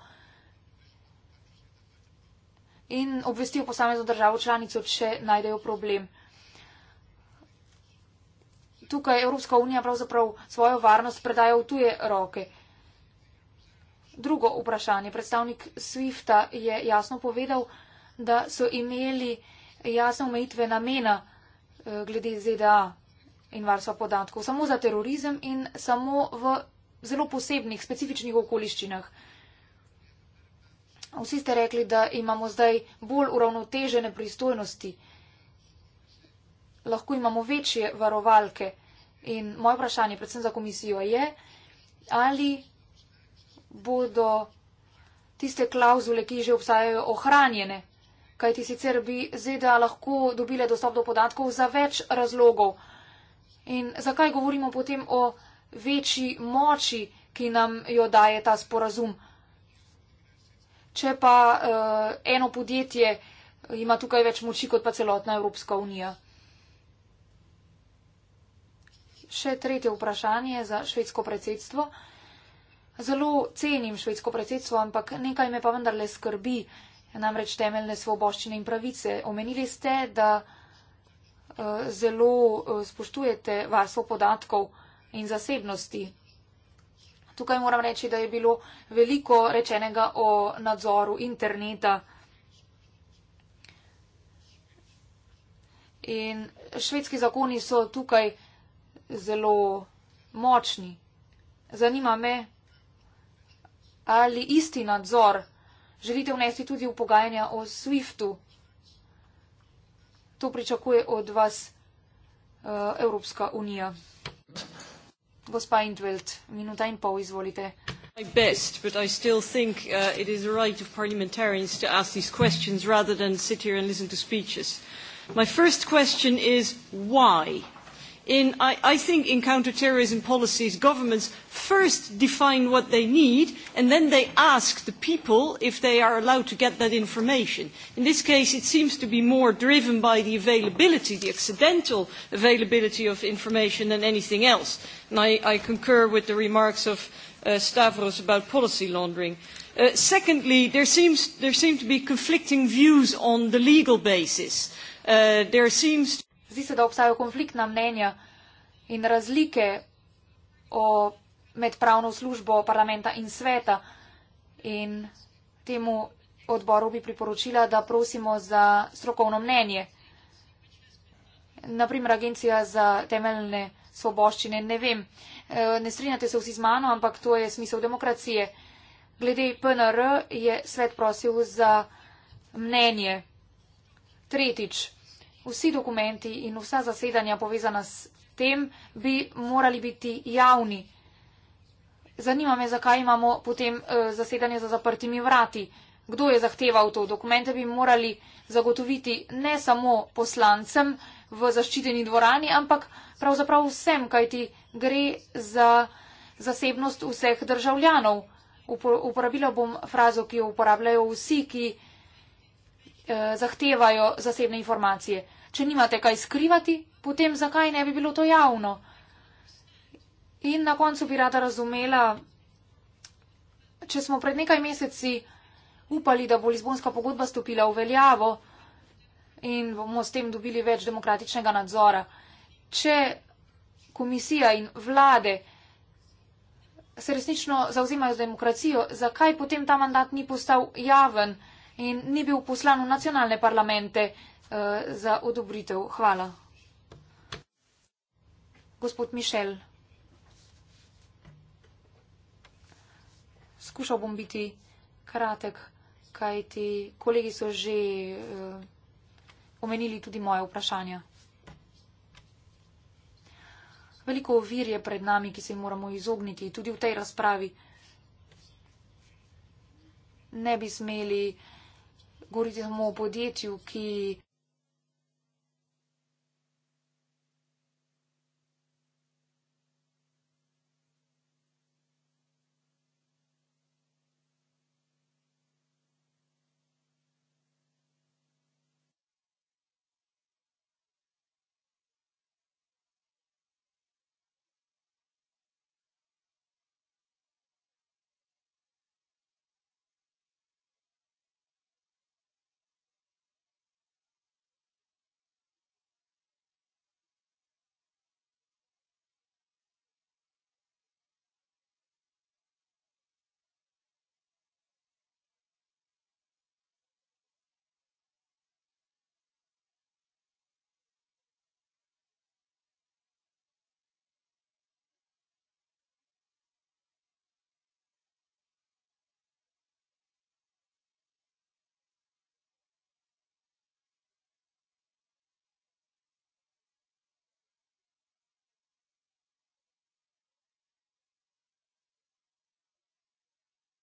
in obvestijo posamezno državo članico, če najdejo problem. Tukaj Evropska unija pravzaprav svojo varnost predaja v tuje roke. Drugo vprašanje. Predstavnik SWIFT-a je jasno povedal, da so imeli jasne omejitve namena eh, glede ZDA in varstva podatkov samo za terorizem in samo v zelo posebnih, specifičnih okoliščinah. Vsi ste rekli, da imamo zdaj bolj uravnotežene pristojnosti. Lahko imamo večje varovalke. In moje vprašanje, predvsem za komisijo, je, ali bodo tiste klauzule, ki že obstajajo, ohranjene. Kaj ti sicer bi ZDA lahko dobile dostop do podatkov za več razlogov. In zakaj govorimo potem o večji moči, ki nam jo daje ta sporazum? če pa uh, eno podjetje ima tukaj več moči kot pa celotna Evropska unija. Še tretje vprašanje za švedsko predsedstvo. Zelo cenim švedsko predsedstvo, ampak nekaj me pa vendarle skrbi, namreč temeljne svoboščine in pravice. Omenili ste, da uh, zelo uh, spoštujete vaso podatkov in zasebnosti Tukaj moram reči, da je bilo veliko rečenega o nadzoru interneta. In švedski zakoni so tukaj zelo močni. Zanima me, ali isti nadzor želite vnesti tudi v pogajanja o SWIFT-u. To pričakuje od vas uh, Evropska unija. Gospa Intwelt, minuta in pol, izvolite. My best, but I still think uh, it is the right of parliamentarians to ask these questions rather than sit here and listen to speeches. My first question is why? in I, I think in counterterrorism policies, governments first define what they need and then they ask the people if they are allowed to get that information. In this case, it seems to be more driven by the availability, the accidental availability of information than anything else. And I, I concur with the remarks of uh, Stavros about policy laundering. Uh, secondly, there, seems, there seem to be conflicting views on the legal basis. Uh, there seems to Zdi se, da obstajajo konfliktna mnenja in razlike o, med pravno službo parlamenta in sveta. In temu odboru bi priporočila, da prosimo za strokovno mnenje. Naprimer, Agencija za temeljne svoboščine. Ne vem, e, ne strinjate se vsi z mano, ampak to je smisel demokracije. Glede PNR je svet prosil za mnenje. Tretjič. Vsi dokumenti in vsa zasedanja povezana s tem bi morali biti javni. Zanima me, zakaj imamo potem uh, zasedanje za zaprtimi vrati. Kdo je zahteval to? Dokumente bi morali zagotoviti ne samo poslancem v zaščiteni dvorani, ampak pravzaprav vsem, kajti gre za zasebnost vseh državljanov. Upo uporabila bom frazo, ki jo uporabljajo vsi, ki. Eh, zahtevajo zasebne informacije. Če nimate kaj skrivati, potem zakaj ne bi bilo to javno? In na koncu bi rada razumela, če smo pred nekaj meseci upali, da bo Lizbonska pogodba stopila v veljavo in bomo s tem dobili več demokratičnega nadzora. Če komisija in vlade se resnično zauzimajo za demokracijo, zakaj potem ta mandat ni postal javen? in ni bil poslan v nacionalne parlamente uh, za odobritev. Hvala. Gospod Mišel. Skušal bom biti kratek, kaj ti kolegi so že uh, omenili tudi moje vprašanja. Veliko ovir je pred nami, ki se jim moramo izogniti tudi v tej razpravi. Ne bi smeli uh, govorite samo o podjetju, ki